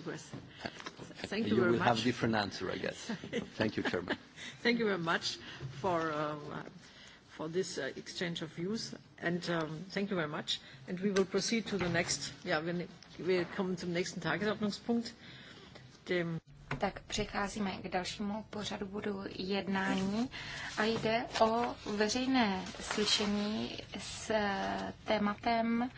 progress. Uh, thank you, you very much. You will have different answer, I guess. Thank you, Chairman. Thank you very much for, uh, for this uh, exchange of views, and um, thank you very much. And we will proceed to the next, yeah, ja, wir, wir kommen zum nächsten Tagesordnungspunkt. Dem tak přecházíme k dalšímu pořadu budu jednání a jde o veřejné slyšení s uh, tématem uh,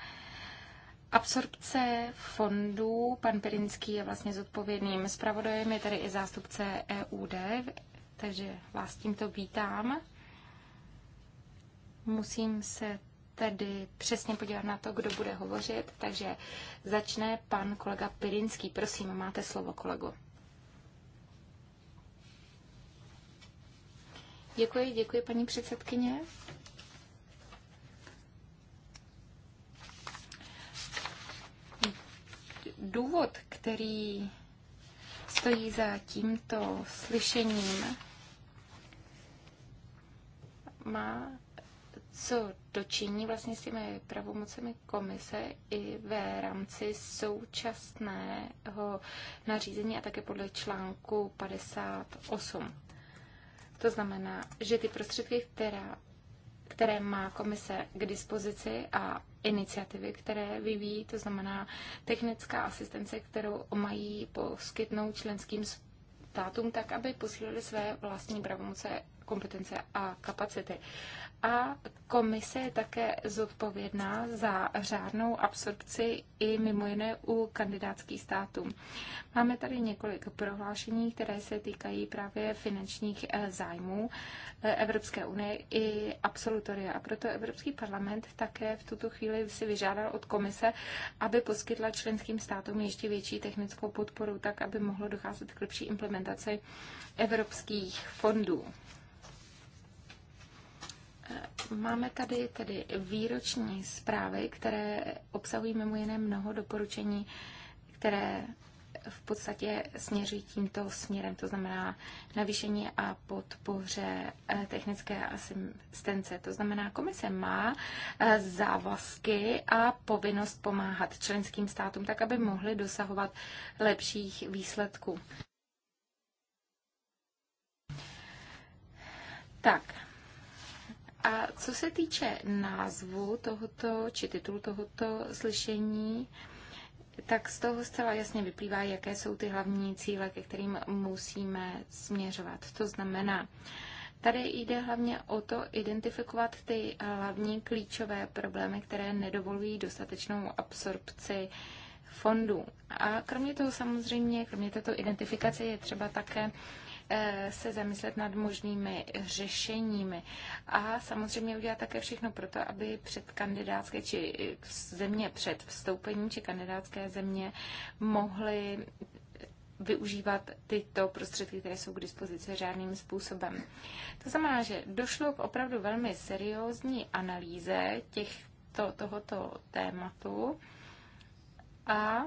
Absorpce fondů, pan Pirinský je vlastně zodpovědným zpravodajem, je tady i zástupce EUD, takže vás tímto vítám. Musím se tedy přesně podívat na to, kdo bude hovořit, takže začne pan kolega Pirinský. Prosím, máte slovo, kolego. Děkuji, děkuji, paní předsedkyně. důvod, který stojí za tímto slyšením, má co dočiní vlastně s těmi pravomocemi komise i ve rámci současného nařízení a také podle článku 58. To znamená, že ty prostředky, která, které má komise k dispozici a iniciativy, které vyvíjí, to znamená technická asistence, kterou mají poskytnout členským státům tak, aby posílili své vlastní pravomoce kompetence a kapacity. A komise je také zodpovědná za řádnou absorpci i mimo jiné u kandidátských států. Máme tady několik prohlášení, které se týkají právě finančních eh, zájmů eh, Evropské unie i absolutoria. A proto Evropský parlament také v tuto chvíli si vyžádal od komise, aby poskytla členským státům ještě větší technickou podporu, tak aby mohlo docházet k lepší implementaci evropských fondů. Máme tady tedy výroční zprávy, které obsahují mimo jiné mnoho doporučení, které v podstatě směřují tímto směrem, to znamená navýšení a podpoře eh, technické asistence. To znamená, komise má eh, závazky a povinnost pomáhat členským státům tak, aby mohly dosahovat lepších výsledků. Tak, a co se týče názvu tohoto, či titulu tohoto slyšení, tak z toho zcela jasně vyplývá, jaké jsou ty hlavní cíle, ke kterým musíme směřovat. To znamená, Tady jde hlavně o to identifikovat ty hlavní klíčové problémy, které nedovolují dostatečnou absorpci fondů. A kromě toho samozřejmě, kromě této identifikace je třeba také Eh, se zamyslet nad možnými řešeními a samozřejmě udělat také všechno pro to, aby před kandidátské či eh, země před vstoupením či kandidátské země mohly využívat tyto prostředky, které jsou k dispozici řádným způsobem. To znamená, že došlo k opravdu velmi seriózní analýze těchto, tohoto tématu a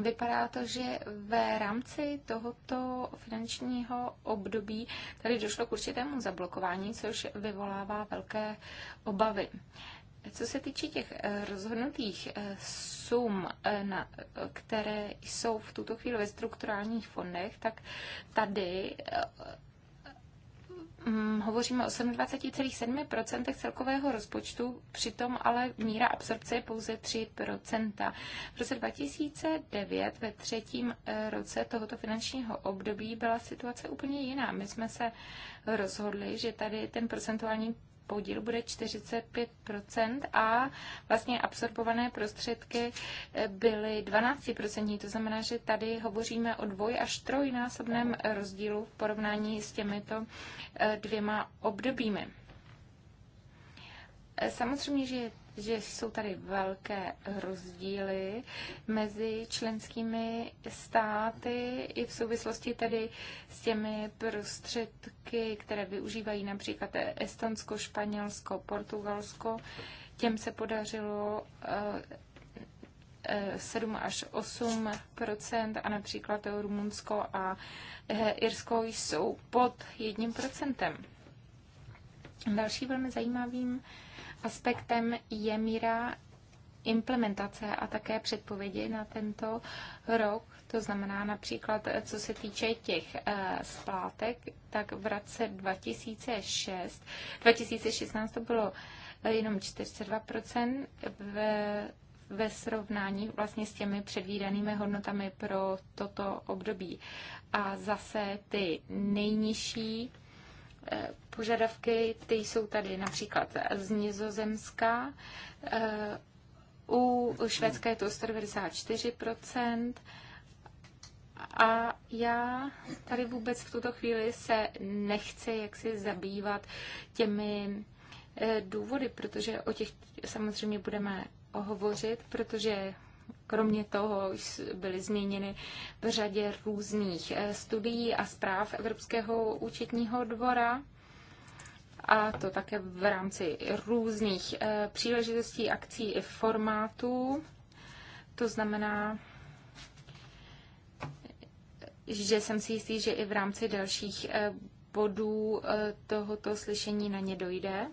Vypadá to, že v rámci tohoto finančního období tady došlo k určitému zablokování, což vyvolává velké obavy. Co se týče těch eh, rozhodnutých eh, sum, eh, na, které jsou v tuto chvíli ve strukturálních fondech, tak tady Mm, hovoříme o 27,7% celkového rozpočtu, přitom ale míra absorpce je pouze 3%. V roce 2009, ve třetím eh, roce tohoto finančního období, byla situace úplně jiná. My jsme se rozhodli, že tady ten procentuální podíl bude 45 a vlastně absorbované prostředky eh, byly 12 to znamená, že tady hovoříme o dvoj až trojnásobném rozdílu v porovnání s těmito eh, dvěma obdobími. Eh, samozřejmě, že je že jsou tady velké rozdíly mezi členskými státy i v souvislosti tedy s těmi prostředky, které využívají například Estonsko, Španělsko, Portugalsko. Těm se podařilo 7 eh, eh, až 8 a například Rumunsko a eh, Irsko jsou pod 1 Další velmi zajímavým aspektem je míra implementace a také předpovědi na tento rok. To znamená například, co se týče těch eh, splátek, tak v roce 2006, 2016 to bylo eh, jenom 42%, ve, ve srovnání vlastně s těmi předvídanými hodnotami pro toto období. A zase ty nejnižší Eh, požadavky, ty jsou tady například z Nizozemska. Eh, u Švédska je to 194%. A já tady vůbec v tuto chvíli se nechci jaksi zabývat těmi eh, důvody, protože o těch samozřejmě budeme hovořit, protože Kromě toho byly změněny v řadě různých eh, studií a zpráv Evropského účetního dvora a to také v rámci různých eh, příležitostí, akcí i formátů. To znamená, že jsem si jistý, že i v rámci dalších eh, bodů tohoto slyšení na ně dojde.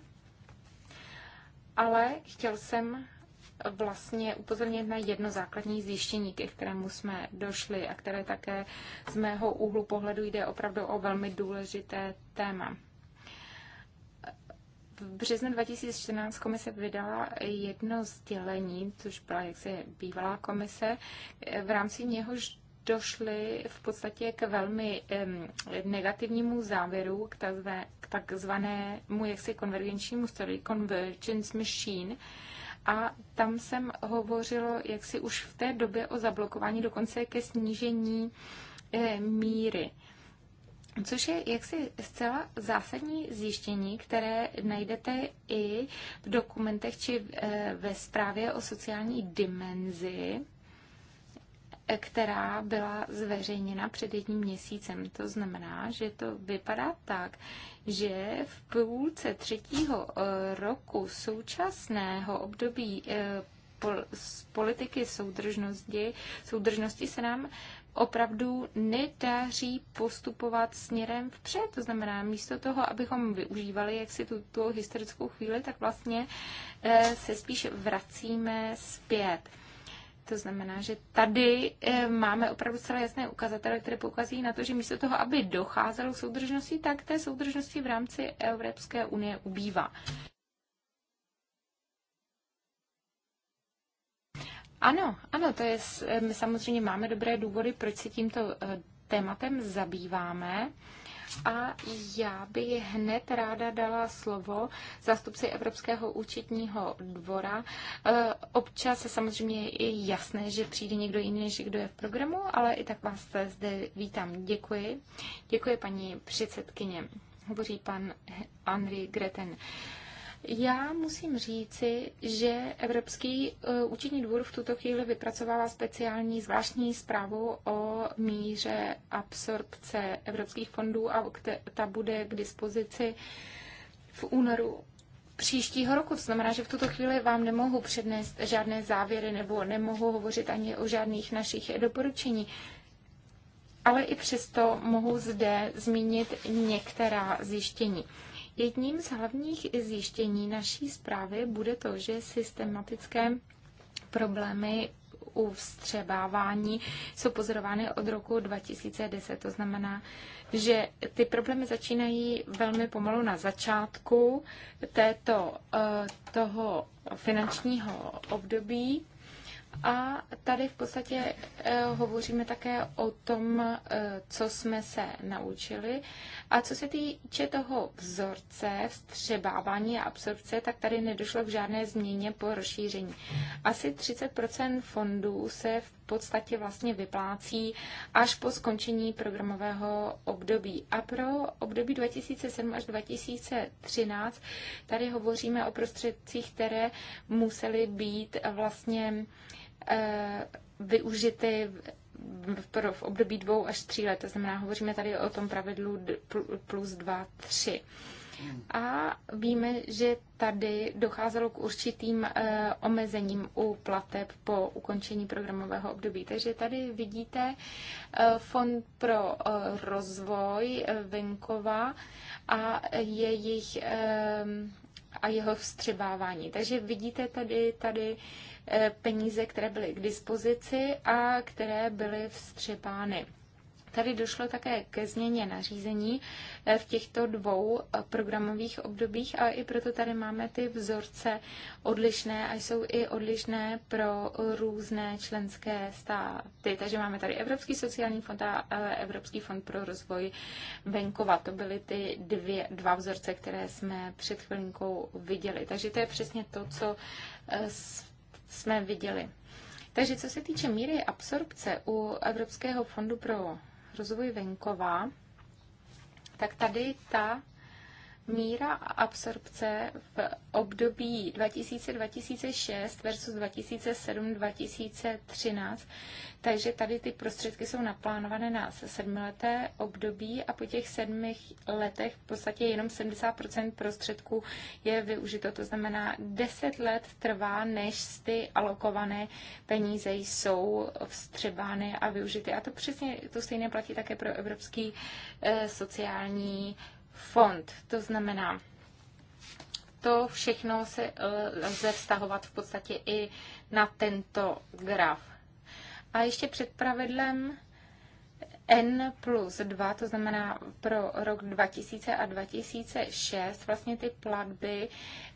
Ale chtěl jsem vlastně upozornit na jedno základní zjištění, ke kterému jsme došli a které také z mého úhlu pohledu jde opravdu o velmi důležité téma. V březnu 2014 komise vydala jedno sdělení, což byla jaksi bývalá komise, v rámci něhož došli v podstatě k velmi negativnímu závěru, k, takzvanému jaksi konvergenčnímu story, convergence machine, a tam jsem hovořilo, jak si už v té době o zablokování, dokonce ke snížení eh, míry. Což je jaksi zcela zásadní zjištění, které najdete i v dokumentech či eh, ve zprávě o sociální dimenzi která byla zveřejněna před jedním měsícem. To znamená, že to vypadá tak, že v půlce třetího eh, roku současného období eh, z politiky soudržnosti, soudržnosti se nám opravdu nedaří postupovat směrem vpřed. To znamená, místo toho, abychom využívali jak si tu, tu historickou chvíli, tak vlastně eh, se spíš vracíme zpět. To znamená, že tady eh, máme opravdu celé jasné ukazatele, které poukazují na to, že místo toho, aby docházelo k soudržnosti, tak té soudržnosti v rámci Evropské unie ubývá. Ano, ano, to je, eh, my samozřejmě máme dobré důvody, proč se tímto eh, tématem zabýváme a já bych hned ráda dala slovo zástupci Evropského účetního dvora. Eh, občas je samozřejmě i jasné, že přijde někdo jiný, než kdo je v programu, ale i tak vás zde vítám. Děkuji. Děkuji paní předsedkyně. Hovoří pan Henry Greten. Já musím říci, že Evropský e, účetní dvůr v tuto chvíli vypracovává speciální zvláštní zprávu o míře absorpce evropských fondů a ta bude k dispozici v únoru příštího roku. To znamená, že v tuto chvíli vám nemohu přednést žádné závěry nebo nemohu hovořit ani o žádných našich doporučení. Ale i přesto mohu zde zmínit některá zjištění. Jedním z hlavních zjištění naší zprávy bude to, že systematické problémy u vstřebávání jsou pozorovány od roku 2010. To znamená, že ty problémy začínají velmi pomalu na začátku této, eh, toho finančního období. A tady v podstatě eh, hovoříme také o tom, eh, co jsme se naučili a co se týče toho vzorce vstřebávání a absorpce, tak tady nedošlo k žádné změně po rozšíření. Asi 30 fondů se v podstatě vlastně vyplácí až po skončení programového období. A pro období 2007 až 2013 tady hovoříme o prostředcích, které musely být vlastně eh, využity v období dvou až tří let. To znamená, hovoříme tady o tom pravidlu plus dva, tři. A víme, že tady docházelo k určitým eh, omezením u plateb po ukončení programového období. Takže tady vidíte eh, Fond pro eh, rozvoj venkova a jejich a jeho vstřebávání. Takže vidíte tady, tady Eh, peníze, které byly k dispozici a které byly vstřepány. Tady došlo také ke změně nařízení eh, v těchto dvou eh, programových obdobích a i proto tady máme ty vzorce odlišné a jsou i odlišné pro různé členské státy. Takže máme tady Evropský sociální fond a Evropský fond pro rozvoj venkova. To byly ty dvě, dva vzorce, které jsme před chvilinkou viděli. Takže to je přesně to, co s jsme viděli. Takže co se týče míry absorpce u Evropského fondu pro rozvoj venkova, tak tady ta míra absorpce v období 2000-2006 versus 2007-2013. Takže tady ty prostředky jsou naplánované na sedmileté období a po těch sedmi letech v podstatě jenom 70% prostředků je využito. To znamená, 10 let trvá, než ty alokované peníze jsou vstřebány a využity. A to přesně to stejné platí také pro Evropský eh, sociální fond. To znamená, to všechno se eh, lze vztahovat v podstatě i na tento graf. A ještě před pravidlem N plus 2, to znamená pro rok 2000 a 2006, vlastně ty platby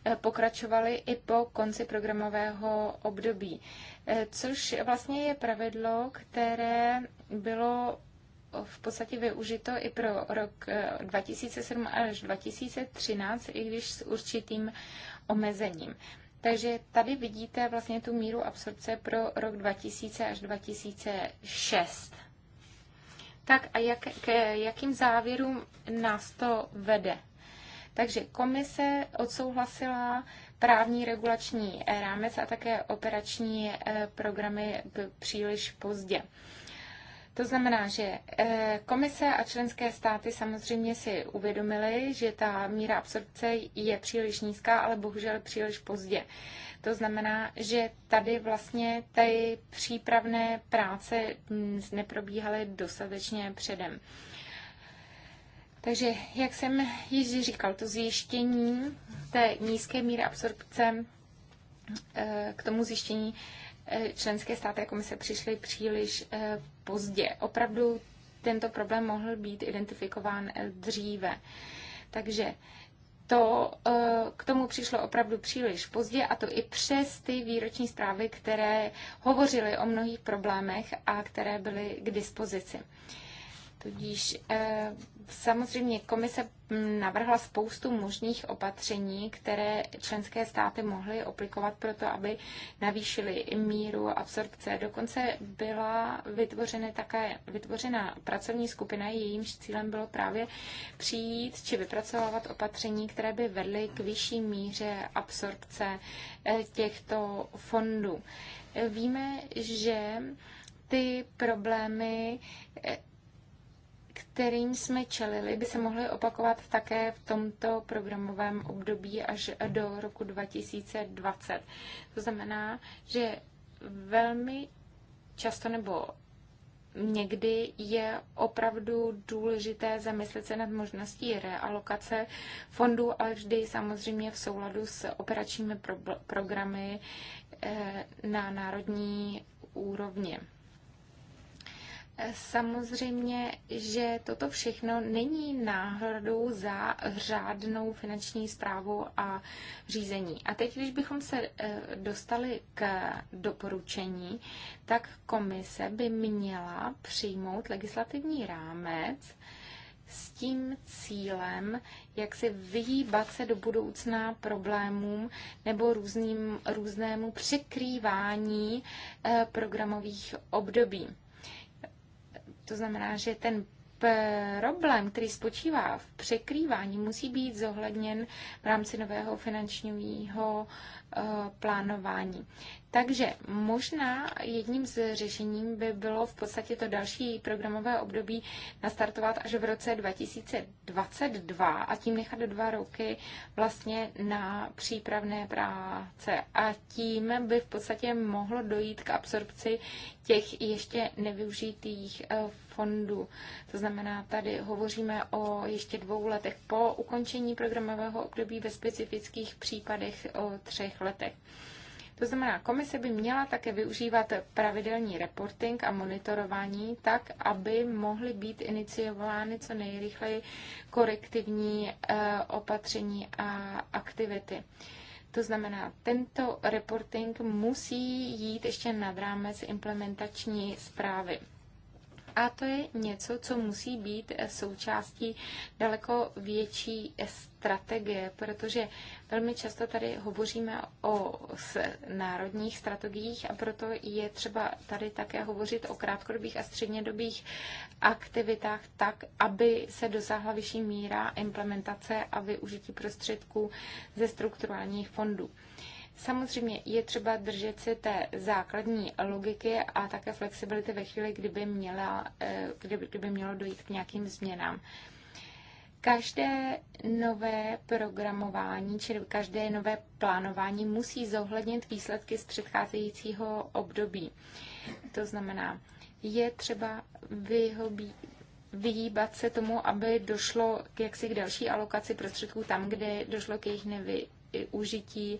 eh, pokračovaly i po konci programového období, eh, což vlastně je pravidlo, které bylo v podstatě využito i pro rok 2007 eh, až 2013, i když s určitým omezením. Takže tady vidíte vlastně tu míru absorpce pro rok 2000 až 2006. Tak a jak, k jakým závěrům nás to vede? Takže komise odsouhlasila právní regulační rámec a také operační eh, programy příliš pozdě. To znamená, že eh, komise a členské státy samozřejmě si uvědomily, že ta míra absorpce je příliš nízká, ale bohužel příliš pozdě. To znamená, že tady vlastně ty přípravné práce neprobíhaly dostatečně předem. Takže, jak jsem již říkal, to zjištění té nízké míry absorpce eh, k tomu zjištění E, členské státy komise přišly příliš e, pozdě. Opravdu tento problém mohl být identifikován e, dříve. Takže to k tomu přišlo opravdu příliš pozdě a to i přes ty výroční zprávy, které hovořily o mnohých problémech a které byly k dispozici. Tudíž eh, samozřejmě komise navrhla spoustu možných opatření, které členské státy mohly aplikovat pro to, aby navýšily míru absorpce. Dokonce byla vytvořena také vytvořena pracovní skupina, jejímž cílem bylo právě přijít či vypracovávat opatření, které by vedly k vyšší míře absorpce eh, těchto fondů. Víme, že ty problémy eh, kterým jsme čelili, by se mohly opakovat také v tomto programovém období až do roku 2020. To znamená, že velmi často nebo někdy je opravdu důležité zamyslet se nad možností realokace fondů, ale vždy samozřejmě v souladu s operačními pro programy eh, na národní úrovni. Samozřejmě, že toto všechno není náhradou za řádnou finanční zprávu a řízení. A teď, když bychom se eh, dostali k doporučení, tak komise by měla přijmout legislativní rámec s tím cílem, jak si vyhýbat se do budoucna problémům nebo různým, různému překrývání eh, programových období. To znamená, že ten problém, který spočívá v překrývání, musí být zohledněn v rámci nového finančního Eh, plánování. Takže možná jedním z řešením by bylo v podstatě to další programové období nastartovat až v roce 2022 a tím nechat dva roky vlastně na přípravné práce. A tím by v podstatě mohlo dojít k absorpci těch ještě nevyužitých eh, fondů. To znamená, tady hovoříme o ještě dvou letech po ukončení programového období ve specifických případech o třech letech. To znamená, komise by měla také využívat pravidelný reporting a monitorování tak, aby mohly být iniciovány co nejrychleji korektivní eh, opatření a aktivity. To znamená, tento reporting musí jít ještě nad rámec implementační zprávy. A to je něco, co musí být součástí daleko větší strategie, protože velmi často tady hovoříme o národních strategiích a proto je třeba tady také hovořit o krátkodobých a střednědobých aktivitách tak, aby se dosáhla vyšší míra implementace a využití prostředků ze strukturálních fondů. Samozřejmě je třeba držet se té základní logiky a také flexibility ve chvíli, kdyby, měla, eh, kdyby, kdyby mělo dojít k nějakým změnám. Každé nové programování, či každé nové plánování musí zohlednit výsledky z předcházejícího období. To znamená, je třeba vyhobí, vyhýbat se tomu, aby došlo k jaksi k další alokaci prostředků tam, kde došlo k jejich nevy, užití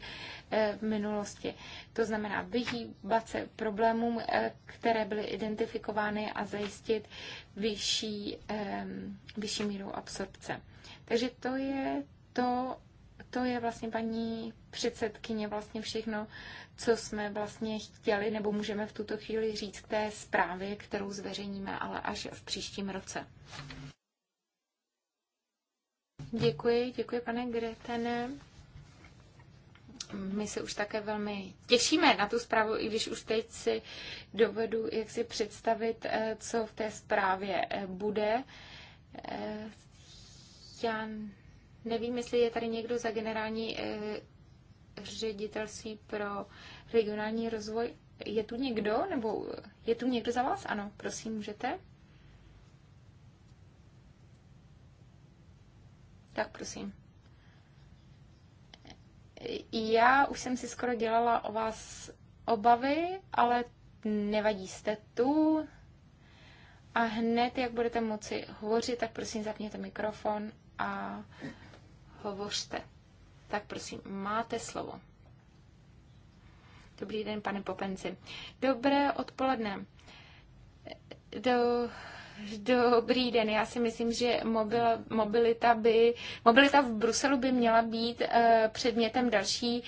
eh, v minulosti. To znamená vyhýbat se problémům, eh, které byly identifikovány a zajistit vyšší, vyšší míru absorpce. Takže to je to, to je vlastně paní předsedkyně vlastně všechno, co jsme vlastně chtěli nebo můžeme v tuto chvíli říct k té zprávě, kterou zveřejníme, ale až v příštím roce. Děkuji, děkuji pane Gretene my se už také velmi těšíme na tu zprávu, i když už teď si dovedu, jak si představit, eh, co v té zprávě eh, bude. Eh, já nevím, jestli je tady někdo za generální ředitelství pro regionální rozvoj. Je tu někdo, nebo je tu někdo za vás? Ano, prosím, můžete. Tak prosím. Já už jsem si skoro dělala o vás obavy, ale nevadí, jste tu. A hned, jak budete moci hovořit, tak prosím zapněte mikrofon a hovořte. Tak prosím, máte slovo. Dobrý den, pane Popenci. Dobré odpoledne. Do, Dobrý den, já si myslím, že mobil, mobilita, by, mobilita v Bruselu by měla být uh, předmětem dalšího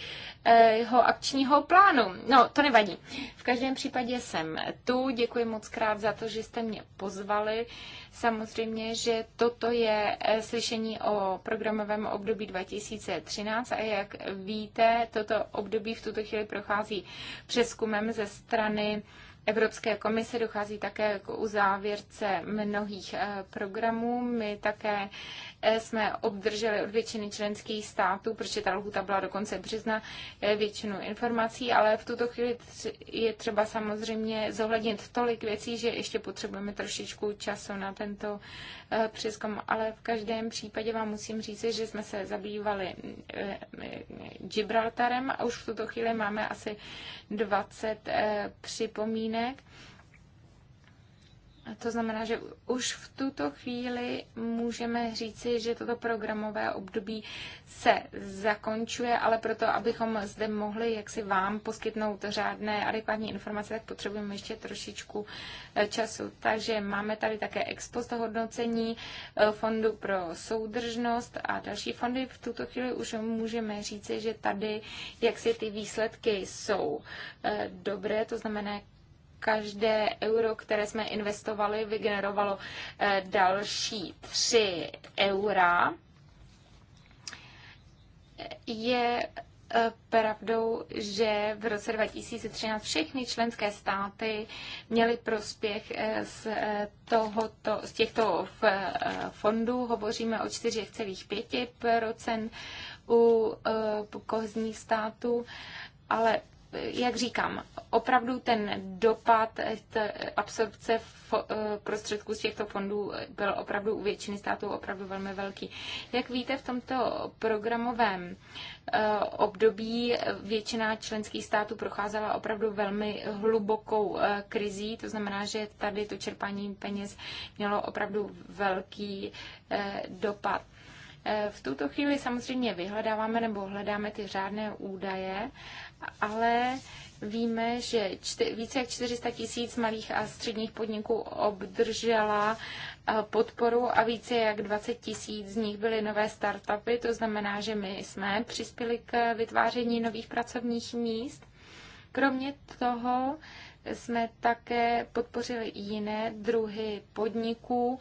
eh, akčního plánu. No, to nevadí. V každém případě jsem tu. Děkuji moc krát za to, že jste mě pozvali. Samozřejmě, že toto je eh, slyšení o programovém období 2013 a jak víte, toto období v tuto chvíli prochází přeskumem ze strany Evropské komise dochází také k uzávěrce mnohých eh, programů. My také jsme obdrželi od většiny členských států, protože ta lhuta byla do konce března, eh, většinu informací, ale v tuto chvíli je třeba samozřejmě zohlednit tolik věcí, že ještě potřebujeme trošičku času na tento eh, přeskom, ale v každém případě vám musím říct, že jsme se zabývali eh, Gibraltarem a už v tuto chvíli máme asi 20 připomínek. To znamená, že už v tuto chvíli můžeme říci, že toto programové období se zakončuje, ale proto, abychom zde mohli jaksi vám poskytnout řádné adekvátní informace, tak potřebujeme ještě trošičku eh, času. Takže máme tady také expost hodnocení eh, Fondu pro soudržnost a další fondy. V tuto chvíli už můžeme říci, že tady jaksi ty výsledky jsou eh, dobré, to znamená, každé euro, které jsme investovali, vygenerovalo eh, další 3 eura. Je eh, pravdou, že v roce 2013 všechny členské státy měly prospěch eh, z, tohoto, z těchto fondů. Hovoříme o 4,5 u kohezních států, ale jak říkám, opravdu ten dopad absorpce eh, prostředků z těchto fondů byl opravdu u většiny států opravdu velmi velký. Jak víte, v tomto programovém eh, období většina členských států procházela opravdu velmi hlubokou eh, krizí, to znamená, že tady to čerpání peněz mělo opravdu velký dopad. V tuto chvíli samozřejmě vyhledáváme nebo hledáme ty řádné údaje ale víme, že čty, více jak 400 tisíc malých a středních podniků obdržela eh, podporu a více jak 20 tisíc z nich byly nové startupy. To znamená, že my jsme přispěli k vytváření nových pracovních míst. Kromě toho jsme také podpořili jiné druhy podniků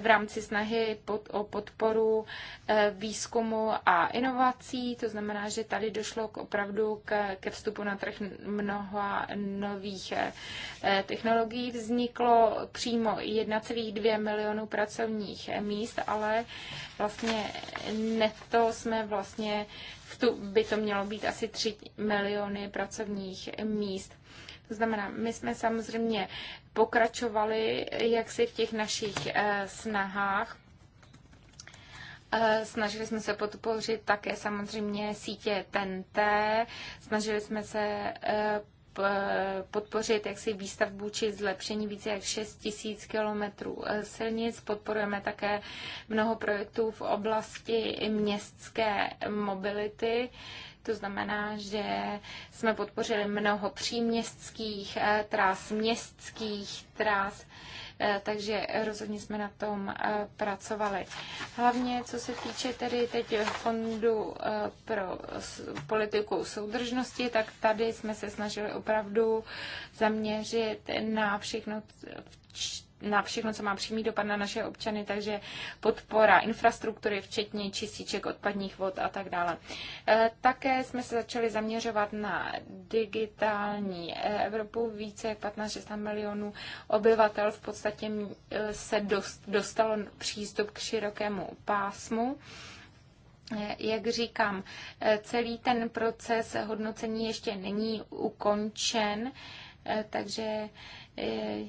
v rámci snahy pod, o podporu eh, výzkumu a inovací. To znamená, že tady došlo k opravdu k, ke vstupu na trh mnoha nových eh, technologií. Vzniklo přímo 1,2 milionu pracovních míst, ale vlastně neto jsme vlastně v tu by to mělo být asi 3 miliony pracovních míst. To znamená, my jsme samozřejmě pokračovali jaksi v těch našich eh, snahách eh, Snažili jsme se podpořit také samozřejmě sítě TNT, snažili jsme se eh, podpořit jaksi výstavbu či zlepšení více jak 6 tisíc kilometrů silnic. Podporujeme také mnoho projektů v oblasti městské mobility. To znamená, že jsme podpořili mnoho příměstských eh, tras, městských tras, eh, takže rozhodně jsme na tom eh, pracovali. Hlavně co se týče tedy teď fondu pro politiku soudržnosti, tak tady jsme se snažili opravdu zaměřit na všechno, na všechno, co má přímý dopad na naše občany, takže podpora infrastruktury, včetně čističek odpadních vod a tak dále. E, také jsme se začali zaměřovat na digitální Evropu. Více jak 15-16 milionů obyvatel v podstatě e, se dostalo přístup k širokému pásmu e, jak říkám, celý ten proces hodnocení ještě není ukončen, takže Eh,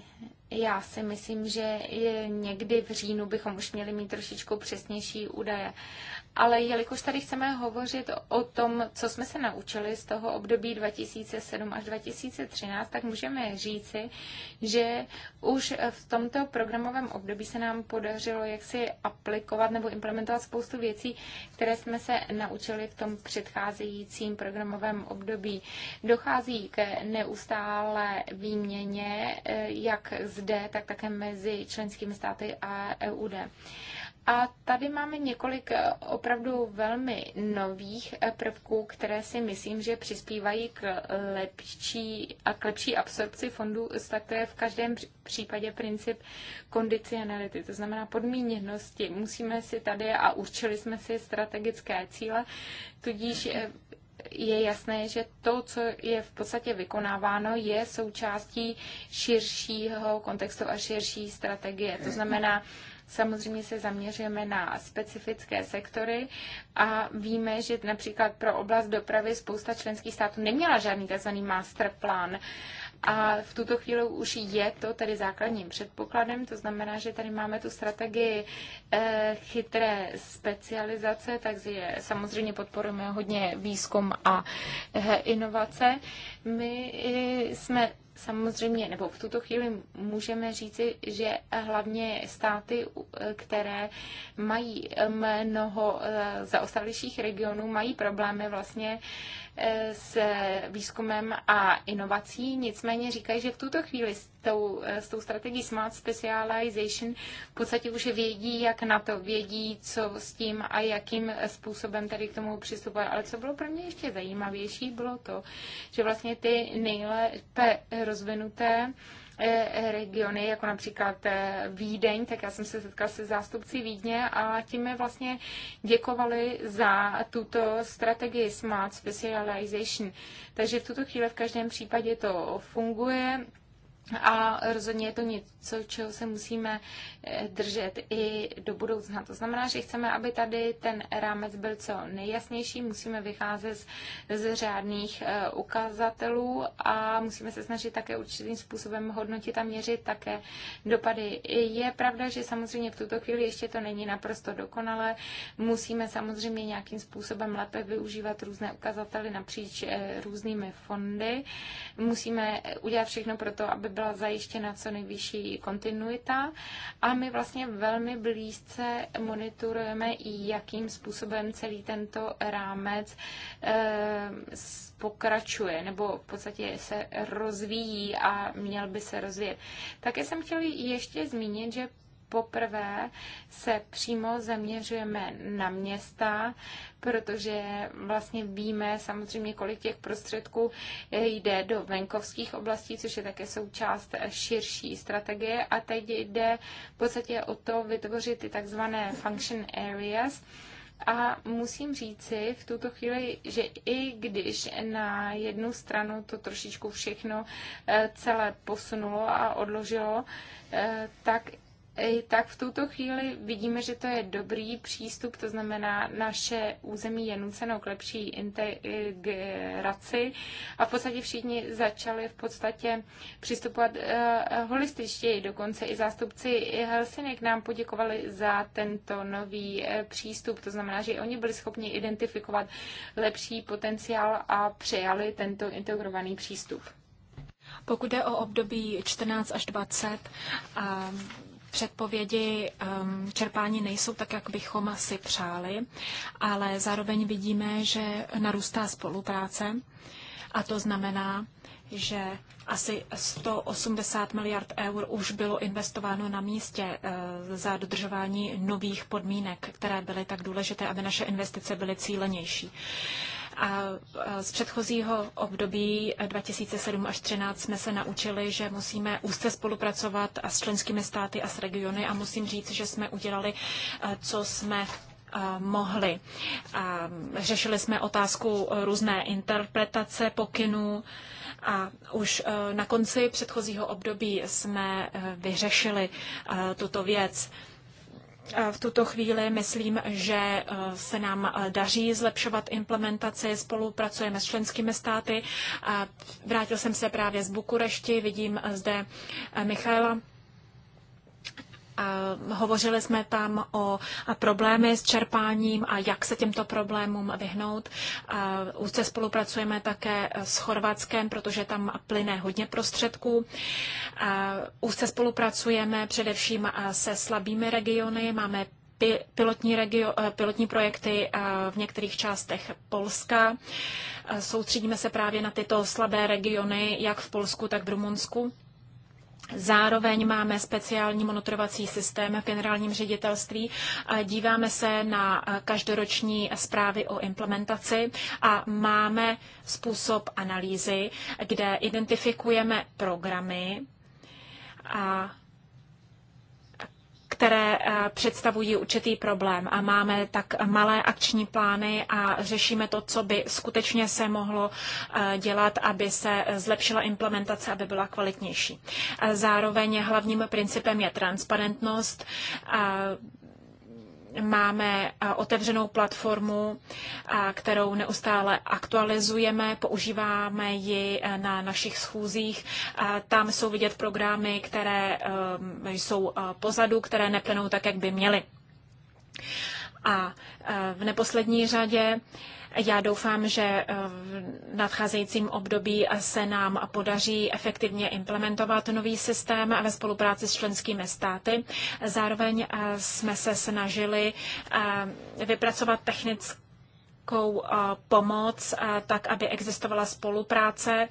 já si myslím, že někdy v říjnu bychom už měli mít trošičku přesnější údaje ale jelikož tady chceme hovořit o tom, co jsme se naučili z toho období 2007 až 2013, tak můžeme říci, že už v tomto programovém období se nám podařilo jaksi aplikovat nebo implementovat spoustu věcí, které jsme se naučili v tom předcházejícím programovém období. Dochází k neustále výměně, eh, jak zde, tak také mezi členskými státy a EUD. A tady máme několik eh, opravdu velmi nových eh, prvků, které si myslím, že přispívají k lepší a k lepší absorpci fondů, tak to je v každém případě princip kondicionality, to znamená podmíněnosti. Musíme si tady a určili jsme si strategické cíle, tudíž eh, je jasné, že to, co je v podstatě vykonáváno, je součástí širšího kontextu a širší strategie. To znamená, Samozřejmě se zaměřujeme na specifické sektory a víme, že například pro oblast dopravy spousta členských států neměla žádný tzv. master plán. A v tuto chvíli už je to tedy základním předpokladem, to znamená, že tady máme tu strategii eh, chytré specializace, takže samozřejmě podporujeme hodně výzkum a eh, inovace. My eh, jsme Samozřejmě, nebo v tuto chvíli můžeme říci, že hlavně státy, které mají mnoho eh, zaostalějších regionů, mají problémy vlastně s výzkumem a inovací, nicméně říkají, že v tuto chvíli s tou, s tou strategií Smart Specialization v podstatě už vědí, jak na to vědí, co s tím a jakým způsobem tady k tomu přistupovat. Ale co bylo pro mě ještě zajímavější, bylo to, že vlastně ty nejlépe rozvinuté E, regiony, jako například e, Vídeň, tak já jsem se setkala se zástupci Vídně a tím mi vlastně děkovali za tuto strategii Smart Specialization. Takže v tuto chvíli v každém případě to funguje. A rozhodně je to něco, čeho se musíme eh, držet i do budoucna. To znamená, že chceme, aby tady ten rámec byl co nejjasnější, musíme vycházet z řádných eh, ukazatelů a musíme se snažit také určitým způsobem hodnotit a měřit také dopady. Je pravda, že samozřejmě v tuto chvíli ještě to není naprosto dokonalé. Musíme samozřejmě nějakým způsobem lépe využívat různé ukazatele napříč eh, různými fondy. Musíme udělat všechno pro to, aby byla zajištěna co nejvyšší kontinuita a my vlastně velmi blízce monitorujeme, jakým způsobem celý tento rámec eh, pokračuje nebo v podstatě se rozvíjí a měl by se rozvíjet. Také jsem chtěla ještě zmínit, že poprvé se přímo zaměřujeme na města, protože vlastně víme samozřejmě, kolik těch prostředků eh, jde do venkovských oblastí, což je také součást eh, širší strategie. A teď jde v podstatě o to vytvořit ty takzvané function areas, a musím říci v tuto chvíli, že i když na jednu stranu to trošičku všechno eh, celé posunulo a odložilo, tak tak v tuto chvíli vidíme, že to je dobrý přístup, to znamená, naše území je nuceno k lepší integraci a v podstatě všichni začali v podstatě přistupovat eh, holističtěji, dokonce i zástupci Helsinek nám poděkovali za tento nový eh, přístup, to znamená, že oni byli schopni identifikovat lepší potenciál a přijali tento integrovaný přístup. Pokud jde o období 14 až 20, a předpovědi ehm, čerpání nejsou tak, jak bychom si přáli, ale zároveň vidíme, že narůstá spolupráce a to znamená, že asi 180 miliard eur už bylo investováno na místě eh, za dodržování nových podmínek, které byly tak důležité, aby naše investice byly cílenější z předchozího období 2007 až 2013 jsme se naučili, že musíme úzce spolupracovat a s členskými státy a s regiony a musím říct, že jsme udělali, co jsme mohli. Řešili jsme otázku různé interpretace pokynů a už na konci předchozího období jsme e, vyřešili e, tuto věc. V tuto chvíli myslím, že eh, se nám eh, daří zlepšovat implementaci, spolupracujeme s členskými státy. Vrátil jsem se právě z Bukurešti, vidím eh, zde Michaela Hovořili jsme tam o problémy s čerpáním a jak se těmto problémům vyhnout. Úzce spolupracujeme také s Chorvatskem, protože tam plyne hodně prostředků. Úzce spolupracujeme především se slabými regiony. Máme pilotní, regio, eh, pilotní projekty eh, v některých částech Polska. Soustředíme se právě na tyto slabé regiony, jak v Polsku, tak v Rumunsku. Zároveň máme speciální monitorovací systém v generálním ředitelství. Díváme se na každoroční zprávy o implementaci a máme způsob analýzy, kde identifikujeme programy a které eh, představují určitý problém a máme tak malé akční plány a řešíme to, co by skutečně se mohlo eh, dělat, aby se zlepšila implementace, aby byla kvalitnější. Zároveň hlavním principem je transparentnost máme otevřenou platformu, kterou neustále aktualizujeme, používáme ji e, na našich schůzích. Tam jsou vidět programy, které e, jsou e, pozadu, které neplynou tak, jak by měly. A v neposlední řadě já doufám, že eh, v nadcházejícím období se nám podaří efektivně implementovat nový systém ve spolupráci s členskými státy. Zároveň eh, jsme se snažili eh, vypracovat technické pomoc, tak aby existovala spolupráce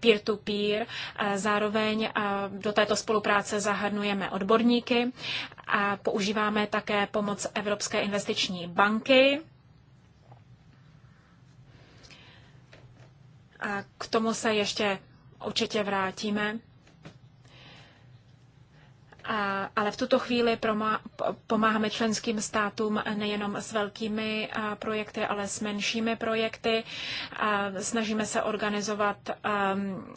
peer-to-peer. -peer. Zároveň do této spolupráce zahrnujeme odborníky. a Používáme také pomoc Evropské investiční banky K tomu se ještě určitě vrátíme. A, ale v tuto chvíli promá, pomáháme členským státům nejenom s velkými a, projekty, ale s menšími projekty. A, snažíme se organizovat a, um,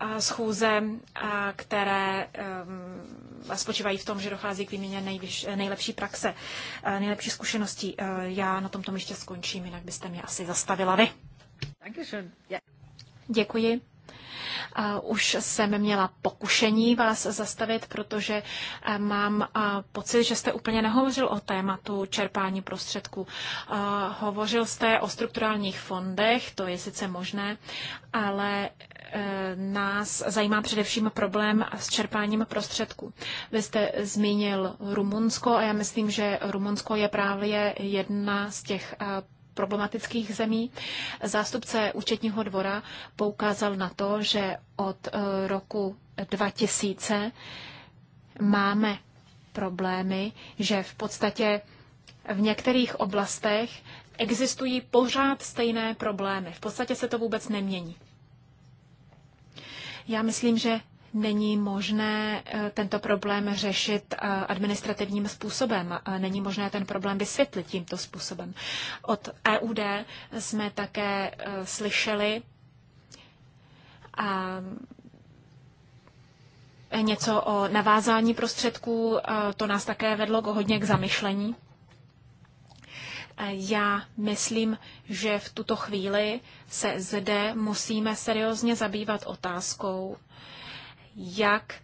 a schůze, a, které um, a, spočívají v tom, že dochází k výměně nejvyš, nejlepší praxe, a, nejlepší zkušenosti. A, já na tomto ještě skončím, jinak byste mě asi zastavila vy. Děkuji. Už jsem měla pokušení vás zastavit, protože eh, mám eh, pocit, že jste úplně nehovořil o tématu čerpání prostředků. Eh, hovořil jste o strukturálních fondech, to je sice možné, ale nás zajímá především problém s čerpáním prostředků. Vy jste zmínil Rumunsko a já myslím, že Rumunsko je právě jedna z těch problematických zemí. Zástupce účetního dvora poukázal na to, že od eh, roku 2000 máme problémy, že v podstatě v některých oblastech existují pořád stejné problémy. V podstatě se to vůbec nemění. Já myslím, že není možné eh, tento problém řešit eh, administrativním způsobem. Není možné ten problém vysvětlit tímto způsobem. Od EUD jsme také eh, slyšeli a něco o navázání prostředků. To nás také vedlo k hodně k zamyšlení. Já myslím, že v tuto chvíli se zde musíme seriózně zabývat otázkou, jak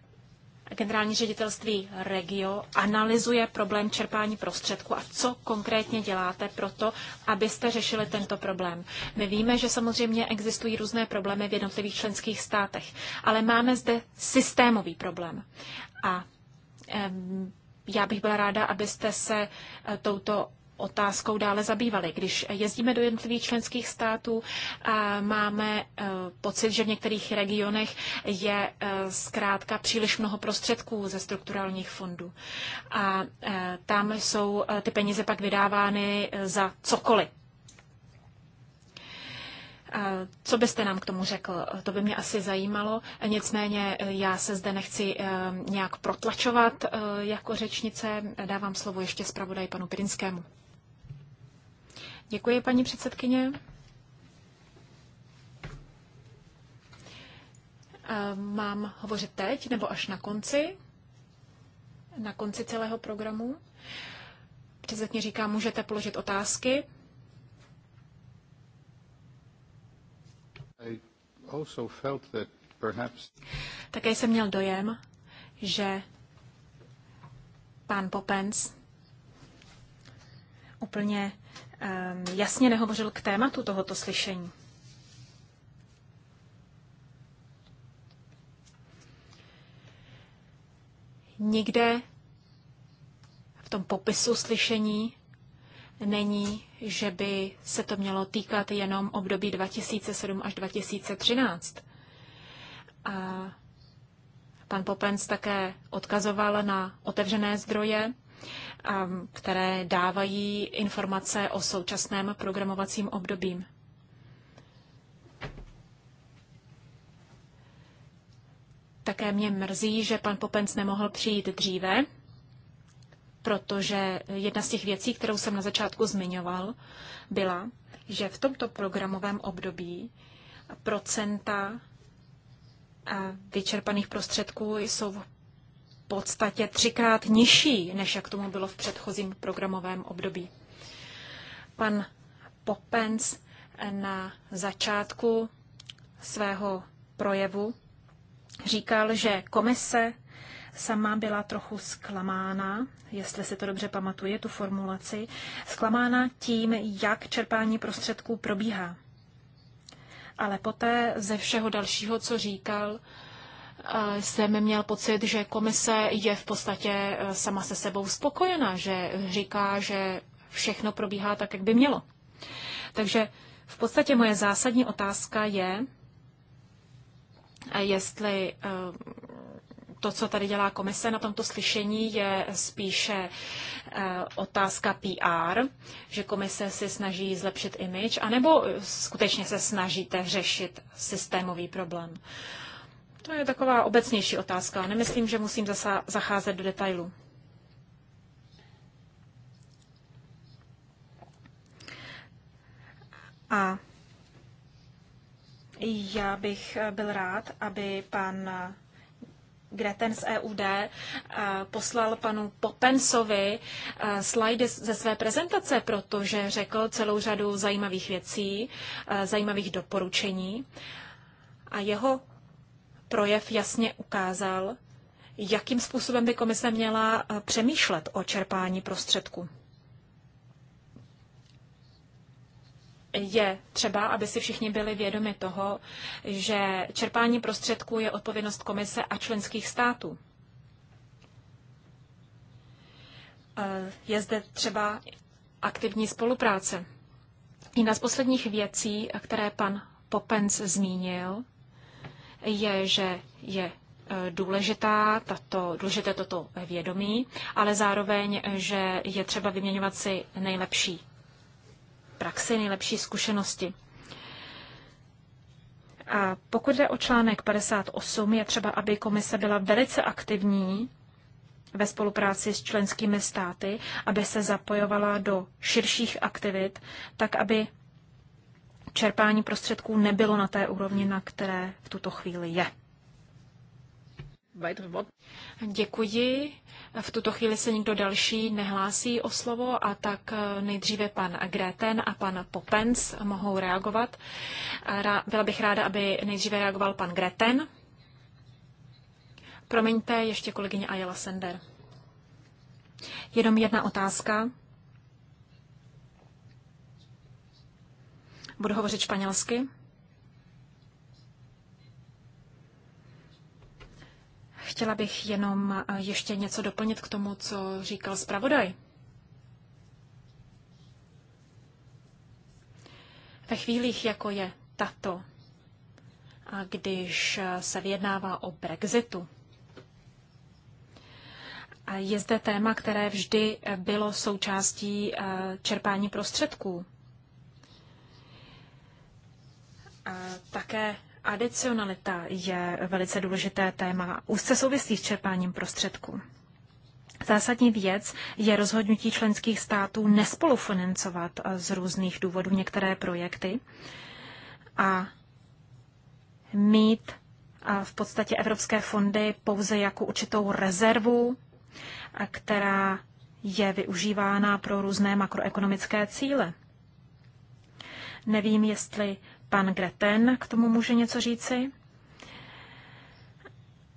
generální ředitelství Regio analyzuje problém čerpání prostředků a co konkrétně děláte pro to, abyste řešili tento problém. My víme, že samozřejmě existují různé problémy v jednotlivých členských státech, ale máme zde systémový problém. A um, já bych byla ráda, abyste se e, touto otázkou dále zabývali. Když jezdíme do jednotlivých členských států, máme e, pocit, že v některých regionech je e, zkrátka příliš mnoho prostředků ze strukturálních fondů. A e, tam jsou ty peníze pak vydávány za cokoliv. Co byste nám k tomu řekl? To by mě asi zajímalo. Nicméně já se zde nechci nějak protlačovat jako řečnice. Dávám slovo ještě zpravodaj panu Pirinskému. Děkuji, paní předsedkyně. Mám hovořit teď nebo až na konci? Na konci celého programu? Předsedkyně říká, můžete položit otázky. Perhaps... Také jsem měl dojem, že pan Popens úplně Ehm, jasně nehovořil k tématu tohoto slyšení. Nikde v tom popisu slyšení není, že by se to mělo týkat jenom období 2007 až 2013. A pan Popens také odkazoval na otevřené zdroje které dávají informace o současném programovacím období. Také mě mrzí, že pan Popenc nemohl přijít dříve, protože jedna z těch věcí, kterou jsem na začátku zmiňoval, byla, že v tomto programovém období procenta vyčerpaných prostředků jsou podstatě třikrát nižší, než jak tomu bylo v předchozím programovém období. Pan Popens na začátku svého projevu říkal, že komise sama byla trochu zklamána, jestli si to dobře pamatuje, tu formulaci, zklamána tím, jak čerpání prostředků probíhá. Ale poté ze všeho dalšího, co říkal, Eh, jsem měl pocit, že komise je v podstatě eh, sama se sebou spokojena, že říká, že všechno probíhá tak, jak by mělo. Takže v podstatě moje zásadní otázka je, eh, jestli to, co tady dělá komise na tomto slyšení, je spíše otázka PR, že komise si snaží zlepšit image, anebo skutečně se snažíte řešit systémový problém. To je taková obecnější otázka. Nemyslím, že musím zasa- zacházet do detailů. A já bych byl rád, aby pan Greten z EUD eh, poslal panu Popensovi eh, slajdy ze své prezentace, protože řekl celou řadu zajímavých věcí, eh, zajímavých doporučení. A jeho projev jasně ukázal, jakým způsobem by komise měla eh, přemýšlet o čerpání prostředků. Je třeba, aby si všichni byli vědomi toho, že čerpání prostředků je odpovědnost komise a členských států. Eh, je zde třeba aktivní spolupráce. Jedna z posledních věcí, které pan Popens zmínil, je, že je e, důležitá tato, důležité toto vědomí, ale zároveň, že je třeba vyměňovat si nejlepší praxi, nejlepší zkušenosti. A pokud jde o článek 58, je třeba, aby komise byla velice aktivní ve spolupráci s členskými státy, aby se zapojovala do širších aktivit, tak aby čerpání prostředků nebylo na té úrovni, na které v tuto chvíli je. Děkuji. V tuto chvíli se nikdo další nehlásí o slovo a tak eh, nejdříve pan Gréten a pan Popens mohou reagovat. Byla bych ráda, aby nejdříve reagoval pan Gréten. Promiňte, ještě kolegyně Ayala Sender. Jenom jedna otázka Budu hovořit španělsky. Chtěla bych jenom eh, ještě něco doplnit k tomu, co říkal zpravodaj. Ve chvílích, jako je tato, a když eh, se vyjednává o Brexitu, je zde téma, které vždy eh, bylo součástí čerpání prostředků Také adicionalita je velice důležité téma, úzce souvisí s čerpáním prostředků. Zásadní věc je rozhodnutí členských států nespolufinancovat eh, z různých důvodů některé projekty a mít eh, v podstatě evropské fondy pouze jako určitou rezervu, eh, která je využívána pro různé makroekonomické cíle. Nevím, jestli Pan Greten k tomu může něco říci?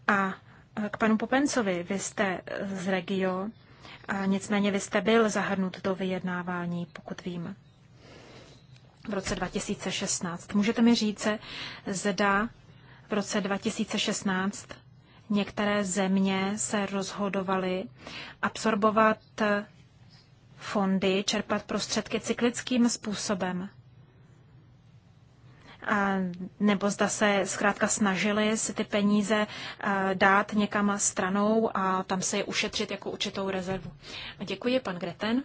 A e, k panu Popencovi, vy jste e, z Regio, a nicméně vy jste byl zahrnut do vyjednávání, pokud vím, v roce 2016. Můžete mi říct, zda v roce 2016 některé země se rozhodovaly absorbovat e, fondy, čerpat prostředky cyklickým způsobem nebo zda se zkrátka snažili si ty peníze eh, dát někam stranou a tam se je ušetřit jako určitou rezervu. Děkuji, pan Greten.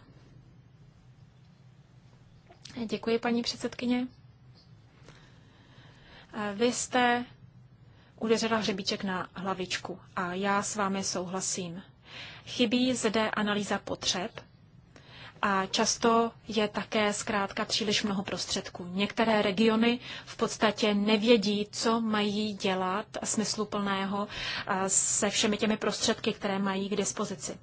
Děkuji, paní předsedkyně. Eh, vy jste udeřila hřebíček na hlavičku a já s vámi souhlasím. Chybí zde analýza potřeb a často je také zkrátka příliš mnoho prostředků. Některé regiony v podstatě nevědí, co mají dělat smysluplného se všemi těmi prostředky, které mají k dispozici.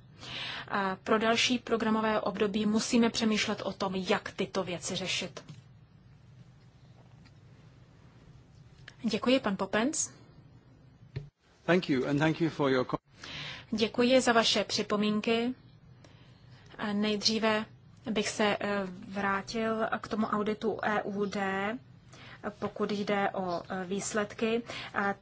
A pro další programové období musíme přemýšlet o tom, jak tyto věci řešit. Děkuji, pan Popenc. Thank you and thank you for your... Děkuji za vaše připomínky Nejdříve bych se eh, vrátil k tomu auditu EUD, pokud jde o eh, výsledky.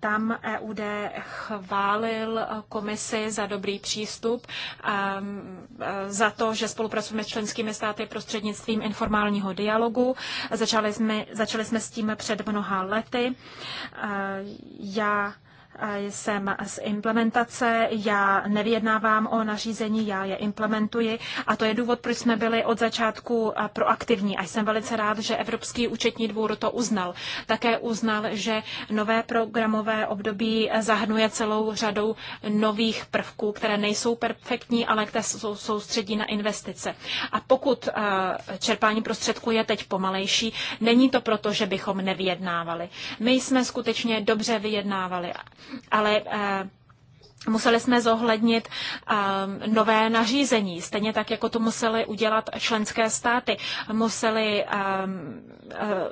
Tam EUD chválil eh, komisi za dobrý přístup, ehm, za to, že spolupracujeme s členskými státy prostřednictvím informálního dialogu. Začali jsme, začali jsme s tím před mnoha lety. Já Eh, jsem z implementace, já nevyjednávám o nařízení, já je implementuji a to je důvod, proč jsme byli od začátku eh, proaktivní a jsem velice rád, že Evropský účetní dvůr to uznal. Také uznal, že nové programové období eh, zahrnuje celou řadou nových prvků, které nejsou perfektní, ale které jsou soustředí na investice. A pokud čerpání prostředků je teď pomalejší, není to proto, že bychom nevyjednávali. My jsme skutečně dobře vyjednávali ale eh, museli jsme zohlednit eh, nové nařízení, stejně tak, jako to museli udělat členské státy. Museli eh,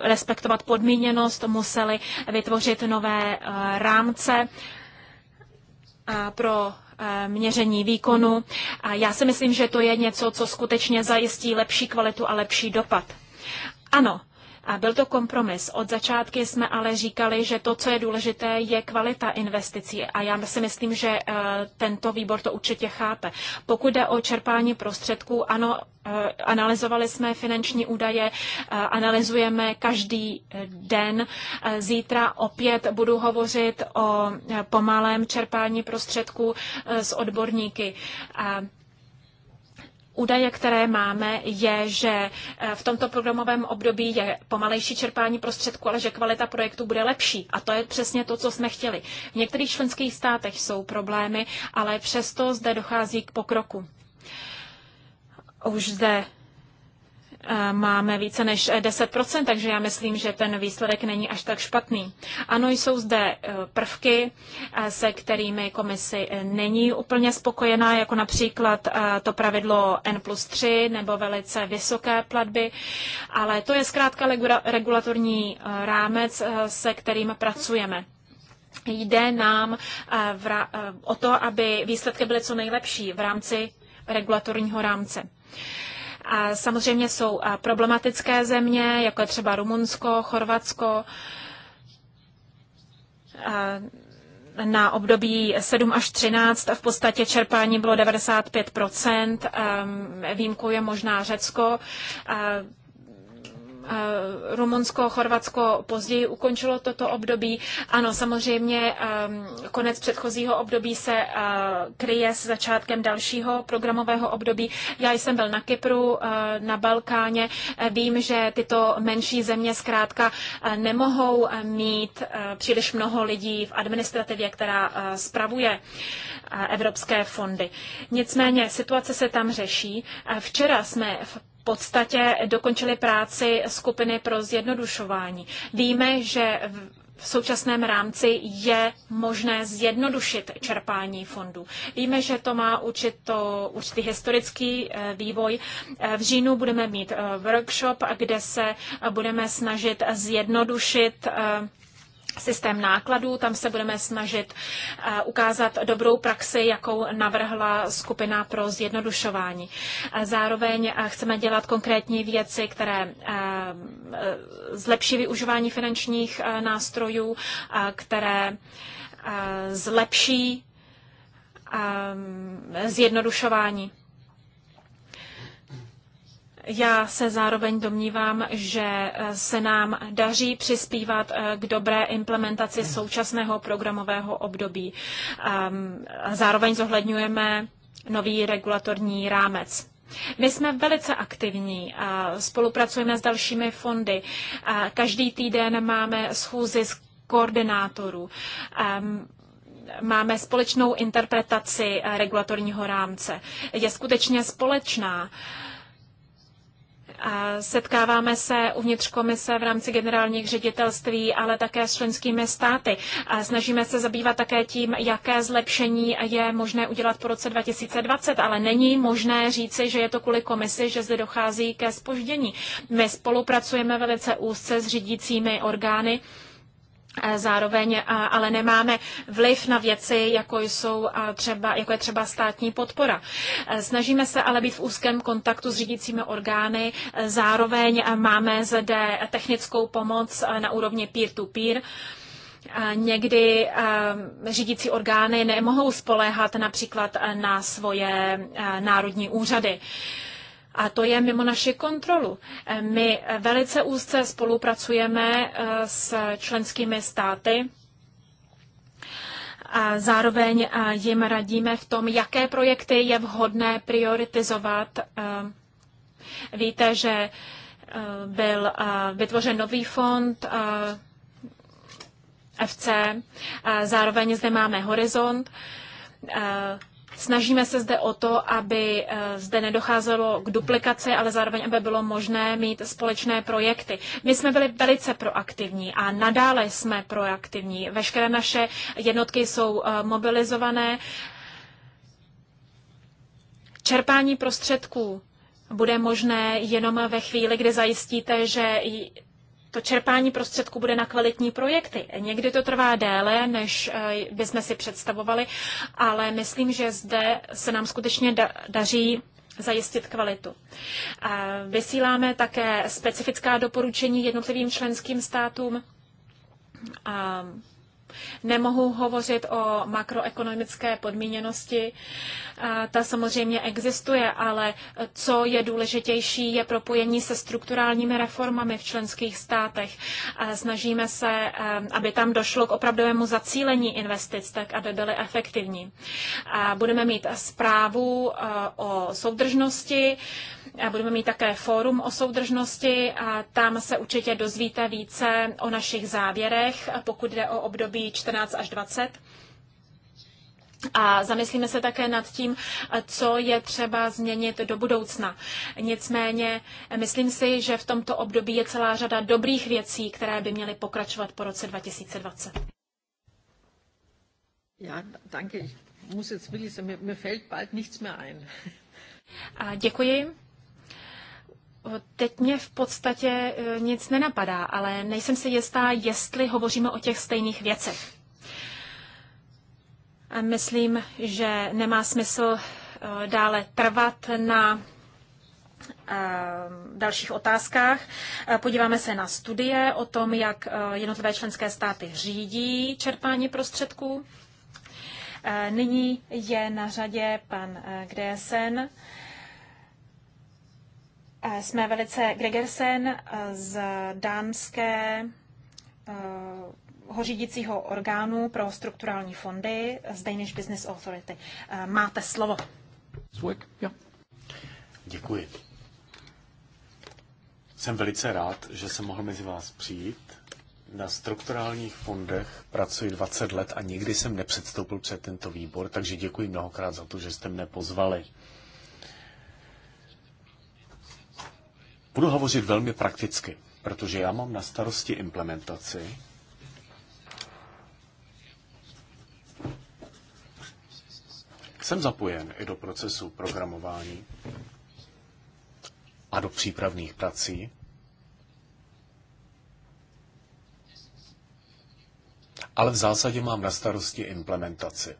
respektovat podmíněnost, museli vytvořit nové rámce pro měření výkonu. A já si myslím, že to je něco, co skutečně zajistí lepší kvalitu a lepší dopad. Ano, a byl to kompromis. Od začátku jsme ale říkali, že to, co je důležité, je kvalita investicí. A já si myslím, že eh, tento výbor to určitě chápe. Pokud jde o čerpání prostředků, ano, eh, analyzovali jsme finanční údaje, eh, analyzujeme každý den. Zítra opět budu hovořit o pomalém čerpání prostředků s odborníky údaje, které máme, je, že eh, v tomto programovém období je pomalejší čerpání prostředků, ale že kvalita projektu bude lepší. A to je přesně to, co jsme chtěli. V některých členských státech jsou problémy, ale přesto zde dochází k pokroku. Už zde máme více než 10%, eh, takže já myslím, že ten výsledek není až tak špatný. Ano, jsou zde eh, prvky, eh, se kterými komisi není úplně spokojená, jako například to pravidlo N plus 3 nebo velice vysoké platby, ale to je zkrátka regulatorní rámec, se kterým pracujeme. Jde nám o to, aby výsledky byly co nejlepší v rámci regulatorního rámce. Samozřejmě jsou problematické země, jako je třeba Rumunsko, Chorvatsko, na období 7 až 13 v podstatě čerpání bylo 95 výjimkou je možná Řecko. Eh, Rumunsko, Chorvatsko později ukončilo toto období. Ano, samozřejmě ehm, konec předchozího období se eh, kryje s začátkem dalšího programového období. Já jsem byl na Kypru, eh, na Balkáně. Vím, že tyto menší země zkrátka nemohou mít příliš mnoho lidí v administrativě, která spravuje evropské fondy. Nicméně situace se tam řeší. Včera jsme v podstatě dokončili práci skupiny pro zjednodušování. Víme, že v současném rámci je možné zjednodušit čerpání fondů. Víme, že to má určito, určitý historický eh, vývoj. Eh, v říjnu budeme mít eh, workshop, kde se budeme snažit zjednodušit systém nákladů. Tam se budeme snažit eh, ukázat dobrou praxi, jakou navrhla skupina pro zjednodušování. Eh, zároveň eh, chceme dělat konkrétní věci, které zlepší využívání finančních nástrojů, které zlepší zjednodušování. Já se zároveň domnívám, že eh, se nám daří přispívat eh, k dobré implementaci současného programového období. Ehm, zároveň zohledňujeme nový regulatorní rámec. My jsme velice aktivní, spolupracujeme s dalšími fondy. Každý týden máme schůzi s koordinátorů. Ehm, máme společnou interpretaci eh, regulatorního rámce. Je skutečně společná. Setkáváme se uvnitř komise v rámci generálních ředitelství, ale také s členskými státy. Snažíme se zabývat také tím, jaké zlepšení je možné udělat po roce 2020, ale není možné říci, že je to kvůli komisi, že zde dochází ke spoždění. My spolupracujeme velice úzce s řídícími orgány Zároveň ale nemáme vliv na věci, jako, jsou třeba, jako je třeba státní podpora. Snažíme se ale být v úzkém kontaktu s řídícími orgány. Zároveň máme zde technickou pomoc na úrovni peer-to-peer. -peer. Někdy řídící orgány nemohou spoléhat například na svoje národní úřady. A to je mimo naši kontrolu. Eh, my velice úzce spolupracujeme eh, s členskými státy. A zároveň eh, jim radíme v tom, jaké projekty je vhodné prioritizovat. Víte, že byl vytvořen nový fond FC, zároveň zde máme Horizont Snažíme se zde o to, aby eh, zde nedocházelo k duplikaci, ale zároveň, aby bylo možné mít společné projekty. My jsme byli velice proaktivní a nadále jsme proaktivní. Veškeré naše jednotky jsou eh, mobilizované. Čerpání prostředků bude možné jenom ve chvíli, kdy zajistíte, že to čerpání prostředků bude na kvalitní projekty. Někdy to trvá déle, než eh, bychom si představovali, ale myslím, že zde se nám skutečně da- daří zajistit kvalitu. Eh, vysíláme také specifická doporučení jednotlivým členským státům. Nemohu hovořit o makroekonomické podmíněnosti. Ta samozřejmě existuje, ale co je důležitější, je propojení se strukturálními reformami v členských státech. Snažíme se, eh, aby tam došlo k opravdovému zacílení investic, tak aby byly efektivní. Budeme mít zprávu eh, o soudržnosti, Budeme mít také fórum o soudržnosti a tam se určitě dozvíte více o našich závěrech, pokud jde o období 14 až 20. A zamyslíme se také nad tím, co je třeba změnit do budoucna. Nicméně, myslím si, že v tomto období je celá řada dobrých věcí, které by měly pokračovat po roce 2020. Já, danke. muss jetzt wirklich sagen, mir fällt bald nichts mehr ein. A děkuji. Teď mě v podstatě e, nic nenapadá, ale nejsem si jistá, jestli hovoříme o těch stejných věcech. Myslím, že nemá smysl e, dále trvat na e, dalších otázkách. Podíváme se na studie o tom, jak jednotlivé členské státy řídí čerpání prostředků. Nyní je na řadě pan Gresen Eh, jsme velice Gregersen eh, z dánské eh, hořídícího orgánu pro strukturální fondy z Danish Business Authority. Máte slovo. Děkuji. Jsem velice rád, že jsem mohl mezi vás přijít. Na strukturálních fondech pracuji 20 let a nikdy jsem nepředstoupil před tento výbor, takže děkuji mnohokrát za to, že jste mne pozvali. Budu hovořit velmi prakticky, protože já mám na starosti implementaci Jsem zapojen i do procesu programování a do přípravných prací. Ale v zásadě mám na starosti implementaci,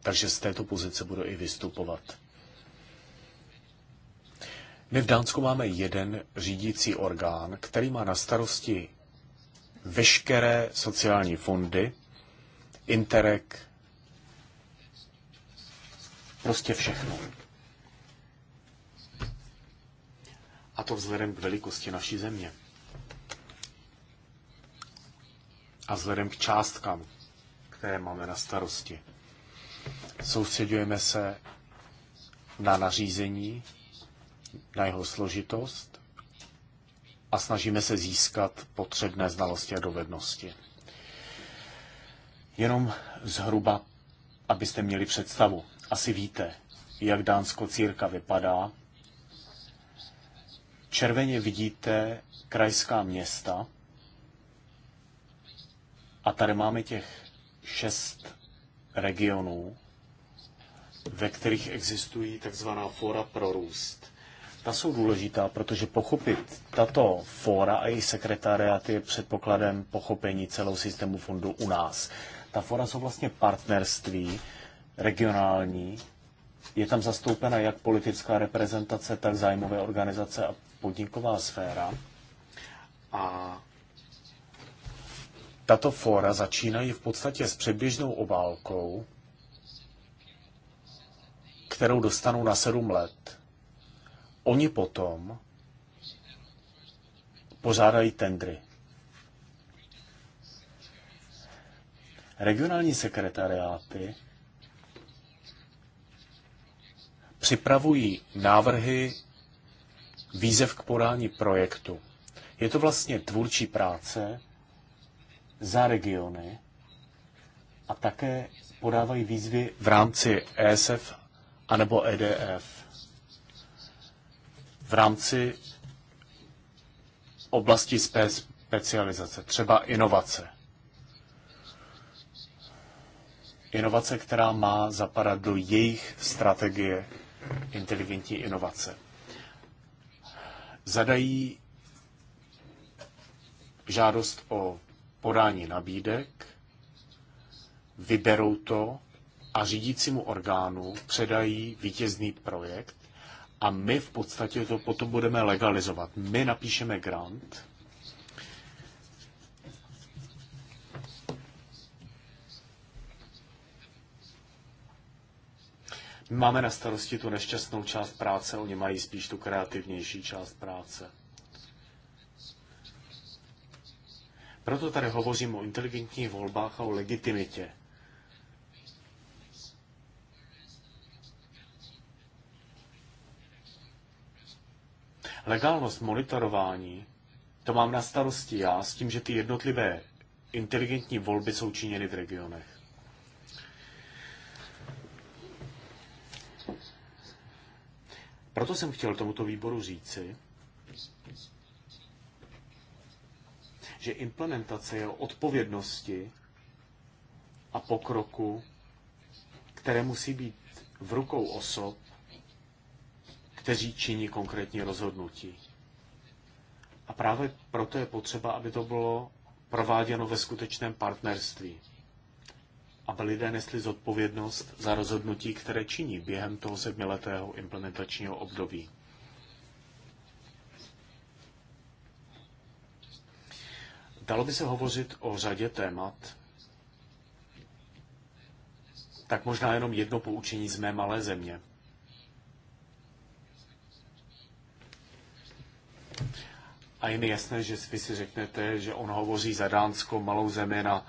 takže z této pozice budu i vystupovat. My v Dánsku máme jeden řídící orgán, který má na starosti veškeré sociální fondy, Interreg, prostě všechno. A to vzhledem k velikosti naší země. A vzhledem k částkám, které máme na starosti. Soustředujeme se na nařízení, na jeho složitost a snažíme se získat potřebné znalosti a dovednosti. Jenom zhruba, abyste měli představu. Asi víte, jak Dánsko círka vypadá. Červeně vidíte krajská města a tady máme těch šest regionů, ve kterých existují takzvaná fora pro růst. Ta jsou důležitá, protože pochopit tato fóra a její sekretariat je předpokladem pochopení celou systému fondu u nás. Ta fóra jsou vlastně partnerství regionální. Je tam zastoupena jak politická reprezentace, tak zájmové organizace a podniková sféra. A tato fóra začínají v podstatě s předběžnou obálkou, kterou dostanou na sedm let. Oni potom pořádají tendry. Regionální sekretariáty připravují návrhy výzev k podání projektu. Je to vlastně tvůrčí práce za regiony a také podávají výzvy v rámci ESF anebo EDF v rámci oblasti spe- specializace, třeba inovace. Inovace, která má zapadat do jejich strategie inteligentní inovace. Zadají žádost o podání nabídek, vyberou to a řídícímu orgánu předají vítězný projekt a my v podstatě to potom budeme legalizovat. My napíšeme grant, Máme na starosti tu nešťastnou část práce, oni mají spíš tu kreativnější část práce. Proto tady hovořím o inteligentních volbách a o legitimitě. Legálnost monitorování, to mám na starosti já, s tím, že ty jednotlivé inteligentní volby jsou činěny v regionech. Proto jsem chtěl tomuto výboru říci, že implementace je odpovědnosti a pokroku, které musí být v rukou osob, kteří činí konkrétní rozhodnutí. A právě proto je potřeba, aby to bylo prováděno ve skutečném partnerství. Aby lidé nesli zodpovědnost za rozhodnutí, které činí během toho sedmiletého implementačního období. Dalo by se hovořit o řadě témat, tak možná jenom jedno poučení z mé malé země. A je mi jasné, že vy si řeknete, že on hovoří za Dánsko, malou zemi na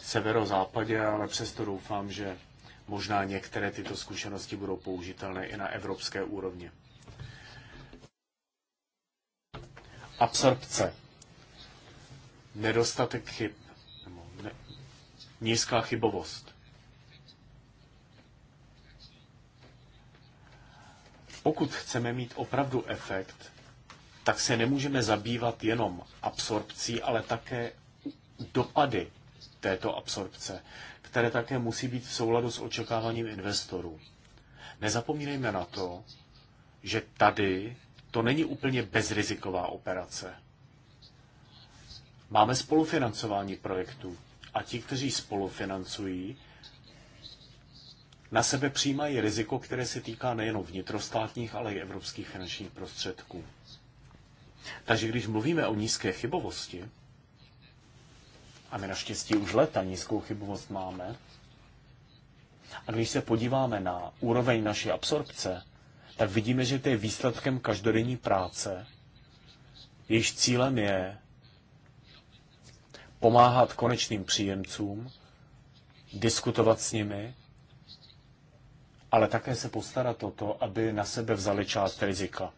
severozápadě, ale přesto doufám, že možná některé tyto zkušenosti budou použitelné i na evropské úrovni. Absorpce. Nedostatek chyb. Nebo ne, nízká chybovost. Pokud chceme mít opravdu efekt, tak se nemůžeme zabývat jenom absorpcí, ale také dopady této absorpce, které také musí být v souladu s očekáváním investorů. Nezapomínejme na to, že tady to není úplně bezriziková operace. Máme spolufinancování projektů a ti, kteří spolufinancují, na sebe přijímají riziko, které se týká nejen vnitrostátních, ale i evropských finančních prostředků. Takže když mluvíme o nízké chybovosti, a my naštěstí už leta nízkou chybovost máme, a když se podíváme na úroveň naší absorpce, tak vidíme, že to je výsledkem každodenní práce. Jejíž cílem je pomáhat konečným příjemcům, diskutovat s nimi, ale také se postarat o to, aby na sebe vzali část rizika.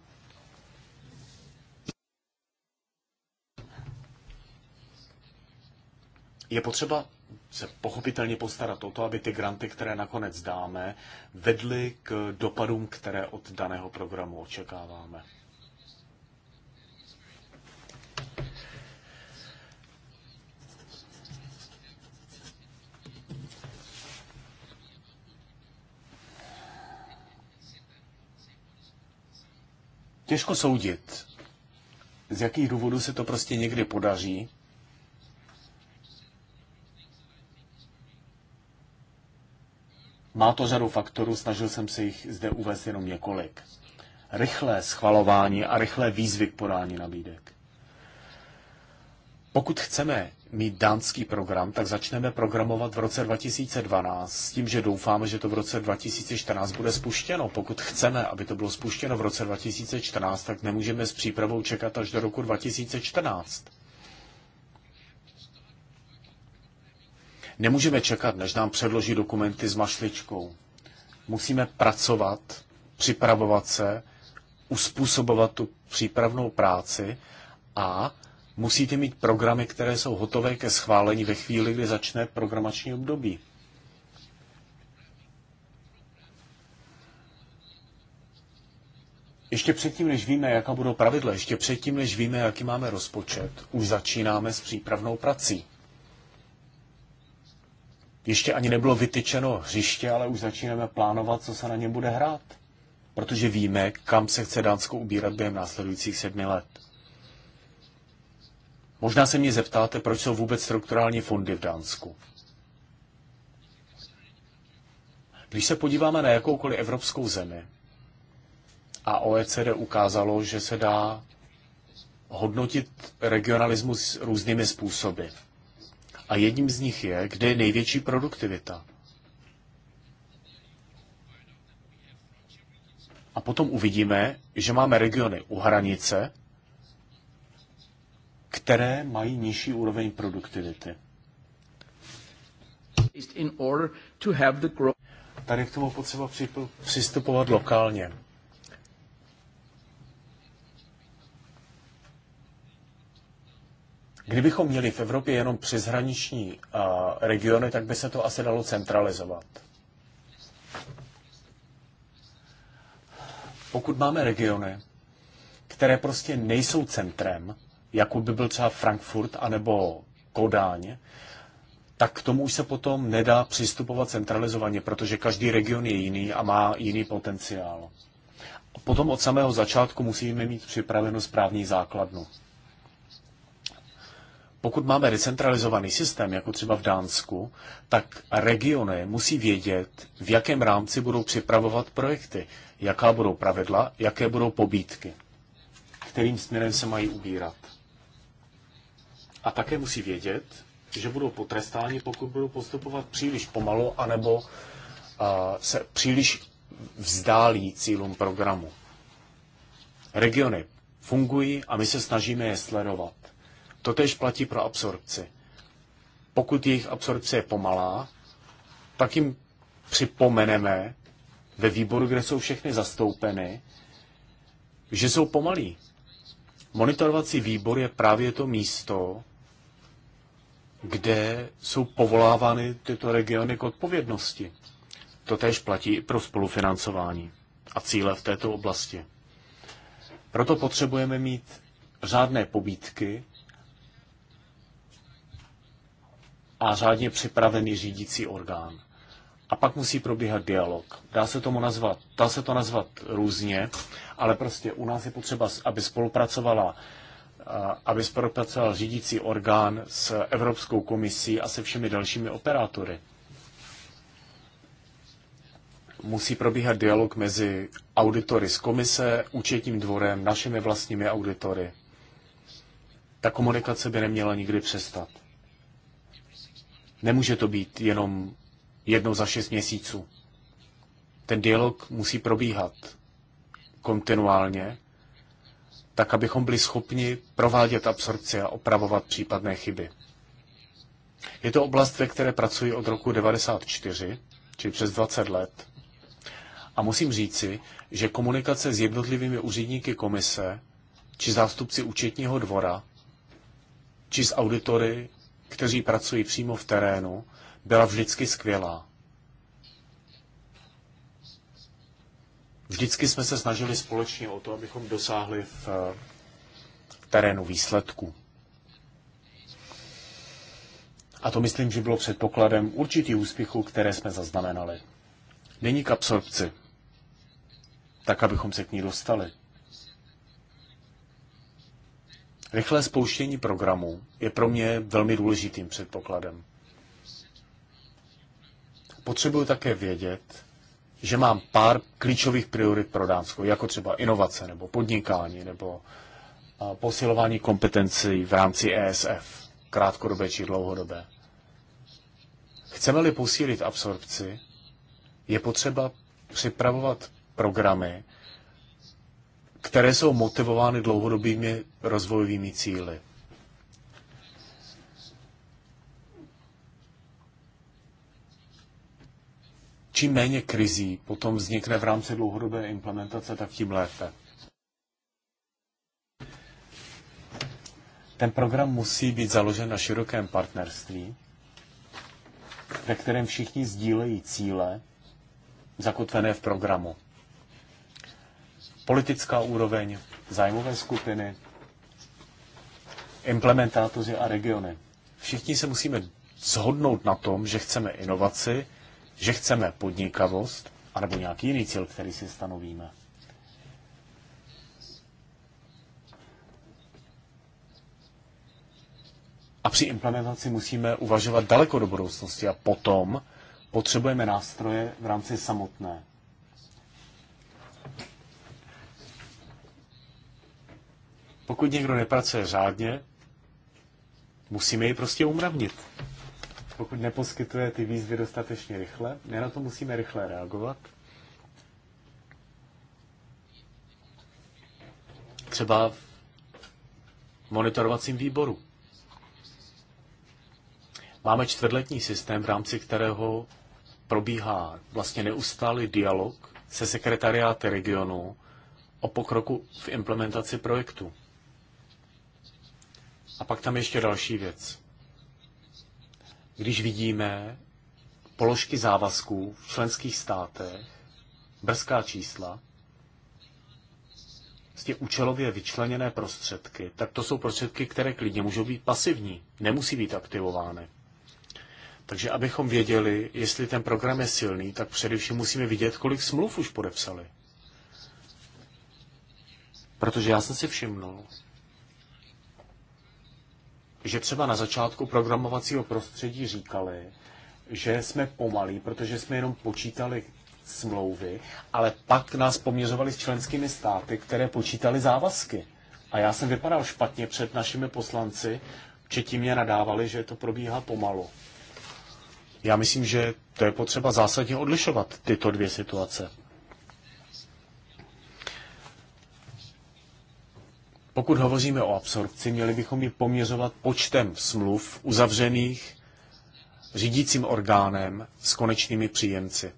Je potřeba se pochopitelně postarat o to, aby ty granty, které nakonec dáme, vedly k dopadům, které od daného programu očekáváme. Těžko soudit, z jakých důvodů se to prostě někdy podaří Má to řadu faktorů, snažil jsem se jich zde uvést jenom několik. Rychlé schvalování a rychlé výzvy k podání nabídek. Pokud chceme mít dánský program, tak začneme programovat v roce 2012 s tím, že doufáme, že to v roce 2014 bude spuštěno. Pokud chceme, aby to bylo spuštěno v roce 2014, tak nemůžeme s přípravou čekat až do roku 2014. Nemůžeme čekat, než nám předloží dokumenty s mašličkou. Musíme pracovat, připravovat se, uspůsobovat tu přípravnou práci a musíte mít programy, které jsou hotové ke schválení ve chvíli, kdy začne programační období. Ještě předtím, než víme, jaká budou pravidla, ještě předtím, než víme, jaký máme rozpočet, už začínáme s přípravnou prací ještě ani nebylo vytyčeno hřiště, ale už začínáme plánovat, co se na něm bude hrát. Protože víme, kam se chce Dánsko ubírat během následujících sedmi let. Možná se mě zeptáte, proč jsou vůbec strukturální fondy v Dánsku. Když se podíváme na jakoukoliv evropskou zemi, a OECD ukázalo, že se dá hodnotit regionalismus různými způsoby. A jedním z nich je, kde je největší produktivita. A potom uvidíme, že máme regiony u hranice, které mají nižší úroveň produktivity. Tady k tomu potřeba přistupovat lokálně. Kdybychom měli v Evropě jenom přeshraniční regiony, tak by se to asi dalo centralizovat. Pokud máme regiony, které prostě nejsou centrem, jako by byl třeba Frankfurt anebo Kodáň, tak k tomu už se potom nedá přistupovat centralizovaně, protože každý region je jiný a má jiný potenciál. Potom od samého začátku musíme mít připravenou správní základnu pokud máme decentralizovaný systém, jako třeba v Dánsku, tak regiony musí vědět, v jakém rámci budou připravovat projekty, jaká budou pravidla, jaké budou pobídky, kterým směrem se mají ubírat. A také musí vědět, že budou potrestáni, pokud budou postupovat příliš pomalu, anebo uh, se příliš vzdálí cílům programu. Regiony fungují a my se snažíme je sledovat. Totež platí pro absorpci. Pokud jejich absorpce je pomalá, tak jim připomeneme ve výboru, kde jsou všechny zastoupeny, že jsou pomalí. Monitorovací výbor je právě to místo, kde jsou povolávány tyto regiony k odpovědnosti. To též platí i pro spolufinancování a cíle v této oblasti. Proto potřebujeme mít řádné pobídky a řádně připravený řídící orgán. A pak musí probíhat dialog. Dá se, tomu nazvat, dá se to nazvat různě, ale prostě u nás je potřeba, aby spolupracovala eh, aby spolupracoval řídící orgán s Evropskou komisí a se všemi dalšími operátory. Musí probíhat dialog mezi auditory z komise, účetním dvorem, našimi vlastními auditory. Ta komunikace by neměla nikdy přestat. Nemůže to být jenom jednou za šest měsíců. Ten dialog musí probíhat kontinuálně, tak abychom byli schopni provádět absorpci a opravovat případné chyby. Je to oblast, ve které pracuji od roku 1994, čili přes 20 let. A musím říci, že komunikace s jednotlivými úředníky komise, či zástupci účetního dvora, či s auditory kteří pracují přímo v terénu, byla vždycky skvělá. Vždycky jsme se snažili společně o to, abychom dosáhli v terénu výsledku. A to myslím, že bylo předpokladem určitý úspěchů, které jsme zaznamenali. Není k absorpci, tak abychom se k ní dostali. Rychlé spouštění programů je pro mě velmi důležitým předpokladem. Potřebuji také vědět, že mám pár klíčových priorit pro Dánsko, jako třeba inovace nebo podnikání nebo posilování kompetencí v rámci ESF, krátkodobé či dlouhodobé. Chceme-li posílit absorpci, je potřeba připravovat programy, které jsou motivovány dlouhodobými rozvojovými cíly. Čím méně krizí potom vznikne v rámci dlouhodobé implementace, tak tím lépe. Ten program musí být založen na širokém partnerství, ve kterém všichni sdílejí cíle zakotvené v programu politická úroveň, zájmové skupiny, implementátoři a regiony. Všichni se musíme shodnout na tom, že chceme inovaci, že chceme podnikavost, anebo nějaký jiný cíl, který si stanovíme. A při implementaci musíme uvažovat daleko do budoucnosti a potom potřebujeme nástroje v rámci samotné Pokud někdo nepracuje řádně, musíme ji prostě umravnit. Pokud neposkytuje ty výzvy dostatečně rychle, my na to musíme rychle reagovat. Třeba v monitorovacím výboru. Máme čtvrtletní systém, v rámci kterého probíhá vlastně neustálý dialog se sekretariáty regionu o pokroku v implementaci projektu. A pak tam ještě další věc. Když vidíme položky závazků v členských státech, brzká čísla, vlastně účelově vyčleněné prostředky, tak to jsou prostředky, které klidně můžou být pasivní, nemusí být aktivovány. Takže abychom věděli, jestli ten program je silný, tak především musíme vidět, kolik smluv už podepsali. Protože já jsem si všimnul, že třeba na začátku programovacího prostředí říkali, že jsme pomalí, protože jsme jenom počítali smlouvy, ale pak nás poměřovali s členskými státy, které počítali závazky. A já jsem vypadal špatně před našimi poslanci, včetně mě nadávali, že to probíhá pomalu. Já myslím, že to je potřeba zásadně odlišovat tyto dvě situace. Pokud hovoříme o absorpci, měli bychom ji poměřovat počtem smluv uzavřených řídícím orgánem s konečnými příjemci.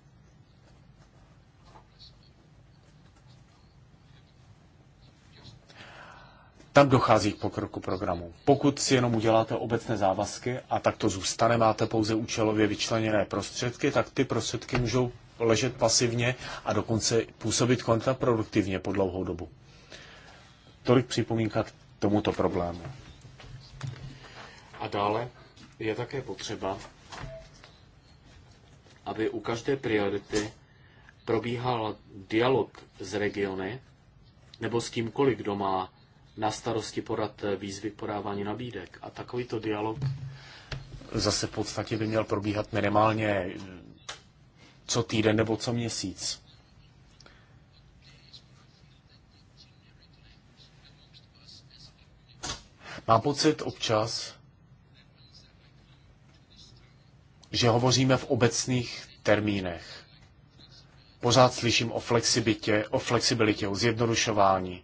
Tam dochází k pokroku programu. Pokud si jenom uděláte obecné závazky a tak to zůstane, máte pouze účelově vyčleněné prostředky, tak ty prostředky můžou ležet pasivně a dokonce působit kontraproduktivně po dlouhou dobu. Tolik připomínkat tomuto problému. A dále je také potřeba, aby u každé priority probíhal dialog z regiony nebo s kýmkoliv, kdo má na starosti podat výzvy k podávání nabídek. A takovýto dialog zase v podstatě by měl probíhat minimálně co týden nebo co měsíc. Mám pocit občas, že hovoříme v obecných termínech. Pořád slyším o flexibilitě, o flexibilitě, o zjednodušování.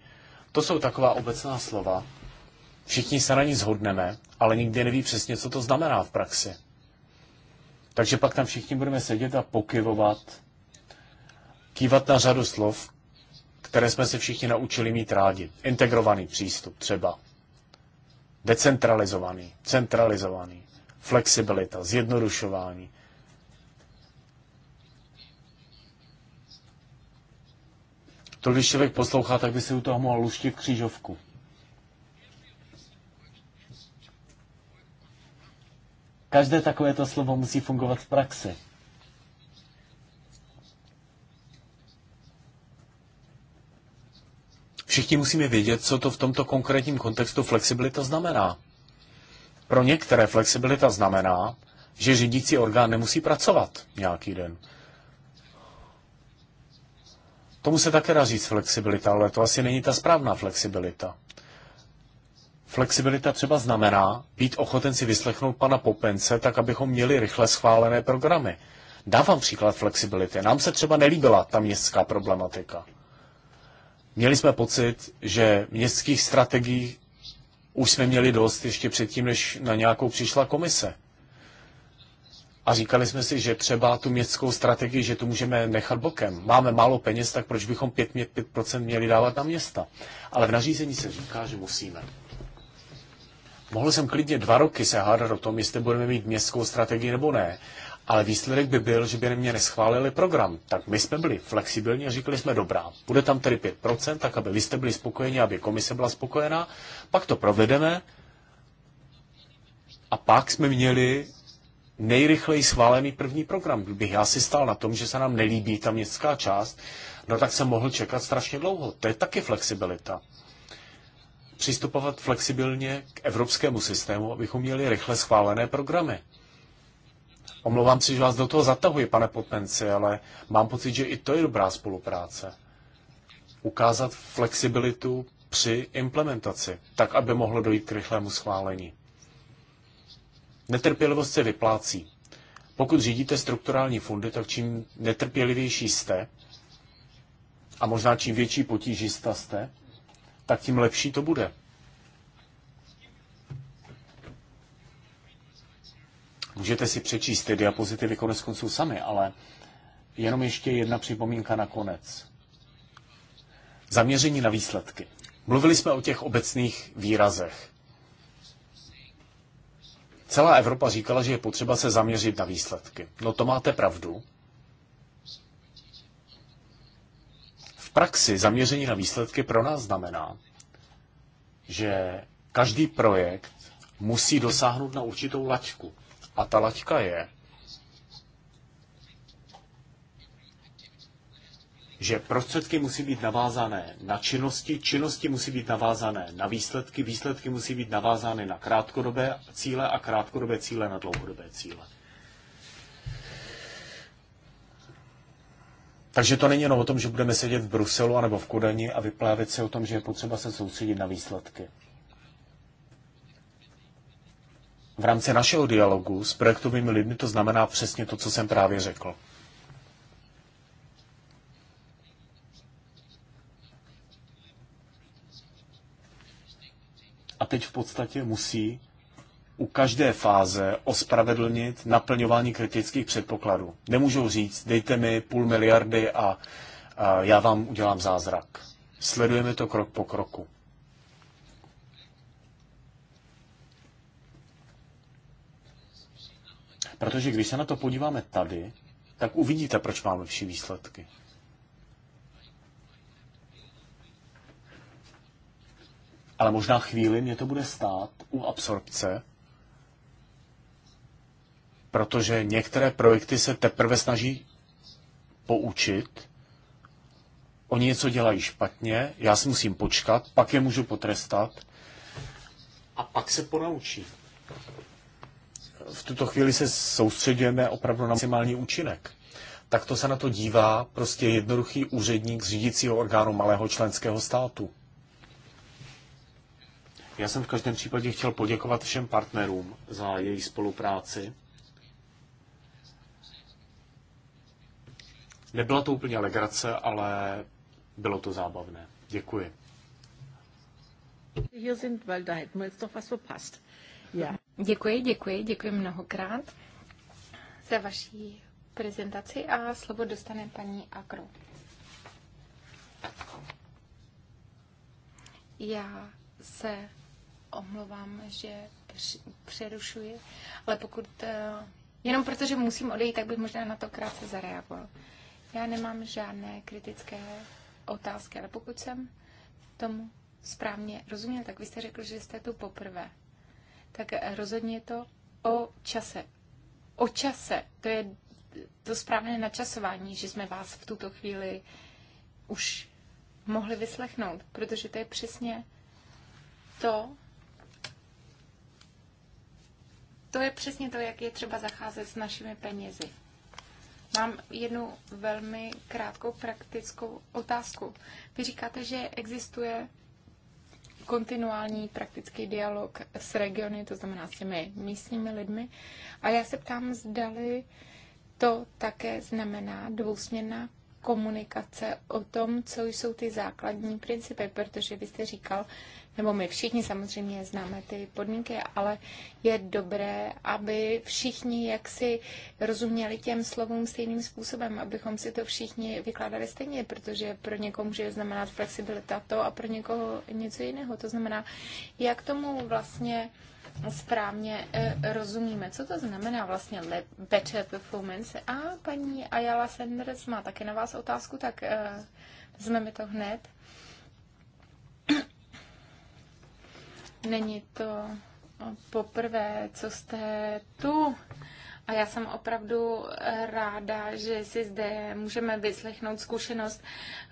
To jsou taková obecná slova. Všichni se na ní zhodneme, ale nikdy neví přesně, co to znamená v praxi. Takže pak tam všichni budeme sedět a pokyvovat, kývat na řadu slov, které jsme se všichni naučili mít rádi. Integrovaný přístup třeba decentralizovaný, centralizovaný, flexibilita, zjednodušování. To, když člověk poslouchá, tak by si u toho mohl luštit křížovku. Každé takovéto slovo musí fungovat v praxi. všichni musíme vědět, co to v tomto konkrétním kontextu flexibilita znamená. Pro některé flexibilita znamená, že řídící orgán nemusí pracovat nějaký den. Tomu se také dá říct flexibilita, ale to asi není ta správná flexibilita. Flexibilita třeba znamená být ochoten si vyslechnout pana Popence, tak abychom měli rychle schválené programy. Dávám příklad flexibility. Nám se třeba nelíbila ta městská problematika. Měli jsme pocit, že městských strategií už jsme měli dost ještě předtím, než na nějakou přišla komise. A říkali jsme si, že třeba tu městskou strategii, že tu můžeme nechat bokem. Máme málo peněz, tak proč bychom 5, 5% měli dávat na města? Ale v nařízení se říká, že musíme. Mohl jsem klidně dva roky se hádat o tom, jestli budeme mít městskou strategii nebo ne, ale výsledek by byl, že by mě neschválili program. Tak my jsme byli flexibilní a říkali jsme, dobrá, bude tam tedy 5%, tak aby vy jste byli spokojeni, aby komise byla spokojená, pak to provedeme a pak jsme měli nejrychleji schválený první program. Kdybych já si stál na tom, že se nám nelíbí ta městská část, no tak jsem mohl čekat strašně dlouho. To je taky flexibilita. Přistupovat flexibilně k evropskému systému, abychom měli rychle schválené programy. Omlouvám se, že vás do toho zatahuji, pane Potenci, ale mám pocit, že i to je dobrá spolupráce. Ukázat flexibilitu při implementaci, tak aby mohlo dojít k rychlému schválení. Netrpělivost se vyplácí. Pokud řídíte strukturální fondy, tak čím netrpělivější jste a možná čím větší potížista jste, tak tím lepší to bude. Můžete si přečíst ty diapozitivy konec konců sami, ale jenom ještě jedna připomínka na konec. Zaměření na výsledky. Mluvili jsme o těch obecných výrazech. Celá Evropa říkala, že je potřeba se zaměřit na výsledky. No to máte pravdu. V praxi zaměření na výsledky pro nás znamená, že každý projekt musí dosáhnout na určitou laťku. A ta laťka je, že prostředky musí být navázané na činnosti, činnosti musí být navázané na výsledky, výsledky musí být navázány na krátkodobé cíle a krátkodobé cíle na dlouhodobé cíle. Takže to není jenom o tom, že budeme sedět v Bruselu nebo v Kodani a vyplávět se o tom, že je potřeba se soustředit na výsledky. v rámci našeho dialogu s projektovými lidmi to znamená přesně to, co jsem právě řekl. A teď v podstatě musí u každé fáze ospravedlnit naplňování kritických předpokladů. Nemůžou říct, dejte mi půl miliardy a, a já vám udělám zázrak. Sledujeme to krok po kroku. Protože když se na to podíváme tady, tak uvidíte, proč máme lepší výsledky. Ale možná chvíli mě to bude stát u absorpce, protože některé projekty se teprve snaží poučit. Oni něco dělají špatně, já si musím počkat, pak je můžu potrestat a pak se ponaučí v tuto chvíli se soustředujeme opravdu na maximální účinek. Tak to se na to dívá prostě jednoduchý úředník z řídícího orgánu malého členského státu. Já jsem v každém případě chtěl poděkovat všem partnerům za její spolupráci. Nebyla to úplně legrace, ale bylo to zábavné. Děkuji. Hier sind, weil da hätten wir jetzt doch was verpasst. Ja. Děkuji, děkuji, děkuji mnohokrát za vaší prezentaci a slovo dostane paní Akro. Já se omlouvám, že přerušuji, ale pokud, eh, jenom protože musím odejít, tak bych možná na to krátce zareagoval. Já nemám žádné kritické otázky, ale pokud jsem tomu správně rozuměl, tak vy jste řekl, že jste tu poprvé tak rozhodně je to o čase. O čase. To je to správné načasování, že jsme vás v tuto chvíli už mohli vyslechnout, protože to je přesně to, to je přesně to, jak je třeba zacházet s našimi penězi. Mám jednu velmi krátkou praktickou otázku. Vy říkáte, že existuje kontinuální praktický dialog s regiony, to znamená s těmi místními lidmi. A já se ptám, zdali to také znamená dvousměrná komunikace o tom, co jsou ty základní principy, protože vy jste říkal, nebo my všichni samozřejmě známe ty podmínky, ale je dobré, aby všichni jaksi rozuměli těm slovům stejným způsobem, abychom si to všichni vykládali stejně, protože pro někoho může znamenat flexibilita to a pro někoho něco jiného. To znamená, jak tomu vlastně správně e, rozumíme, co to znamená vlastně better performance. A paní Ayala Sanders má také na vás otázku, tak e, vezmeme to hned. Není to poprvé, co jste tu a já jsem opravdu ráda, že si zde můžeme vyslechnout zkušenost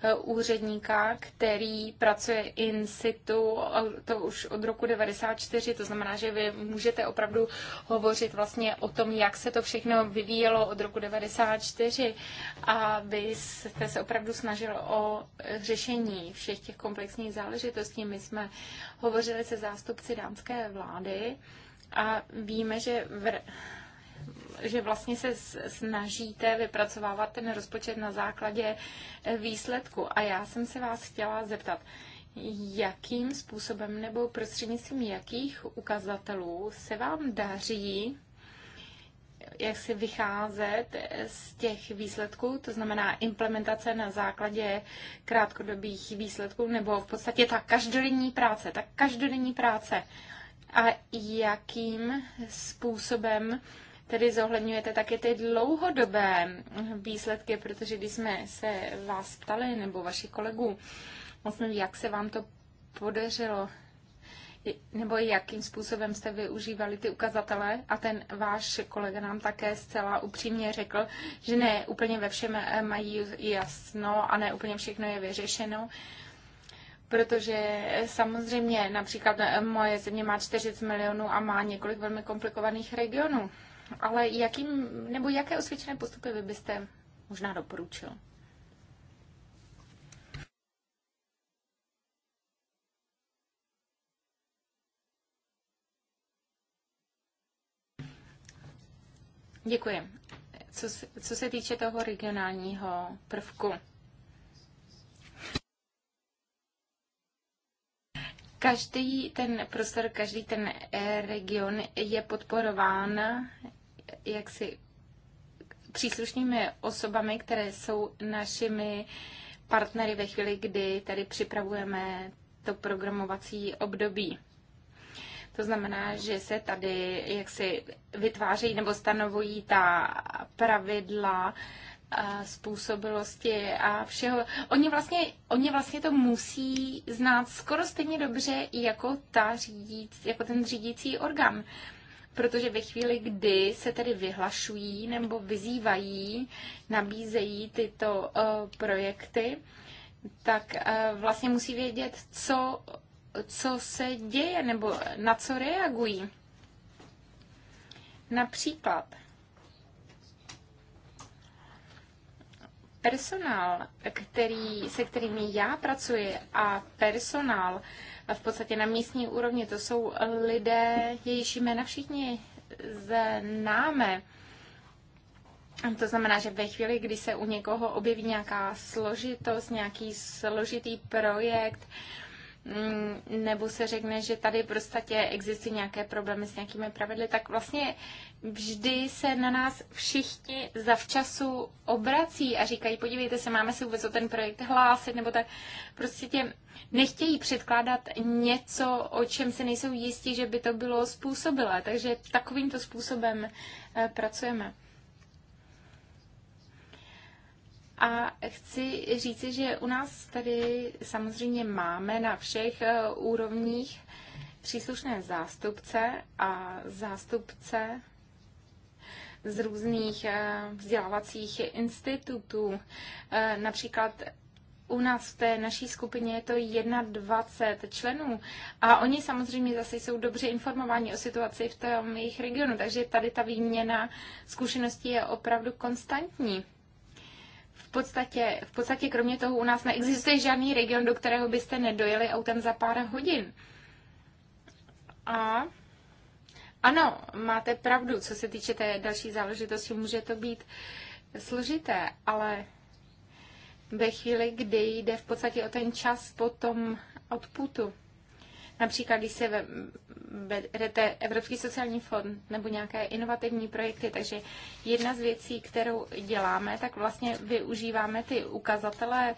eh, úředníka, který pracuje in situ, to už od roku 94, to znamená, že vy můžete opravdu hovořit vlastně o tom, jak se to všechno vyvíjelo od roku 94 a vy jste se opravdu snažil o řešení všech těch komplexních záležitostí. My jsme hovořili se zástupci dánské vlády a víme, že v že vlastně se snažíte vypracovávat ten rozpočet na základě eh, výsledku. A já jsem se vás chtěla zeptat, jakým způsobem nebo prostřednictvím jakých ukazatelů se vám daří jak si vycházet eh, z těch výsledků, to znamená implementace na základě krátkodobých výsledků, nebo v podstatě ta každodenní práce, ta každodenní práce. A jakým způsobem tedy zohledňujete také ty dlouhodobé výsledky, protože když jsme se vás ptali, nebo vašich kolegů, vlastně jak se vám to podařilo nebo jakým způsobem jste využívali ty ukazatele. A ten váš kolega nám také zcela upřímně řekl, že ne úplně ve všem eh, mají jasno a ne úplně všechno je vyřešeno. Protože eh, samozřejmě například eh, moje země má 40 milionů a má několik velmi komplikovaných regionů. Ale jakým, nebo jaké osvědčené postupy vy byste možná doporučil? Děkuji. Co, co se týče toho regionálního prvku, každý ten prostor, každý ten region je podporován jaksi příslušnými osobami, které jsou našimi partnery ve chvíli, kdy tady připravujeme to programovací období. To znamená, že se tady jaksi vytvářejí nebo stanovují ta pravidla způsobilosti a všeho. Oni vlastně, oni vlastně to musí znát skoro stejně dobře jako, ta řídíc, jako ten řídící orgán protože ve chvíli, kdy se tedy vyhlašují nebo vyzývají, nabízejí tyto eh, projekty, tak eh, vlastně musí vědět, co, co se děje nebo na co reagují. Například personál, který, se kterými já pracuji a personál, a v podstatě na místní úrovni. To jsou lidé, jejichž jména všichni známe. To znamená, že ve chvíli, kdy se u někoho objeví nějaká složitost, nějaký složitý projekt, Mm, nebo se řekne, že tady prostě existují nějaké problémy s nějakými pravidly, tak vlastně vždy se na nás všichni zavčasu obrací a říkají, podívejte se, máme si vůbec o ten projekt hlásit, nebo tak prostě tě nechtějí předkládat něco, o čem se nejsou jistí, že by to bylo způsobilé. Takže takovýmto způsobem eh, pracujeme. A chci říci, že u nás tady samozřejmě máme na všech eh, úrovních příslušné zástupce a zástupce z různých eh, vzdělávacích institutů. Eh, například u nás v té naší skupině je to 21 členů a oni samozřejmě zase jsou dobře informováni o situaci v tom jejich regionu, takže tady ta výměna zkušeností je opravdu konstantní podstatě, v podstatě kromě toho u nás neexistuje žádný region, do kterého byste nedojeli autem za pár hodin. A ano, máte pravdu, co se týče té další záležitosti, může to být složité, ale ve chvíli, kdy jde v podstatě o ten čas po tom odputu, Například, když se berete Evropský sociální fond nebo nějaké inovativní projekty, takže jedna z věcí, kterou děláme, tak vlastně využíváme ty ukazatele,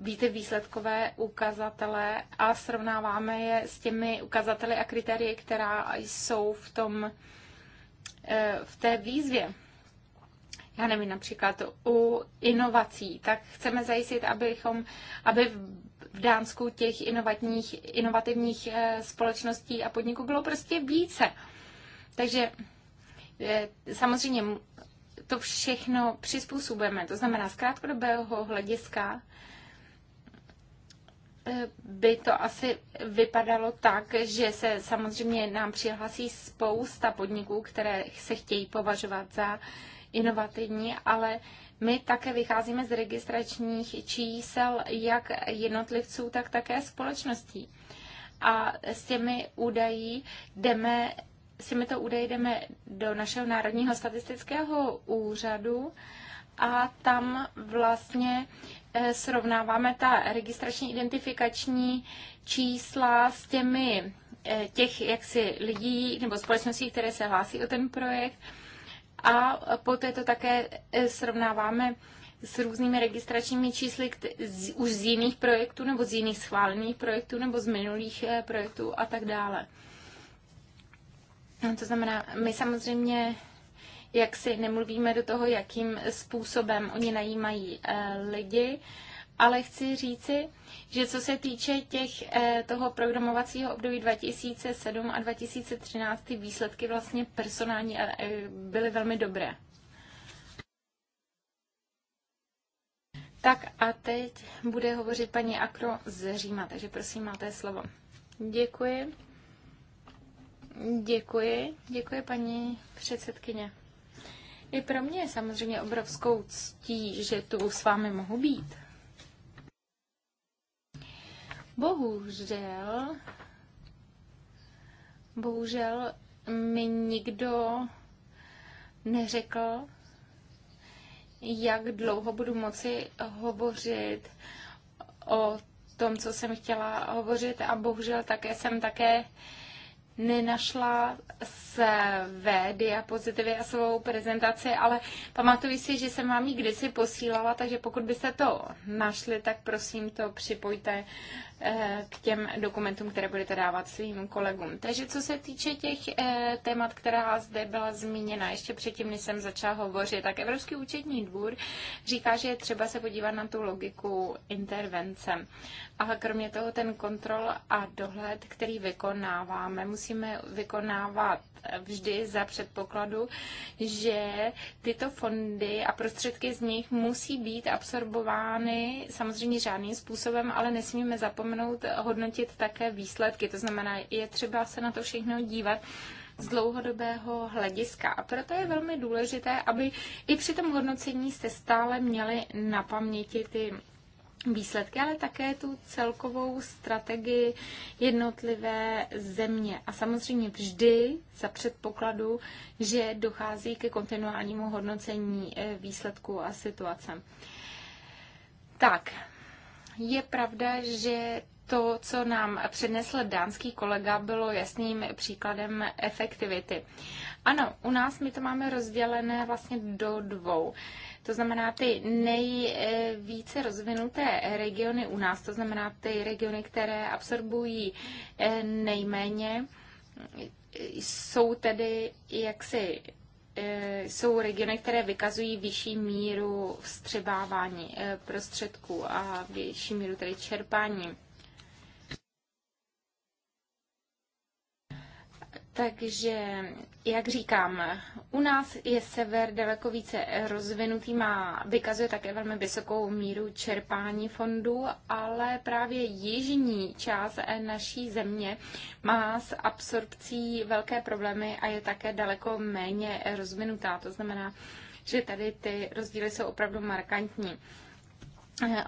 víte, výsledkové ukazatele a srovnáváme je s těmi ukazateli a kritérii, která jsou v tom, eh, v té výzvě já nevím, například u inovací, tak chceme zajistit, abychom, aby v Dánsku těch inovatních, inovativních eh, společností a podniků bylo prostě více. Takže eh, samozřejmě to všechno přizpůsobujeme. To znamená, z krátkodobého hlediska eh, by to asi vypadalo tak, že se samozřejmě nám přihlasí spousta podniků, které se chtějí považovat za inovativní, ale my také vycházíme z registračních čísel jak jednotlivců, tak také společností. A s těmi údají jdeme s těmito údaji jdeme do našeho Národního statistického úřadu a tam vlastně eh, srovnáváme ta registrační identifikační čísla s těmi eh, těch jaksi lidí nebo společností, které se hlásí o ten projekt a poté to také eh, srovnáváme s různými registračními čísly už z jiných projektů nebo z jiných schválených projektů nebo z minulých eh, projektů a tak dále. No, to znamená, my samozřejmě jak si nemluvíme do toho, jakým způsobem oni najímají eh, lidi, ale chci říci, že co se týče těch, eh, toho programovacího období 2007 a 2013, ty výsledky vlastně personální eh, byly velmi dobré. Tak a teď bude hovořit paní Akro z Říma, takže prosím, máte slovo. Děkuji. Děkuji. Děkuji, paní předsedkyně. I pro mě je samozřejmě obrovskou ctí, že tu s vámi mohu být. Bohužel, bohužel mi nikdo neřekl, jak dlouho budu moci hovořit o tom, co jsem chtěla hovořit a bohužel také jsem také nenašla své diapozitivy a svou prezentaci, ale pamatuji si, že jsem vám ji kdysi posílala, takže pokud byste to našli, tak prosím to připojte Eh, k těm dokumentům, které budete dávat svým kolegům. Takže co se týče těch eh, témat, která zde byla zmíněna, ještě předtím, než jsem začala hovořit, tak Evropský účetní dvůr říká, že je třeba se podívat na tu logiku intervence. a kromě toho ten kontrol a dohled, který vykonáváme, musíme vykonávat vždy za předpokladu, že tyto fondy a prostředky z nich musí být absorbovány samozřejmě žádným způsobem, ale nesmíme zapomínat zapomenout hodnotit také výsledky. To znamená, je třeba se na to všechno dívat z dlouhodobého hlediska. A proto je velmi důležité, aby i při tom hodnocení jste stále měli na paměti ty výsledky, ale také tu celkovou strategii jednotlivé země. A samozřejmě vždy za předpokladu, že dochází ke kontinuálnímu hodnocení eh, výsledků a situace. Tak, je pravda, že to, co nám přednesl dánský kolega, bylo jasným příkladem efektivity. Ano, u nás my to máme rozdělené vlastně do dvou. To znamená ty nejvíce rozvinuté regiony u nás, to znamená ty regiony, které absorbují eh, nejméně, jsou tedy jaksi E, jsou regiony, které vykazují vyšší míru vstřebávání e, prostředků a vyšší míru tedy čerpání Takže, jak říkám, u nás je sever daleko více rozvinutý, má, vykazuje také velmi vysokou míru čerpání fondů, ale právě jižní část naší země má s absorpcí velké problémy a je také daleko méně rozvinutá. To znamená, že tady ty rozdíly jsou opravdu markantní.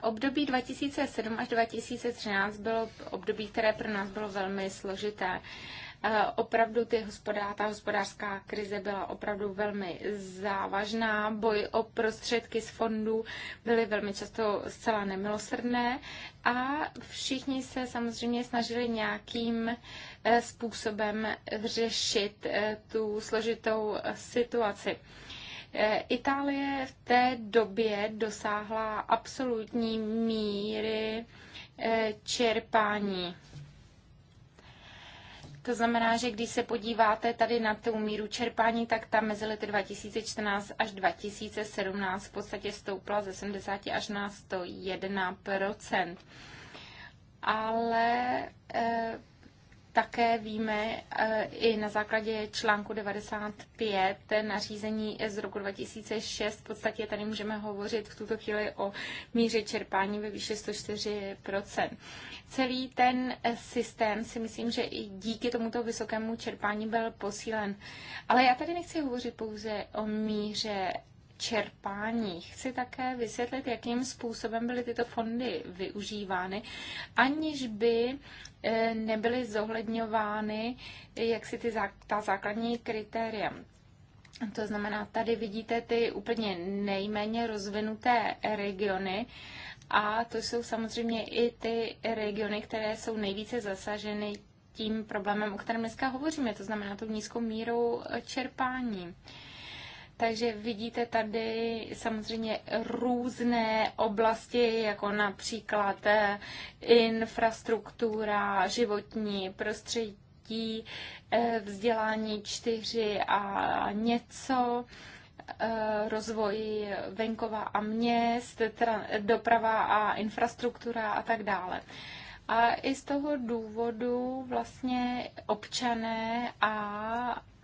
Období 2007 až 2013 bylo období, které pro nás bylo velmi složité. Eh, opravdu ty hospodá, ta hospodářská krize byla opravdu velmi závažná. Boj o prostředky z fondů byly velmi často zcela nemilosrdné a všichni se samozřejmě snažili nějakým eh, způsobem řešit eh, tu složitou situaci. Itálie v té době dosáhla absolutní míry čerpání to znamená, že když se podíváte tady na tu míru čerpání, tak ta mezi lety 2014 až 2017 v podstatě stoupla ze 70 až na 101 Ale e, také víme eh, i na základě článku 95 nařízení z roku 2006, v podstatě tady můžeme hovořit v tuto chvíli o míře čerpání ve výši 104 celý ten eh, systém si myslím, že i díky tomuto vysokému čerpání byl posílen. Ale já tady nechci hovořit pouze o míře čerpání. Chci také vysvětlit, jakým způsobem byly tyto fondy využívány, aniž by eh, nebyly zohledňovány eh, jak si ty, ta základní kritéria. To znamená, tady vidíte ty úplně nejméně rozvinuté regiony a to jsou samozřejmě i ty regiony, které jsou nejvíce zasaženy tím problémem, o kterém dneska hovoříme, to znamená tu nízkou míru eh, čerpání. Takže vidíte tady samozřejmě různé oblasti, jako například eh, infrastruktura, životní prostředí, eh, vzdělání čtyři a něco. Eh, rozvoj venkova a měst, doprava a infrastruktura a tak dále. A i z toho důvodu vlastně občané a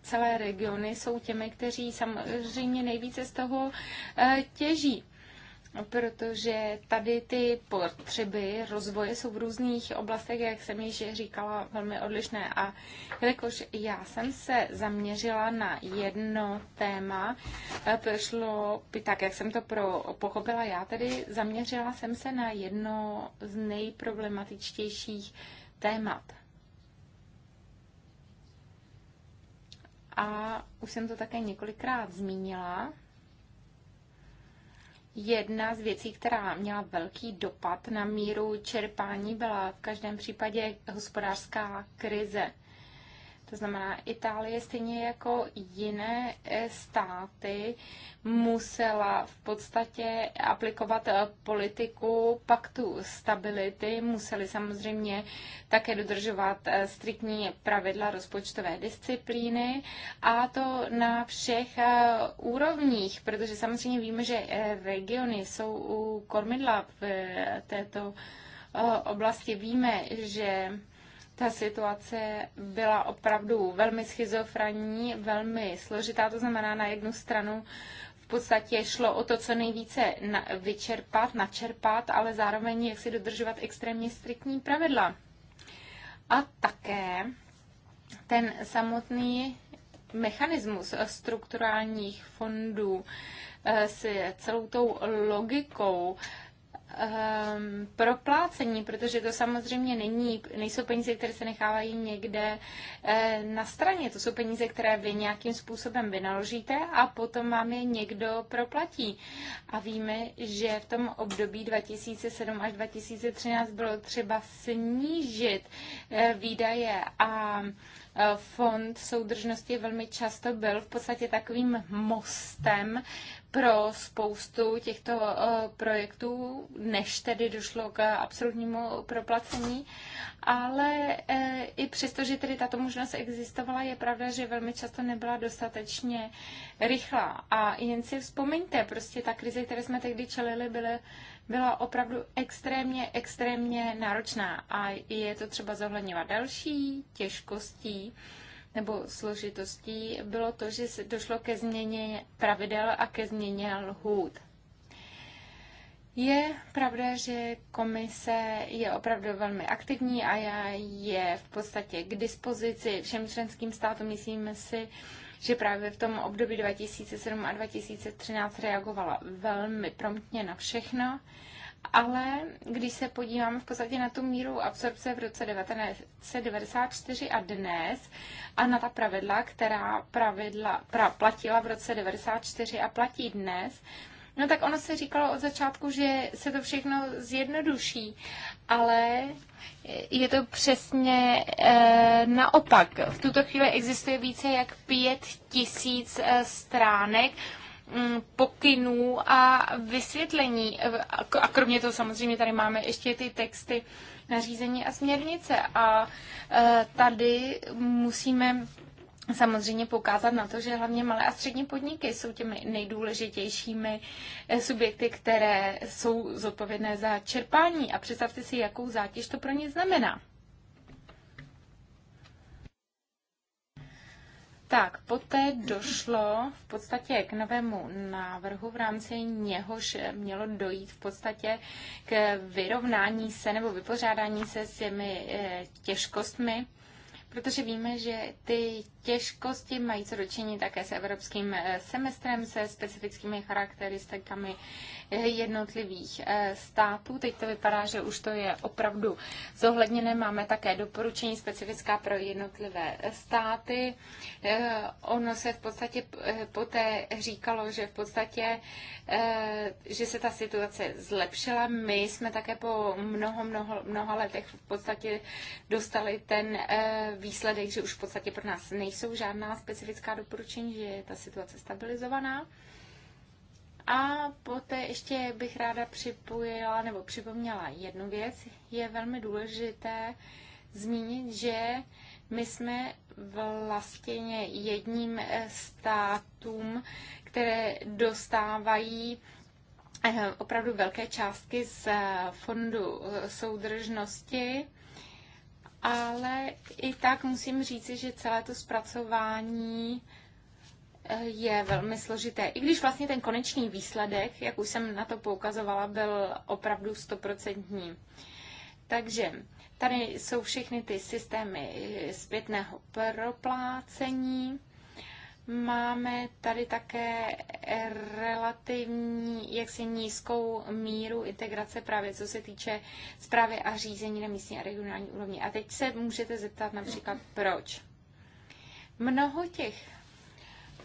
celé regiony jsou těmi, kteří samozřejmě nejvíce z toho eh, těží protože tady ty potřeby rozvoje jsou v různých oblastech, jak jsem již říkala, velmi odlišné. A jelikož já jsem se zaměřila na jedno téma, prošlo eh, by tak, jak jsem to pro, pochopila já, tedy zaměřila jsem se na jedno z nejproblematičtějších témat. A už jsem to také několikrát zmínila, jedna z věcí, která měla velký dopad na míru čerpání, byla v každém případě hospodářská krize. To znamená, Itálie stejně jako jiné eh, státy musela v podstatě aplikovat eh, politiku paktu stability, museli samozřejmě také dodržovat eh, striktní pravidla rozpočtové disciplíny a to na všech úrovních, protože samozřejmě víme, že regiony jsou u kormidla v této oblasti. Víme, že ta situace byla opravdu velmi schizofrenní, velmi složitá. To znamená, na jednu stranu v podstatě šlo o to, co nejvíce na, vyčerpat, načerpat, ale zároveň jak si dodržovat extrémně striktní pravidla. A také ten samotný mechanismus strukturálních fondů eh, s celou tou logikou um, proplácení, protože to samozřejmě není, nejsou peníze, které se nechávají někde uh, na straně. To jsou peníze, které vy nějakým způsobem vynaložíte a potom vám je někdo proplatí. A víme, že v tom období 2007 až 2013 bylo třeba snížit uh, výdaje a eh, fond soudržnosti velmi často byl v podstatě takovým mostem pro spoustu těchto eh, projektů, než tedy došlo k absolutnímu proplacení. Ale eh, i přesto, že tedy tato možnost existovala, je pravda, že velmi často nebyla dostatečně rychlá. A jen si vzpomeňte, prostě ta krize, které jsme tehdy čelili, byly byla opravdu extrémně, extrémně náročná a je to třeba zohledňovat další těžkostí, nebo složitostí bylo to, že se došlo ke změně pravidel a ke změně lhůt. Je pravda, že komise je opravdu velmi aktivní a já je v podstatě k dispozici všem členským státům. Myslím si, že právě v tom období 2007 a 2013 reagovala velmi promptně na všechno ale když se podíváme v podstatě na tu míru absorpce v roce 1994 a dnes a na ta pravidla, která pravidla, pra, platila v roce 1994 a platí dnes, no tak ono se říkalo od začátku, že se to všechno zjednoduší, ale je to přesně e, naopak. V tuto chvíli existuje více jak pět tisíc eh, stránek Mm, pokynů a vysvětlení. A kromě toho samozřejmě tady máme ještě ty texty nařízení a směrnice. A e, tady musíme samozřejmě poukázat na to, že hlavně malé a střední podniky jsou těmi nejdůležitějšími e, subjekty, které jsou zodpovědné za čerpání. A představte si, jakou zátěž to pro ně znamená. Tak, poté došlo v podstatě k novému návrhu, v rámci něhož mělo dojít v podstatě k vyrovnání se nebo vypořádání se s těmi eh, těžkostmi, protože víme, že ty těžkosti, mají co dočinit také s evropským eh, semestrem, se specifickými charakteristikami eh, jednotlivých eh, států. Teď to vypadá, že už to je opravdu zohledněné. Máme také doporučení specifická pro jednotlivé státy. Ono se v podstatě poté říkalo, že v podstatě, že se ta situace zlepšila. My jsme také po mnoho, mnoho, mnoha letech v podstatě dostali ten výsledek, že už v podstatě pro nás nejsou nejsou žádná specifická doporučení, že je ta situace stabilizovaná. A poté ještě bych ráda připojila nebo připomněla jednu věc. Je velmi důležité zmínit, že my jsme vlastně jedním státům, které dostávají eh, opravdu velké částky z eh, fondu soudržnosti ale i tak musím říci, že celé to zpracování eh, je velmi složité. I když vlastně ten konečný výsledek, jak už jsem na to poukazovala, byl opravdu stoprocentní. Takže tady jsou všechny ty systémy eh, zpětného proplácení, Máme tady také relativní, jaksi nízkou míru integrace právě co se týče zprávy a řízení na místní a regionální úrovni. A teď se můžete zeptat například, proč. Mnoho těch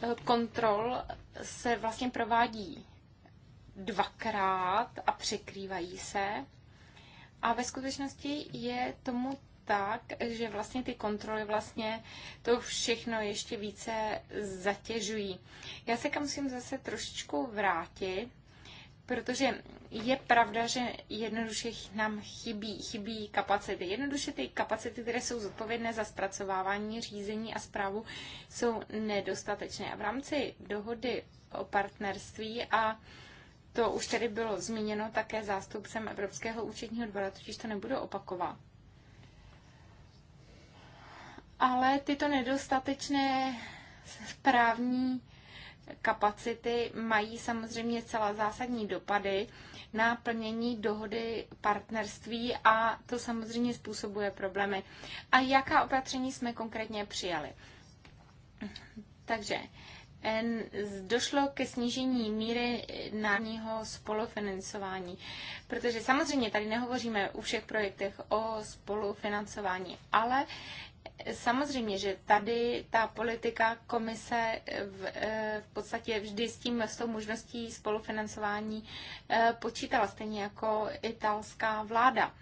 eh, kontrol se vlastně provádí dvakrát a překrývají se. A ve skutečnosti je tomu tak, že vlastně ty kontroly vlastně to všechno ještě více zatěžují. Já se kam musím zase trošičku vrátit, protože je pravda, že jednoduše nám chybí, chybí kapacity. Jednoduše ty kapacity, které jsou zodpovědné za zpracovávání, řízení a zprávu, jsou nedostatečné. A v rámci dohody o partnerství a to už tady bylo zmíněno také zástupcem Evropského účetního dvora, totiž to nebudu opakovat ale tyto nedostatečné správní kapacity mají samozřejmě celá zásadní dopady na plnění dohody partnerství a to samozřejmě způsobuje problémy. A jaká opatření jsme konkrétně přijali? Takže došlo ke snížení míry národního spolufinancování. Protože samozřejmě tady nehovoříme u všech projektech o spolufinancování, ale samozřejmě, že tady ta politika komise v, eh, v podstatě vždy s tím, s tou možností spolufinancování eh, počítala, stejně jako italská vláda.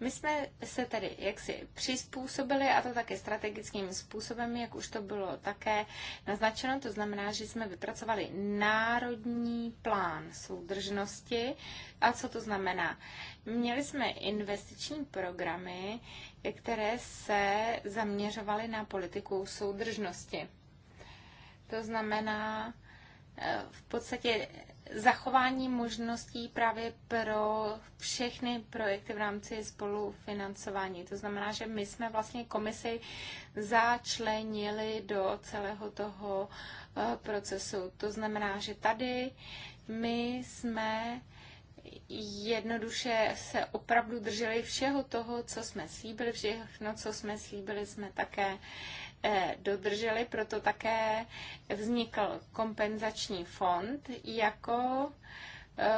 My jsme se tedy jaksi přizpůsobili a to také strategickým způsobem, jak už to bylo také naznačeno. To znamená, že jsme vypracovali národní plán soudržnosti. A co to znamená? Měli jsme investiční programy, které se zaměřovaly na politiku soudržnosti. To znamená eh, v podstatě zachování možností právě pro všechny projekty v rámci spolufinancování. To znamená, že my jsme vlastně komisi začlenili do celého toho eh, procesu. To znamená, že tady my jsme jednoduše se opravdu drželi všeho toho, co jsme slíbili, všechno, co jsme slíbili, jsme také eh, dodrželi, proto také vznikl kompenzační fond jako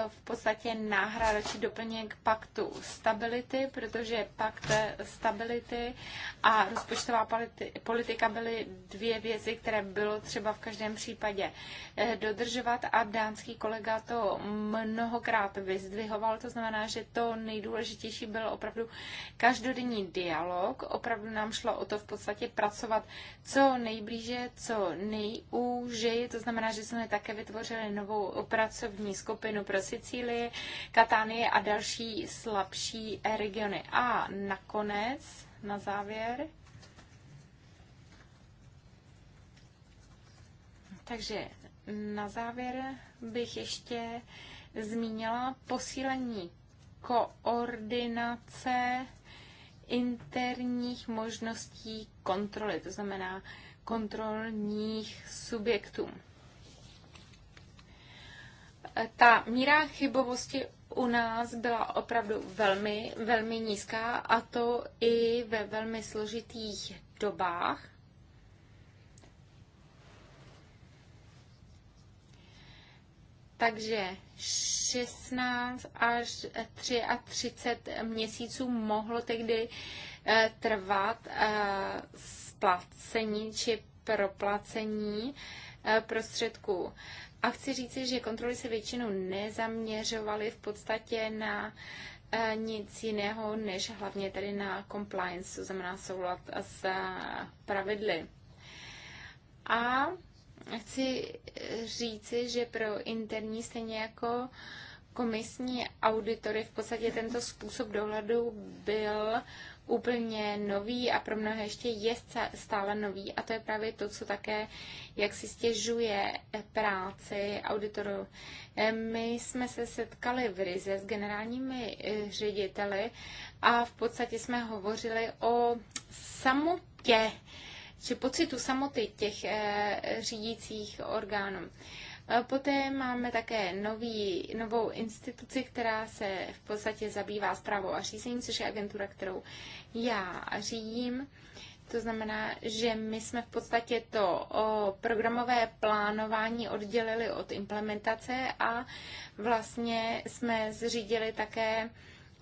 v podstatě náhrada či doplněk paktu stability, protože pakt stability a rozpočtová politika byly dvě věci, které bylo třeba v každém případě eh, dodržovat a dánský kolega to mnohokrát vyzdvihoval. To znamená, že to nejdůležitější byl opravdu každodenní dialog. Opravdu nám šlo o to v podstatě pracovat co nejblíže, co nejúžeji. To znamená, že jsme také vytvořili novou pracovní skupinu pro Sicílii, Katánie a další slabší regiony. A nakonec, na závěr, takže na závěr bych ještě zmínila posílení koordinace interních možností kontroly, to znamená kontrolních subjektů ta míra chybovosti u nás byla opravdu velmi, velmi nízká a to i ve velmi složitých dobách. Takže 16 až 33 měsíců mohlo tehdy eh, trvat eh, splacení či proplacení eh, prostředků. A chci říci, že kontroly se většinou nezaměřovaly v podstatě na eh, nic jiného, než hlavně tedy na compliance, to znamená soulad s eh, pravidly. A chci eh, říci, že pro interní stejně jako komisní auditory v podstatě tento způsob dohledu byl úplně nový a pro mnohé ještě je stále nový. A to je právě to, co také jak si stěžuje práci auditorů. E, my jsme se setkali v Rize s generálními e, řediteli a v podstatě jsme hovořili o samotě či pocitu samoty těch e, řídících orgánů. Poté máme také nový, novou instituci, která se v podstatě zabývá zprávou a řízením, což je agentura, kterou já řídím. To znamená, že my jsme v podstatě to programové plánování oddělili od implementace a vlastně jsme zřídili také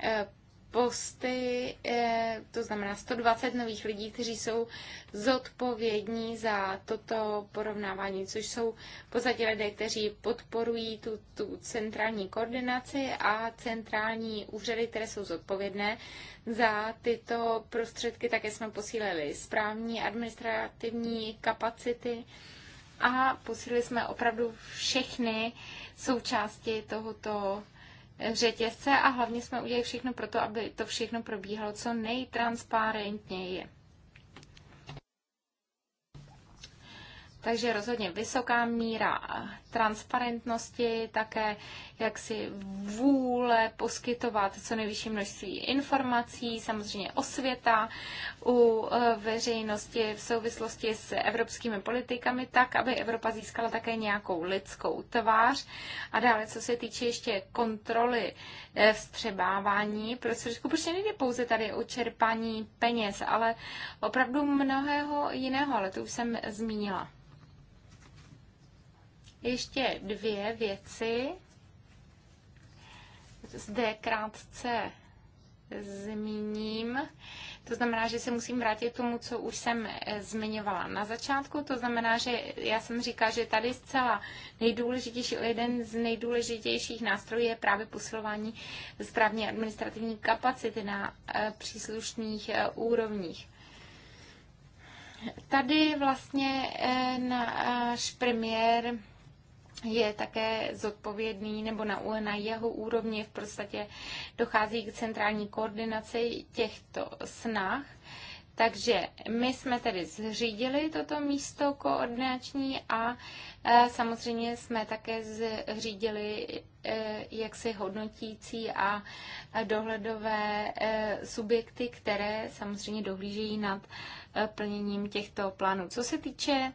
e, posty, eh, to znamená 120 nových lidí, kteří jsou zodpovědní za toto porovnávání, což jsou pozadě lidé, kteří podporují tu, tu centrální koordinaci a centrální úřady, které jsou zodpovědné za tyto prostředky. Také jsme posílili správní administrativní kapacity a posílili jsme opravdu všechny součásti tohoto řetězce a hlavně jsme udělali všechno pro to, aby to všechno probíhalo co nejtransparentněji. Takže rozhodně vysoká míra transparentnosti, také jaksi vůle poskytovat co nejvyšší množství informací, samozřejmě osvěta u eh, veřejnosti v souvislosti s evropskými politikami, tak, aby Evropa získala také nějakou lidskou tvář. A dále, co se týče ještě kontroly eh, vstřebávání prostředků, protože nejde pouze tady o čerpání peněz, ale opravdu mnohého jiného, ale to už jsem zmínila ještě dvě věci. Zde krátce zmíním. To znamená, že se musím vrátit k tomu, co už jsem eh, zmiňovala na začátku. To znamená, že já jsem říkala, že tady zcela nejdůležitější, jeden z nejdůležitějších nástrojů je právě posilování správně administrativní kapacity na eh, příslušných eh, úrovních. Tady vlastně náš premiér je také zodpovědný nebo na, na jeho úrovni v podstatě dochází k centrální koordinaci těchto snah. Takže my jsme tedy zřídili toto místo koordinační a e, samozřejmě jsme také zřídili e, jaksi hodnotící a dohledové e, subjekty, které samozřejmě dohlížejí nad plněním těchto plánů. Co se týče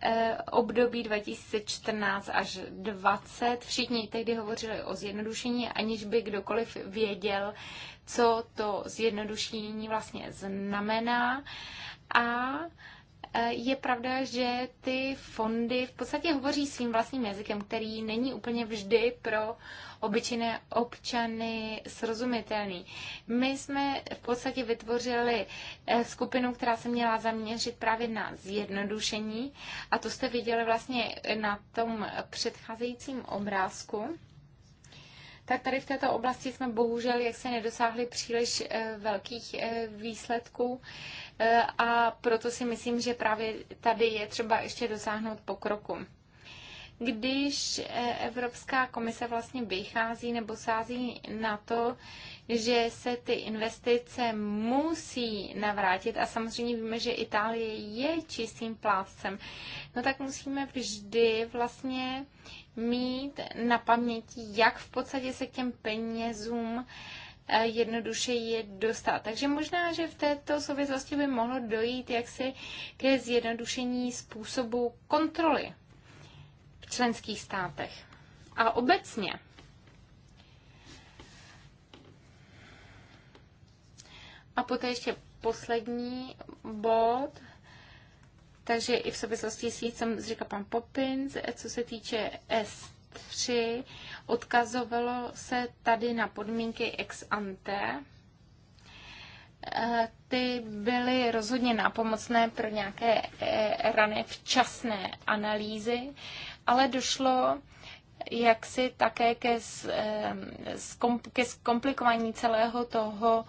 Eh, období 2014 až 2020. Všichni tehdy hovořili o zjednodušení, aniž by kdokoliv věděl, co to zjednodušení vlastně znamená. A E, je pravda, že ty fondy v podstatě hovoří svým vlastním jazykem, který není úplně vždy pro obyčejné občany srozumitelný. My jsme v podstatě vytvořili e, skupinu, která se měla zaměřit právě na zjednodušení a to jste viděli vlastně na tom předcházejícím obrázku tak tady v této oblasti jsme bohužel jak se nedosáhli příliš eh, velkých eh, výsledků eh, a proto si myslím, že právě tady je třeba ještě dosáhnout pokroku když Evropská komise vlastně vychází nebo sází na to, že se ty investice musí navrátit a samozřejmě víme, že Itálie je čistým plátcem, no tak musíme vždy vlastně mít na paměti, jak v podstatě se k těm penězům eh, jednoduše je dostat. Takže možná, že v této souvislosti by mohlo dojít jaksi ke zjednodušení způsobu kontroly v členských státech. A obecně A poté ještě poslední bod, takže i v souvislosti s tím, co říká pan Popins, co se týče S3, odkazovalo se tady na podmínky ex ante. Eh, ty byly rozhodně nápomocné pro nějaké eh, rany včasné analýzy, ale došlo jaksi také ke, ke zkomplikování celého toho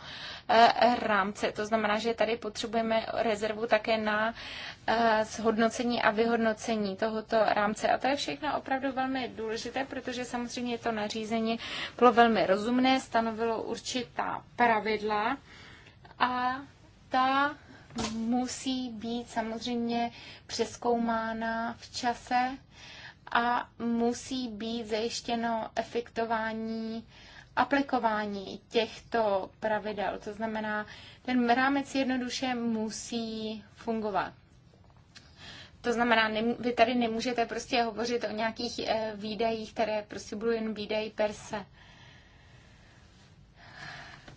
eh, rámce. To znamená, že tady potřebujeme rezervu také na eh, zhodnocení a vyhodnocení tohoto rámce. A to je všechno opravdu velmi důležité, protože samozřejmě to nařízení bylo velmi rozumné, stanovilo určitá pravidla a ta musí být samozřejmě přeskoumána v čase a musí být zajištěno efektování aplikování těchto pravidel. To znamená, ten rámec jednoduše musí fungovat. To znamená, vy tady nemůžete prostě hovořit o nějakých eh, výdajích, které prostě budou jen výdají per se.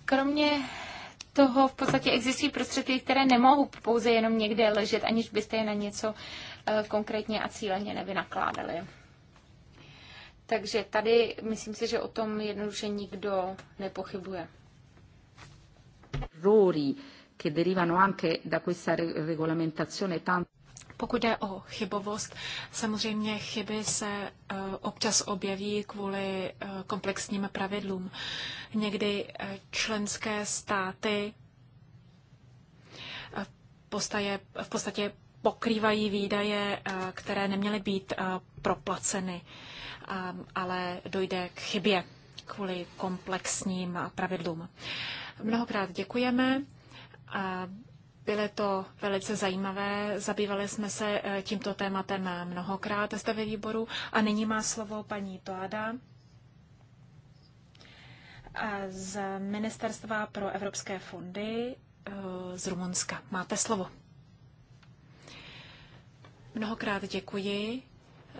Kromě toho v podstatě existují prostředky, které nemohou pouze jenom někde ležet, aniž byste je na něco Eh, konkrétně a cíleně nevynakládali. Takže tady myslím si, že o tom jednoduše nikdo nepochybuje. anche da regolamentazione tanto pokud jde o chybovost, samozřejmě chyby se eh, občas objeví kvůli eh, komplexním pravidlům. Někdy členské státy v podstatě pokrývají výdaje, eh, které neměly být eh, proplaceny, eh, ale dojde k chybě kvůli komplexním pravidlům. Mnohokrát děkujeme. Byly to velice zajímavé, zabývali jsme se tímto tématem mnohokrát zde ve výboru a nyní má slovo paní Toada z Ministerstva pro evropské fondy z Rumunska. Máte slovo. Mnohokrát děkuji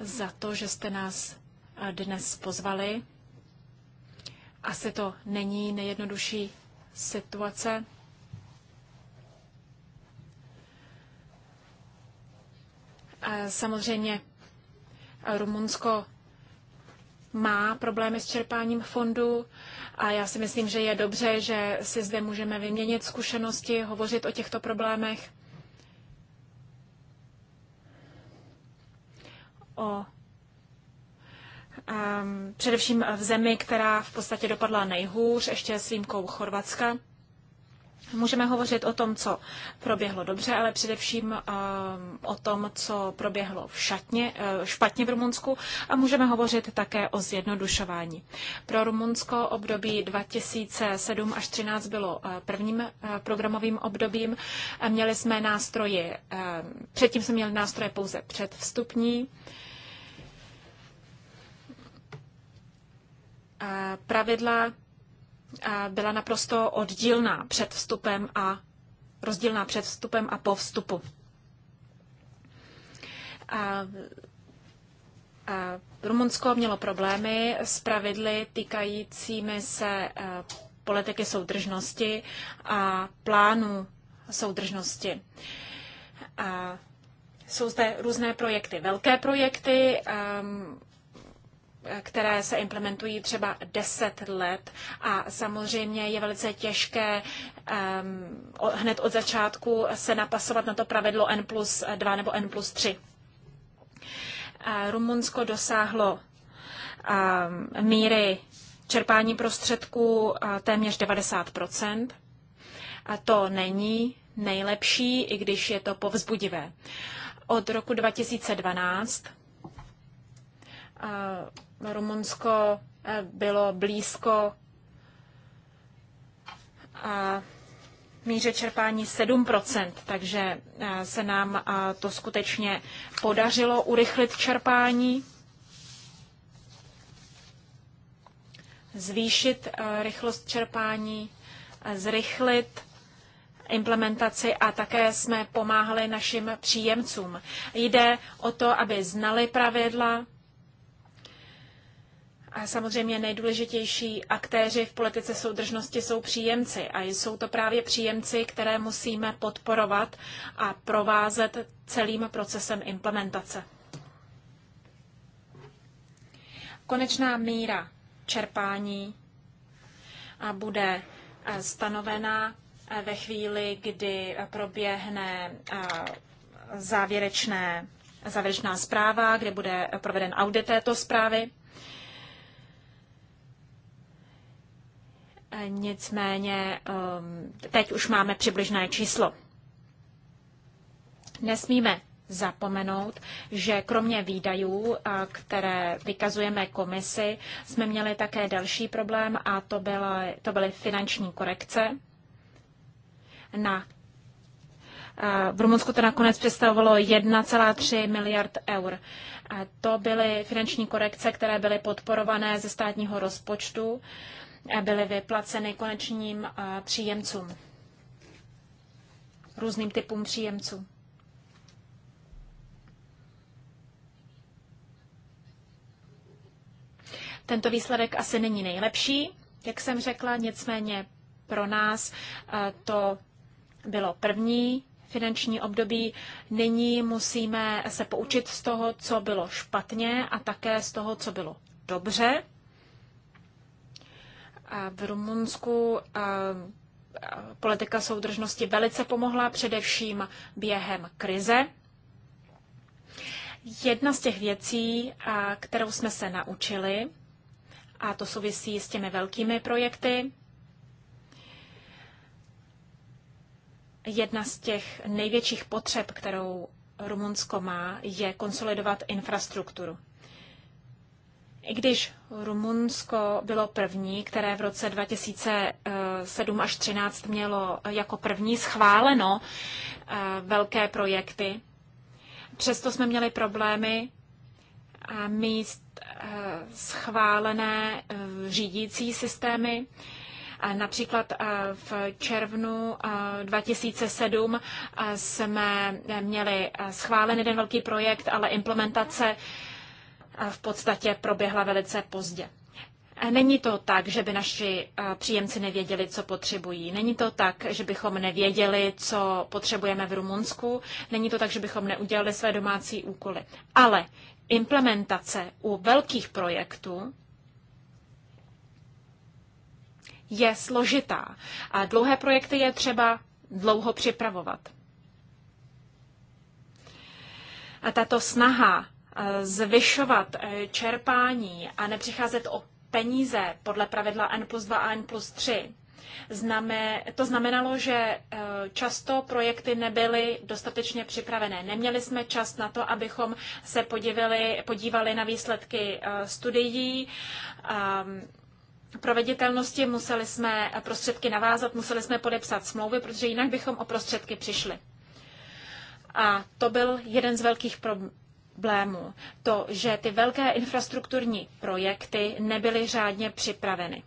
za to, že jste nás eh, dnes pozvali. Asi to není nejjednodušší situace. Eh, samozřejmě eh, Rumunsko má problémy s čerpáním fondu a já si myslím, že je dobře, že si zde můžeme vyměnit zkušenosti, hovořit o těchto problémech. o um, především v zemi, která v podstatě dopadla nejhůř, ještě s výjimkou Chorvatska. Můžeme hovořit o tom, co proběhlo dobře, ale především um, o tom, co proběhlo v šatně, e, špatně v Rumunsku a můžeme hovořit také o zjednodušování. Pro Rumunsko období 2007 až 2013 bylo e, prvním e, programovým obdobím. Měli jsme nástroje, předtím jsme měli nástroje pouze předvstupní. Uh, pravidla byla naprosto oddílná před vstupem a rozdílná před vstupem a po vstupu. A, a Rumunsko mělo problémy s pravidly týkajícími se e, politiky soudržnosti a plánu soudržnosti. A jsou zde různé projekty, velké projekty, um, které se implementují třeba 10 let a samozřejmě je velice těžké um, hned od začátku se napasovat na to pravidlo N plus 2 nebo N plus 3. Rumunsko dosáhlo um, míry čerpání prostředků téměř 90 A to není nejlepší, i když je to povzbudivé. Od roku 2012 Rumunsko eh, bylo blízko a míře čerpání 7%, takže eh, se nám eh, to skutečně podařilo urychlit čerpání, zvýšit rychlost čerpání, zrychlit implementaci a také jsme pomáhali našim příjemcům. Jde o to, aby znali pravidla, a samozřejmě nejdůležitější aktéři v politice soudržnosti jsou příjemci a jsou to právě příjemci, které musíme podporovat a provázet celým procesem implementace. Konečná míra čerpání bude eh, stanovená eh, ve chvíli, kdy eh, proběhne závěrečné, závěrečná zpráva, kde bude proveden audit této zprávy. Nicméně ehm, teď už máme přibližné číslo. Nesmíme zapomenout, že kromě výdajů, které vykazujeme komisi, jsme měli také další problém a to, byla, to byly finanční korekce. Na, v Rumunsku to nakonec představovalo 1,3 miliard eur. to byly finanční korekce, které byly podporované ze státního rozpočtu byly vyplaceny konečním eh, příjemcům, různým typům příjemců. Tento výsledek asi není nejlepší, jak jsem řekla, nicméně pro nás eh, to bylo první finanční období. Nyní musíme se poučit z toho, co bylo špatně a také z toho, co bylo dobře. V Rumunsku politika soudržnosti velice pomohla především během krize. Jedna z těch věcí, kterou jsme se naučili, a to souvisí s těmi velkými projekty, jedna z těch největších potřeb, kterou Rumunsko má, je konsolidovat infrastrukturu. I když Rumunsko bylo první, které v roce 2007 až 2013 mělo jako první schváleno eh, velké projekty, přesto jsme měli problémy eh, míst eh, schválené řídící systémy. Například v červnu 2007 jsme měli schválen jeden velký projekt, ale implementace v podstatě proběhla velice pozdě. Není to tak, že by naši příjemci nevěděli, co potřebují. Není to tak, že bychom nevěděli, co potřebujeme v Rumunsku. Není to tak, že bychom neudělali své domácí úkoly. Ale implementace u velkých projektů je složitá. A dlouhé projekty je třeba dlouho připravovat. A tato snaha Eh, zvyšovat eh, čerpání a nepřicházet o peníze podle pravidla N plus 2 a N plus 3, to znamenalo, že eh, často projekty nebyly dostatečně připravené. Neměli jsme čas na to, abychom se podívali, podívali na výsledky studií. Ehm, proveditelnosti museli jsme prostředky navázat, museli jsme podepsat smlouvy, protože jinak bychom o prostředky přišli. A to byl jeden z velkých problému to, že ty velké infrastrukturní projekty nebyly řádně připraveny.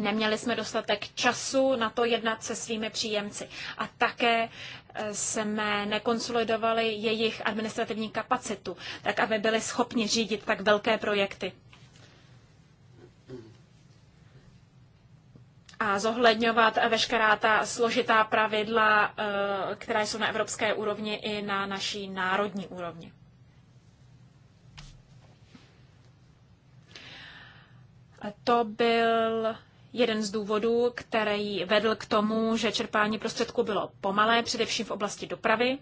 Neměli jsme dostatek času na to jednat se svými příjemci a také eh, jsme nekonsolidovali jejich administrativní kapacitu, tak aby byli schopni řídit tak velké projekty. a zohledňovat veškerá ta složitá pravidla, eh, která jsou na evropské úrovni i na naší národní úrovni. To byl jeden z důvodů, který vedl k tomu, že čerpání prostředků bylo pomalé, především v oblasti dopravy.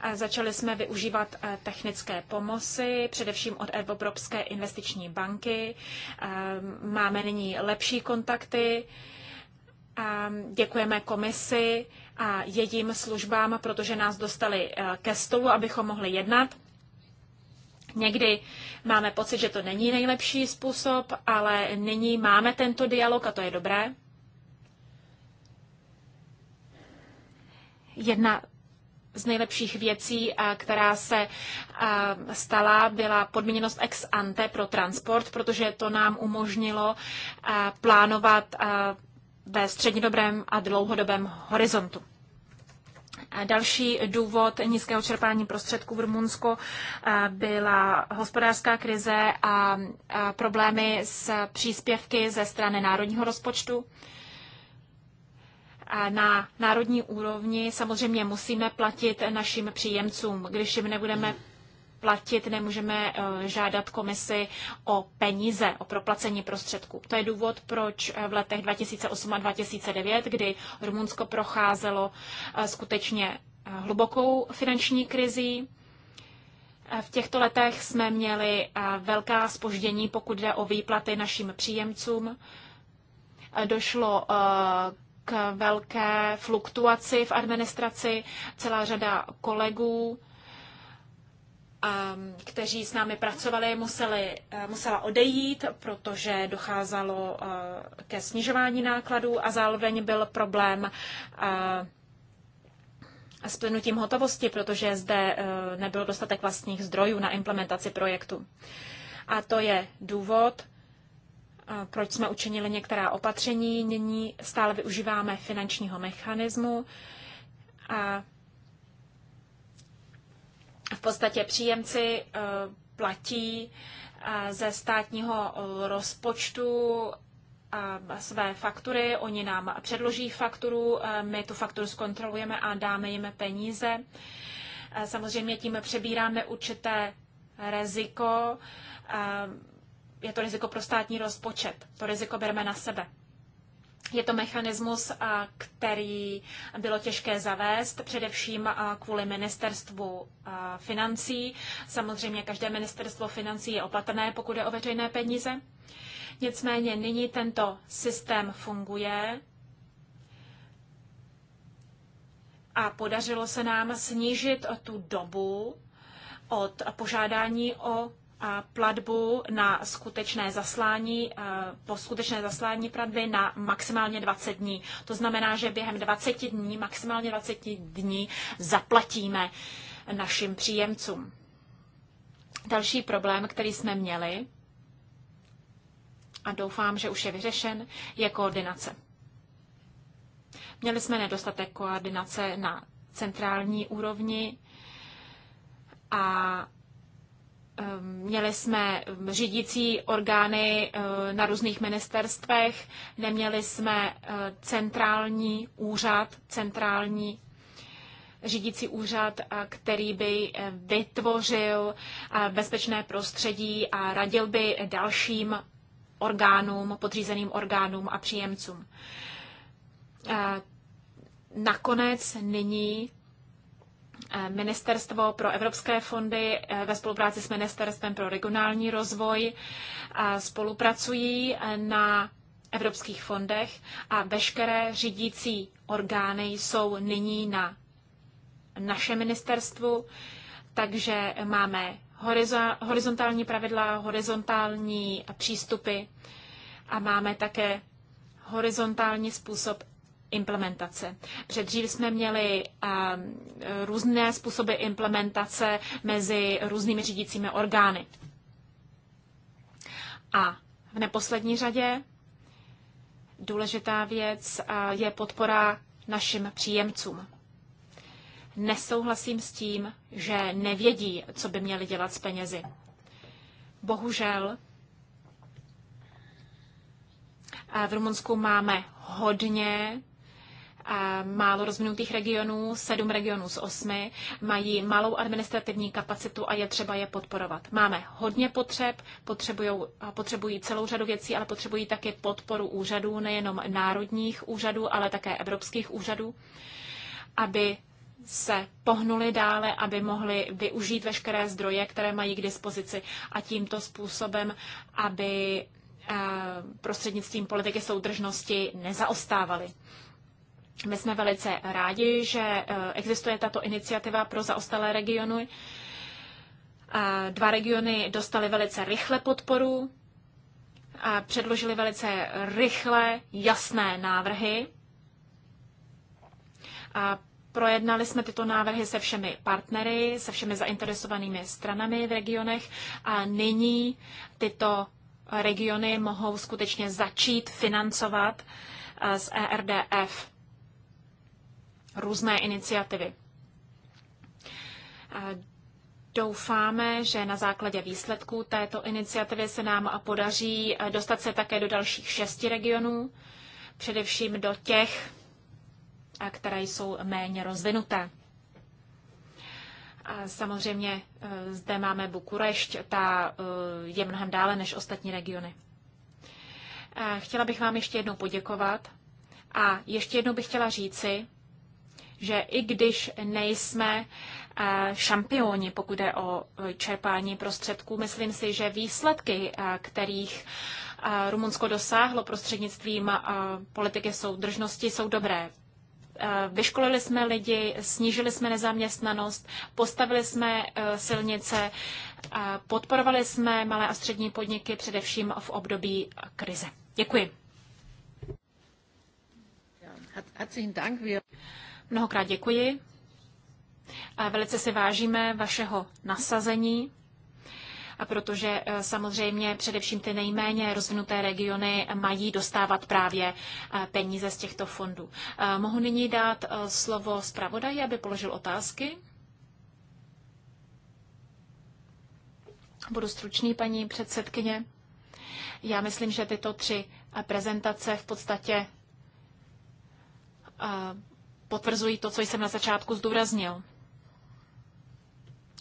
A začali jsme využívat eh, technické pomoci, především od Evropské investiční banky. Eh, máme nyní lepší kontakty. Děkujeme komisi a jedím službám, protože nás dostali eh, ke stolu, abychom mohli jednat. Někdy máme pocit, že to není nejlepší způsob, ale nyní máme tento dialog a to je dobré. Jedna z nejlepších věcí, která se stala, byla podmíněnost ex ante pro transport, protože to nám umožnilo plánovat ve střednědobrém a dlouhodobém horizontu. Další důvod nízkého čerpání prostředků v Rumunsku eh, byla hospodářská krize a problémy s příspěvky ze strany národního rozpočtu. Na národní úrovni samozřejmě musíme platit našim příjemcům. Když jim nebudeme platit, nemůžeme eh, žádat komisi o peníze, o proplacení prostředků. To je důvod, proč eh, v letech 2008 a 2009, kdy Rumunsko procházelo eh, skutečně hlubokou finanční krizí, v těchto letech jsme měli velká spoždění, pokud jde o výplaty našim příjemcům. Došlo k velké fluktuaci v administraci. Celá řada kolegů Ehm, kteří s námi pracovali, museli, eh, musela odejít, protože docházelo eh, ke snižování nákladů a zároveň byl problém eh, s plynutím hotovosti, protože zde nebyl dostatek vlastních zdrojů na implementaci projektu. A to je důvod, proč jsme učinili některá opatření. Nyní stále využíváme finančního mechanismu a v podstatě příjemci eh, platí eh, ze státního eh, rozpočtu své faktury, oni nám předloží fakturu, my tu fakturu zkontrolujeme a dáme jim peníze. Samozřejmě tím přebíráme určité riziko, je to riziko pro státní rozpočet, to riziko bereme na sebe. Je to mechanismus, který bylo těžké zavést, především kvůli ministerstvu financí. Samozřejmě každé ministerstvo financí je opatrné, pokud je o veřejné peníze. Nicméně nyní tento systém funguje a podařilo se nám snížit tu dobu od požádání o platbu na skutečné zaslání, eh, po skutečné zaslání platby na maximálně 20 dní. To znamená, že během 20 dní, maximálně 20 dní zaplatíme našim příjemcům. Další problém, který jsme měli, a doufám, že už je vyřešen, je koordinace. Měli jsme nedostatek koordinace na centrální úrovni a Ehm, měli jsme řídící orgány eh, na různých ministerstvech, neměli jsme eh, centrální úřad, centrální řídící úřad, eh, který by vytvořil bezpečné prostředí a radil by dalším orgánům, podřízeným orgánům a příjemcům. Nakonec nyní Eh, Ministerstvo pro evropské fondy eh, ve spolupráci s Ministerstvem pro regionální rozvoj eh, spolupracují na evropských fondech a veškeré řídící orgány jsou nyní na našem ministerstvu, takže máme horizontální pravidla, horizontální přístupy a máme také horizontální způsob implementace. Předtím jsme měli ehm, různé způsoby implementace mezi různými řídícími orgány. A v neposlední řadě důležitá věc eh, je podpora našim příjemcům. Nesouhlasím s tím, že nevědí, co by měli dělat s penězi. Bohužel eh, v Rumunsku máme hodně málo rozvinutých regionů, sedm regionů z osmi, mají malou administrativní kapacitu a je třeba je podporovat. Máme hodně potřeb, potřebují celou řadu věcí, ale potřebují také podporu úřadů, nejenom národních úřadů, ale také evropských úřadů, aby se pohnuli dále, aby mohli využít veškeré zdroje, které mají k dispozici a tímto způsobem, aby eh, prostřednictvím politiky soudržnosti nezaostávali. My jsme velice rádi, že eh, existuje tato iniciativa pro zaostalé regiony. Dva regiony dostaly velice rychle podporu a předložili velice rychle jasné návrhy. A projednali jsme tyto návrhy se všemi partnery, se všemi zainteresovanými stranami v regionech a nyní tyto regiony mohou skutečně začít financovat eh, z ERDF různé iniciativy. Doufáme, že na základě výsledků této iniciativy se nám podaří eh, dostat se také do dalších šesti regionů, především do těch, eh, které jsou méně rozvinuté. A samozřejmě eh, zde máme Bukurešť, ta je mnohem dále než ostatní regiony. Chtěla bych vám ještě jednou poděkovat a ještě jednou bych chtěla říci, že i když nejsme eh, šampioni, pokud je o eh, čerpání prostředků, myslím si, že výsledky, eh, kterých Rumunsko dosáhlo prostřednictvím politiky soudržnosti, jsou dobré. Vyškolili jsme lidi, snížili jsme nezaměstnanost, postavili jsme silnice, podporovali jsme malé a střední podniky, především v období krize. Děkuji. Herzlichen Dank. Mnohokrát děkuji. Velice si vážíme vašeho nasazení, a protože e, samozřejmě především ty nejméně rozvinuté regiony mají dostávat právě e, peníze z těchto fondů. E, mohu nyní dát slovo zpravodaji, aby položil otázky? Budu stručný, paní předsedkyně. Já myslím, že tyto tři prezentace v podstatě potvrzují to, co jsem na začátku zdůraznil.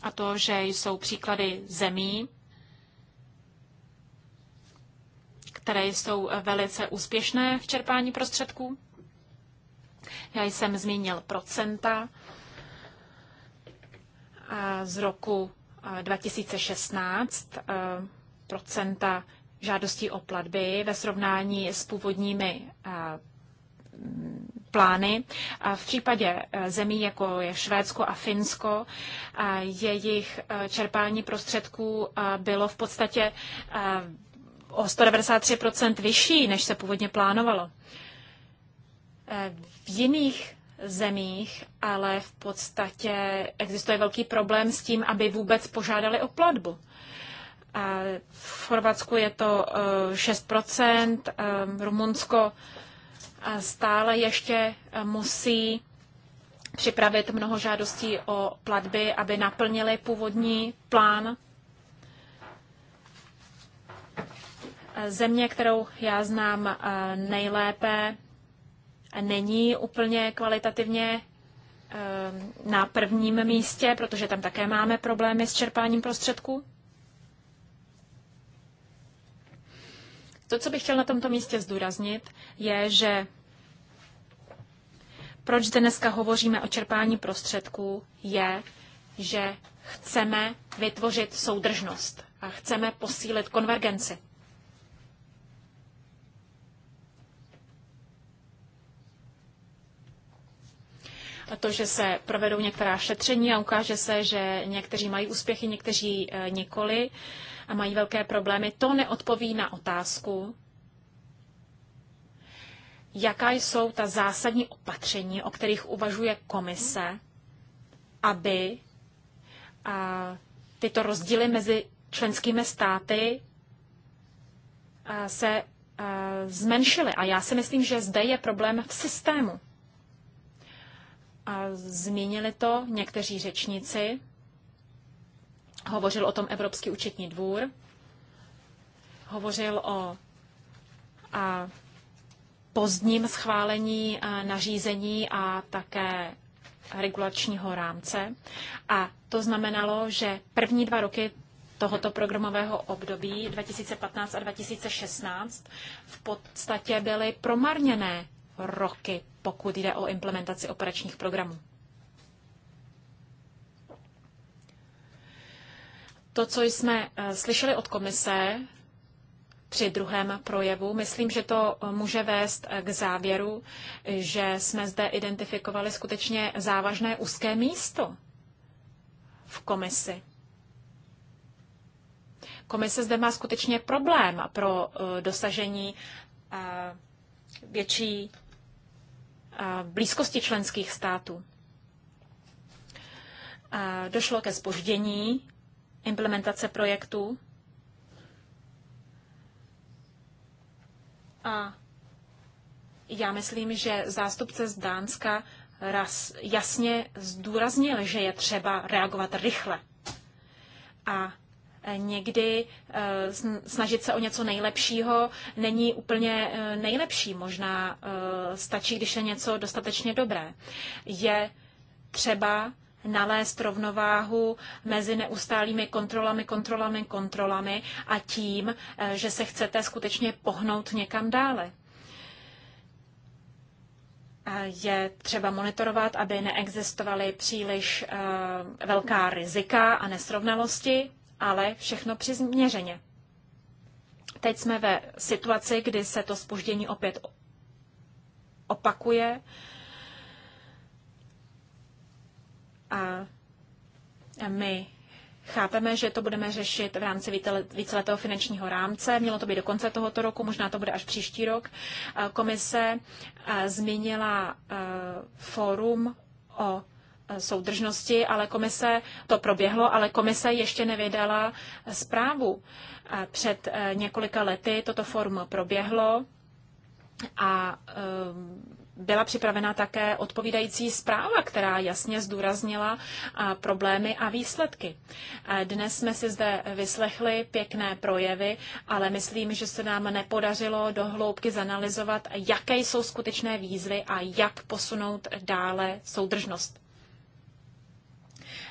A to, že jsou příklady zemí, které jsou velice úspěšné v čerpání prostředků. Já jsem zmínil procenta z roku 2016, procenta žádostí o platby ve srovnání s původními plány. V případě eh, zemí, jako je Švédsko a Finsko, jejich eh, čerpání prostředků eh, bylo v podstatě o 193% vyšší, než se původně plánovalo. V jiných zemích, ale v podstatě existuje velký problém s tím, aby vůbec požádali o platbu. V Chorvatsku je to 6%, Rumunsko stále ještě eh, musí připravit mnoho žádostí o platby, aby naplnili původní plán. Země, kterou já znám eh, nejlépe, není úplně kvalitativně eh, na prvním místě, protože tam také máme problémy s čerpáním prostředků. To, co bych chtěl na tomto místě zdůraznit, je, že proč dneska hovoříme o čerpání prostředků, je, že chceme vytvořit soudržnost a chceme posílit konvergenci. A to, že se provedou některá šetření a ukáže se, že někteří mají úspěchy, někteří eh, nikoli, a mají velké problémy, to neodpoví na otázku, jaká jsou ta zásadní opatření, o kterých uvažuje komise, aby a, tyto rozdíly mezi členskými státy a, se a, zmenšily. A já si myslím, že zde je problém v systému. A zmínili to někteří řečníci. Hovořil o tom Evropský účetní dvůr, hovořil o a, pozdním schválení a, nařízení a také regulačního rámce. A to znamenalo, že první dva roky tohoto programového období 2015 a 2016 v podstatě byly promarněné roky, pokud jde o implementaci operačních programů. To, co jsme eh, slyšeli od komise při druhém projevu, myslím, že to eh, může vést eh, k závěru, že jsme zde identifikovali skutečně závažné úzké místo v komisi. Komise zde má skutečně problém pro dosažení větší blízkosti členských států. Došlo ke spoždění implementace projektů a já myslím, že zástupce z Dánska raz jasně zdůraznil, že je třeba reagovat rychle a někdy eh, snažit se o něco nejlepšího není úplně eh, nejlepší. Možná eh, stačí, když je něco dostatečně dobré. Je třeba nalézt rovnováhu mezi neustálými kontrolami, kontrolami, kontrolami a tím, eh, že se chcete skutečně pohnout někam dále. Eh, je třeba monitorovat, aby neexistovaly příliš eh, velká rizika a nesrovnalosti, ale všechno přizměřeně. Teď jsme ve situaci, kdy se to spoždění opět opakuje. Uh, A my chápeme, že to budeme řešit v rámci víceletého finančního rámce. Mělo to být do konce tohoto roku, možná to bude až příští rok. Komise zmínila fórum o soudržnosti, ale komise, to proběhlo, ale komise ještě nevydala zprávu. Před e, několika lety toto fórum proběhlo a e, byla připravena také odpovídající zpráva, která jasně zdůraznila problémy a výsledky. Dnes jsme si zde vyslechli pěkné projevy, ale myslím, že se nám nepodařilo do hloubky zanalizovat, jaké jsou skutečné výzvy a jak posunout dále soudržnost.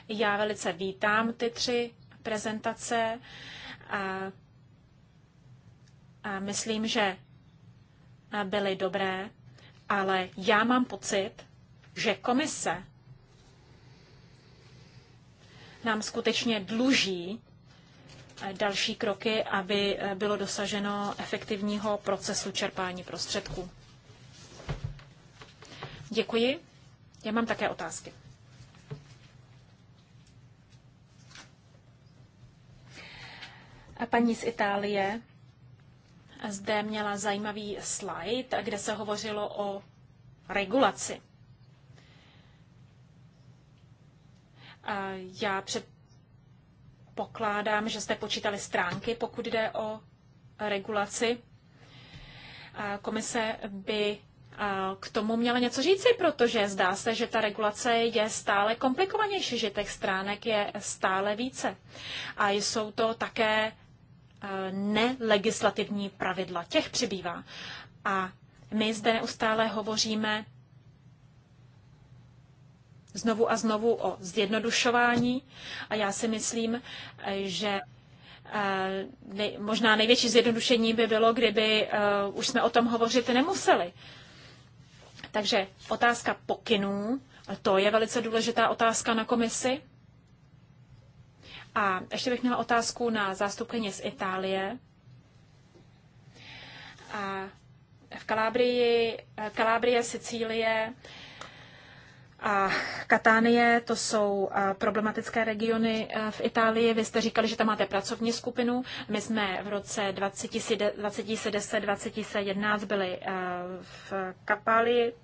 Já velice vítám ty tři prezentace. a myslím, že byly dobré ale já mám pocit, že komise nám skutečně dluží eh, další kroky, aby eh, bylo dosaženo efektivního procesu čerpání prostředků. Děkuji. Já mám také otázky. A paní z Itálie zde měla zajímavý slide, kde se hovořilo o regulaci. Já předpokládám, že jste počítali stránky, pokud jde o regulaci. Komise by k tomu měla něco říci, protože zdá se, že ta regulace je stále komplikovanější, že těch stránek je stále více. A jsou to také Eh, nelegislativní pravidla. Těch přibývá. A my zde neustále hovoříme znovu a znovu o zjednodušování a já si myslím, eh, že eh, možná největší zjednodušení by bylo, kdyby už jsme o tom hovořit nemuseli. Takže otázka pokynů, to je velice důležitá otázka na komisi. A ještě bych měla otázku na zástupkyně z Itálie. A v Kalábrii, Kalábrie, Sicílie a Katánie, to jsou problematické regiony v Itálii. Vy jste říkali, že tam máte pracovní skupinu. My jsme v roce 2010-2011 byli v Kapali,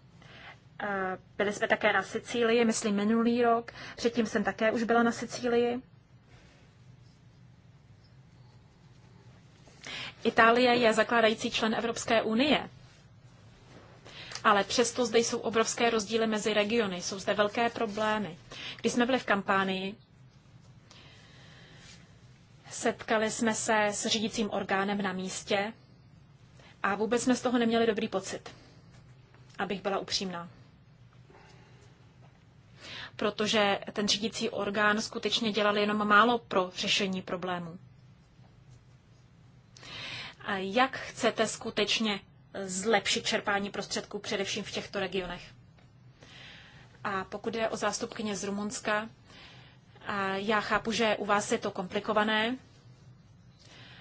byli jsme také na Sicílii, myslím minulý rok. Předtím jsem také už byla na Sicílii. Itálie je zakládající člen Evropské unie. Ale přesto zde jsou obrovské rozdíly mezi regiony, jsou zde velké problémy. Když jsme byli v kampánii, setkali jsme se s řídícím orgánem na místě a vůbec jsme z toho neměli dobrý pocit, abych byla upřímná. Protože ten řídící orgán skutečně dělal jenom málo pro řešení problémů. Jak chcete skutečně zlepšit čerpání prostředků především v těchto regionech? A pokud je o zástupkyně z Rumunska, já chápu, že u vás je to komplikované.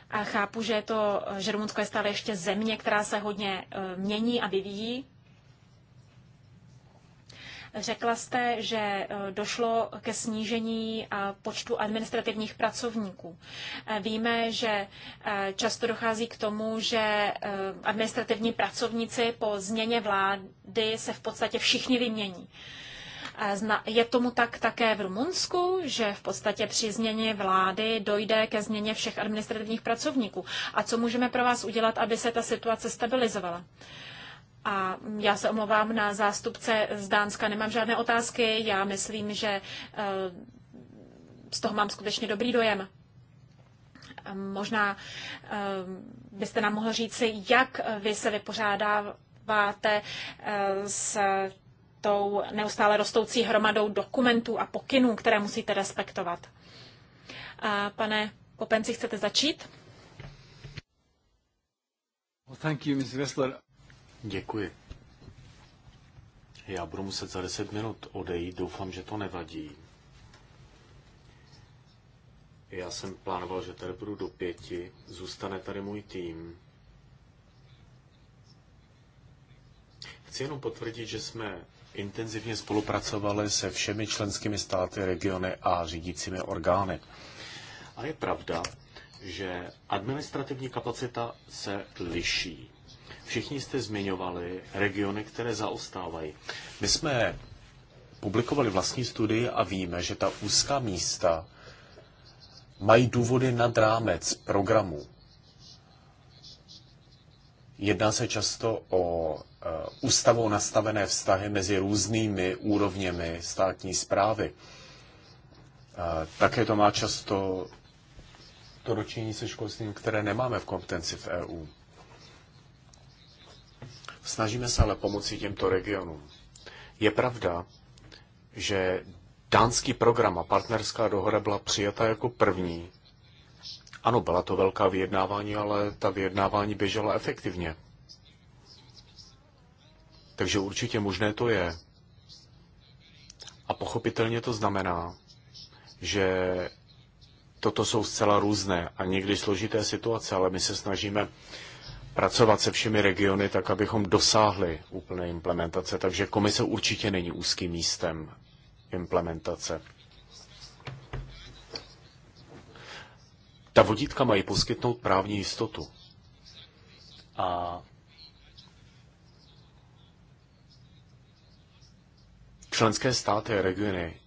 A chápu, že, to, že Rumunsko je stále ještě země, která se hodně e, mění a vyvíjí. Řekla jste, že e, došlo ke snížení e, počtu administrativních pracovníků. E, víme, že často dochází k tomu, že administrativní pracovníci po změně vlády se v podstatě všichni vymění. Je tomu tak také v Rumunsku, že v podstatě při změně vlády dojde ke změně všech administrativních pracovníků. A co můžeme pro vás udělat, aby se ta situace stabilizovala? A já se omlouvám na zástupce z Dánska, nemám žádné otázky, já myslím, že eh, z toho mám skutečně dobrý dojem. Možná eh, byste nám mohl říci, jak vy se vypořádáváte eh, s tou neustále rostoucí hromadou dokumentů a pokynů, které musíte respektovat. A pane Popenci, chcete začít? Well, thank you, Ms. Děkuji. Já budu muset za 10 minut odejít, doufám, že to nevadí. Já jsem plánoval, že tady budu do pěti, zůstane tady můj tým. Chci jenom potvrdit, že jsme intenzivně spolupracovali se všemi členskými státy, regiony a řídícími orgány. A je pravda, že administrativní kapacita se liší. Všichni jste zmiňovali regiony, které zaostávají. My jsme publikovali vlastní studii a víme, že ta úzká místa mají důvody nad rámec programu. Jedná se často o e, ústavou nastavené vztahy mezi různými úrovněmi státní zprávy. E, také to má často to ročení se školstvím, které nemáme v kompetenci v EU. Snažíme se ale pomoci těmto regionům. Je pravda, že dánský program a partnerská dohoda byla přijata jako první. Ano, byla to velká vyjednávání, ale ta vyjednávání běžela efektivně. Takže určitě možné to je. A pochopitelně to znamená, že toto jsou zcela různé a někdy složité situace, ale my se snažíme pracovat se všemi regiony tak, abychom dosáhli úplné implementace. Takže komise určitě není úzkým místem implementace. Ta vodítka mají poskytnout právní jistotu. A členské státy a regiony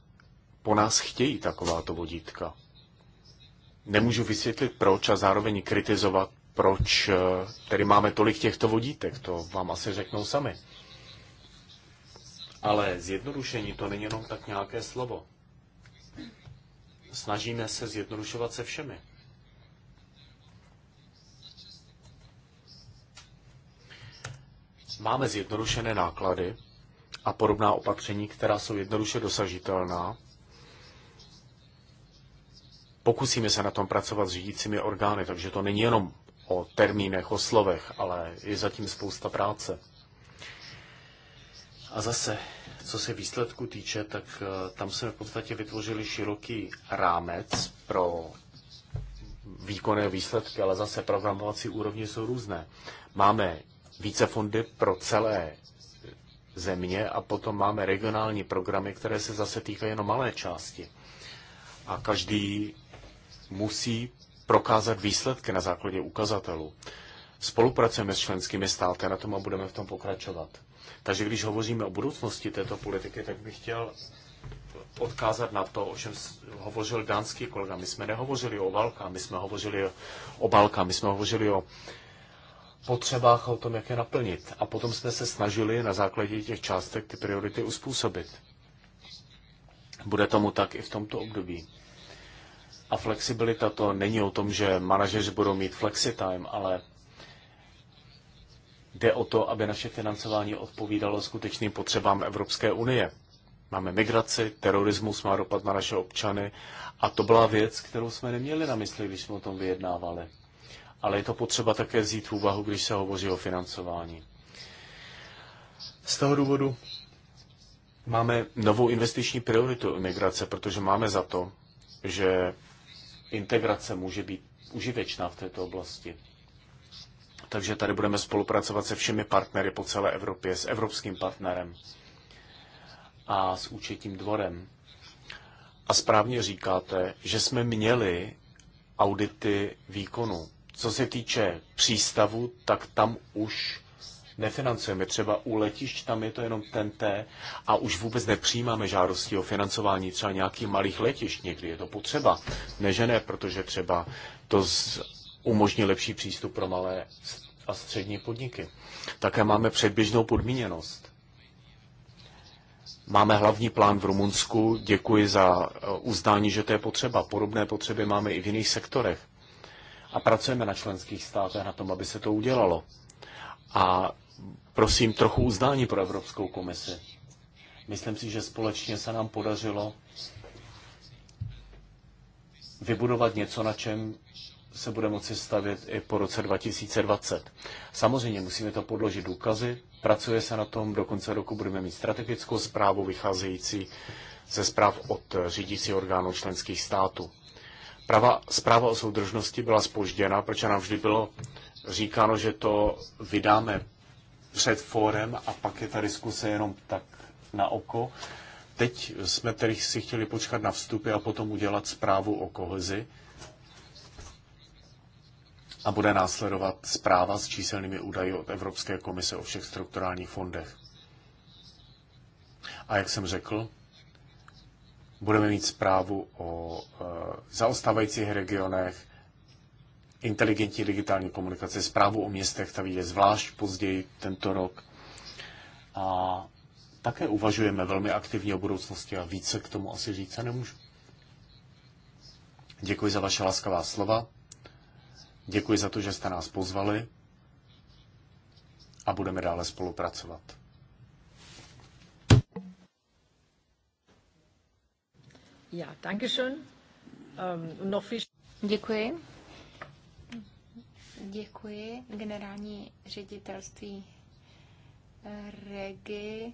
po nás chtějí takováto vodítka. Nemůžu vysvětlit proč a zároveň kritizovat proč eh, tedy máme tolik těchto vodítek, to vám asi řeknou sami. Ale zjednodušení to není jenom tak nějaké slovo. Snažíme se zjednodušovat se všemi. Máme zjednodušené náklady a podobná opatření, která jsou jednoduše dosažitelná. Pokusíme se na tom pracovat s řídícími orgány, takže to není jenom o termínech, o slovech, ale je zatím spousta práce. A zase, co se výsledku týče, tak eh, tam jsme v podstatě vytvořili široký rámec pro výkonné výsledky, ale zase programovací úrovně jsou různé. Máme více fondy pro celé země a potom máme regionální programy, které se zase týkají jenom malé části. A každý musí prokázat výsledky na základě ukazatelů. Spolupracujeme s členskými státy na tom a budeme v tom pokračovat. Takže když hovoříme o budoucnosti této politiky, tak bych chtěl odkázat na to, o čem hovořil dánský kolega. My jsme nehovořili o válkách, my jsme hovořili o balkách, my jsme hovořili o potřebách a o tom, jak je naplnit. A potom jsme se snažili na základě těch částek ty priority uspůsobit. Bude tomu tak i v tomto období. A flexibilita to není o tom, že manažeři budou mít flexitime, ale jde o to, aby naše financování odpovídalo skutečným potřebám Evropské unie. Máme migraci, terorismus má dopad na naše občany a to byla věc, kterou jsme neměli na mysli, když jsme o tom vyjednávali. Ale je to potřeba také vzít v úvahu, když se hovoří o financování. Z toho důvodu máme novou investiční prioritu imigrace, protože máme za to, že integrace může být užitečná v této oblasti. Takže tady budeme spolupracovat se všemi partnery po celé Evropě, s evropským partnerem a s účetním dvorem. A správně říkáte, že jsme měli audity výkonu. Co se týče přístavu, tak tam už nefinancujeme. Třeba u letišť tam je to jenom ten t, a už vůbec nepřijímáme žádosti o financování třeba nějakých malých letišť. Někdy je to potřeba. Ne, že ne, protože třeba to z, umožní lepší přístup pro malé a střední podniky. Také máme předběžnou podmíněnost. Máme hlavní plán v Rumunsku. Děkuji za eh, uznání, že to je potřeba. Podobné potřeby máme i v jiných sektorech. A pracujeme na členských státech na tom, aby se to udělalo. A prosím trochu uznání pro Evropskou komisi. Myslím si, že společně se nám podařilo vybudovat něco, na čem se bude moci stavět i po roce 2020. Samozřejmě musíme to podložit důkazy, pracuje se na tom, do konce roku budeme mít strategickou zprávu vycházející ze zpráv od řídícího orgánů členských států. Prava, zpráva o soudržnosti byla spožděna, protože nám vždy bylo říkáno, že to vydáme před fórem a pak je ta diskuse jenom tak na oko. Teď jsme tedy si chtěli počkat na vstupy a potom udělat zprávu o kohezi a bude následovat zpráva s číselnými údaji od Evropské komise o všech strukturálních fondech. A jak jsem řekl, budeme mít zprávu o e, zaostávajících regionech, inteligentní digitální komunikace, zprávu o městech, ta je zvlášť později tento rok. A také uvažujeme velmi aktivně o budoucnosti a více k tomu asi říct se nemůžu. Děkuji za vaše laskavá slova. Děkuji za to, že jste nás pozvali a budeme dále spolupracovat. Ja, danke schön. Um, noch viel... Děkuji. Děkuji. Generální ředitelství eh, Regi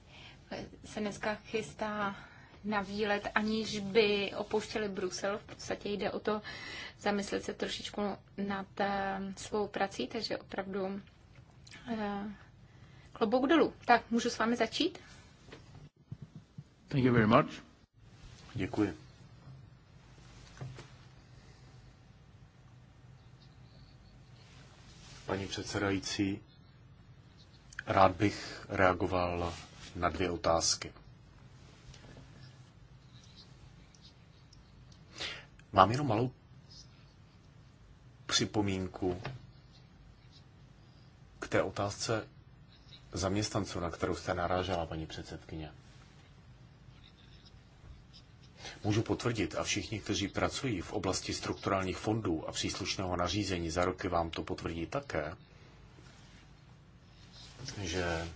se dneska chystá na výlet, aniž by opouštěli Brusel. V podstatě jde o to zamyslet se trošičku nad eh, svou prací, takže opravdu eh, klobouk dolů. Tak, můžu s vámi začít? Thank you very much. Děkuji. paní předsedající. Rád bych reagoval na dvě otázky. Mám jenom malou připomínku k té otázce zaměstnanců, na kterou jste narážela, paní předsedkyně. Můžu potvrdit a všichni, kteří pracují v oblasti strukturálních fondů a příslušného nařízení za roky vám to potvrdí také, že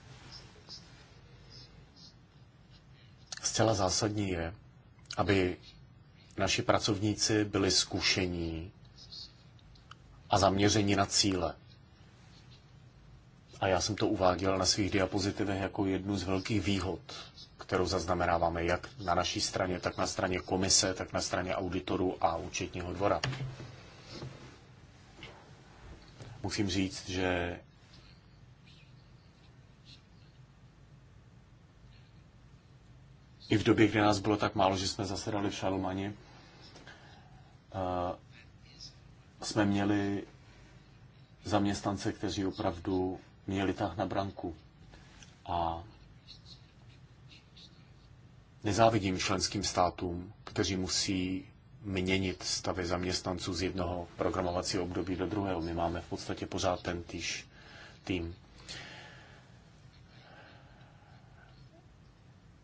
zcela zásadní je, aby naši pracovníci byli zkušení a zaměření na cíle. A já jsem to uváděl na svých diapozitivech jako jednu z velkých výhod kterou zaznamenáváme jak na naší straně, tak na straně komise, tak na straně auditorů a účetního dvora. Musím říct, že i v době, kdy nás bylo tak málo, že jsme zasedali v šalumani, eh, jsme měli zaměstnance, kteří opravdu měli tah na branku. A Nezávidím členským státům, kteří musí měnit stavy zaměstnanců z jednoho programovacího období do druhého. My máme v podstatě pořád ten týž tým.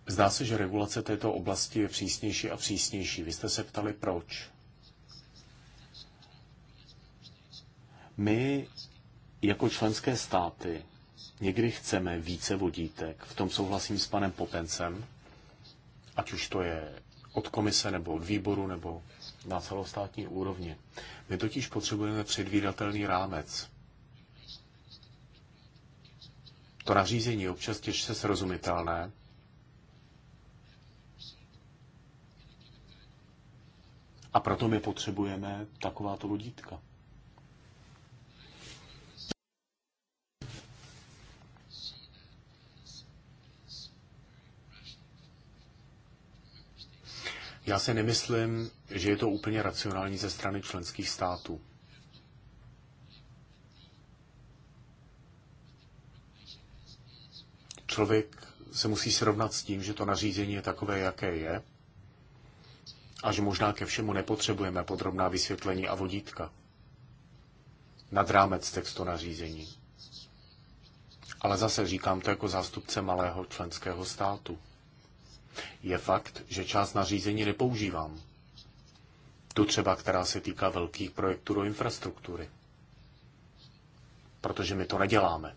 Zdá se, že regulace této oblasti je přísnější a přísnější. Vy jste se ptali, proč. My jako členské státy někdy chceme více vodítek, v tom souhlasím s panem Potencem, ať už to je od komise nebo od výboru nebo na celostátní úrovni. My totiž potřebujeme předvídatelný rámec. To nařízení je občas těžce srozumitelné, A proto my potřebujeme takováto vodítka. Já si nemyslím, že je to úplně racionální ze strany členských států. Člověk se musí srovnat s tím, že to nařízení je takové, jaké je, a že možná ke všemu nepotřebujeme podrobná vysvětlení a vodítka nad rámec textu nařízení. Ale zase říkám to jako zástupce malého členského státu. Je fakt, že část nařízení nepoužívám. Tu třeba, která se týká velkých projektů do infrastruktury. Protože my to neděláme.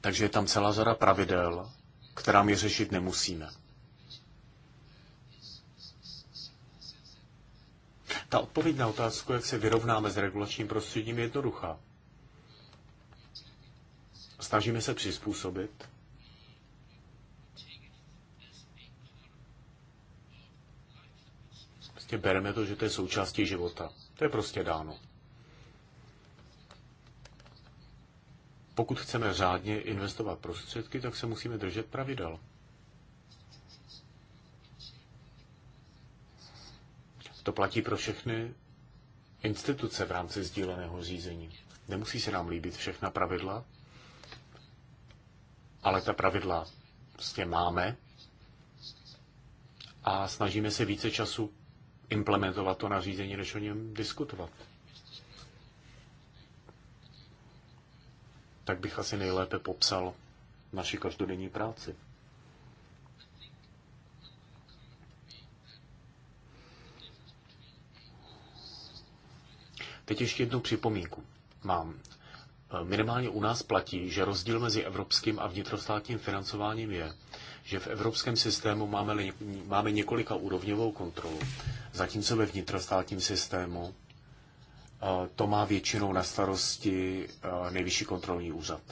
Takže je tam celá řada pravidel, která my řešit nemusíme. Ta odpověď na otázku, jak se vyrovnáme s regulačním prostředím, je jednoduchá. Snažíme se přizpůsobit prostě bereme to, že to je součástí života. To je prostě dáno. Pokud chceme řádně investovat prostředky, tak se musíme držet pravidel. To platí pro všechny instituce v rámci sdíleného řízení. Nemusí se nám líbit všechna pravidla, ale ta pravidla prostě máme a snažíme se více času implementovat to nařízení, než o něm diskutovat. Tak bych asi nejlépe popsal naši každodenní práci. Teď ještě jednu připomínku mám. Minimálně u nás platí, že rozdíl mezi evropským a vnitrostátním financováním je, že v evropském systému máme, máme několika úrovňovou kontrolu, zatímco ve vnitrostátním systému eh, to má většinou na starosti eh, nejvyšší kontrolní úřad.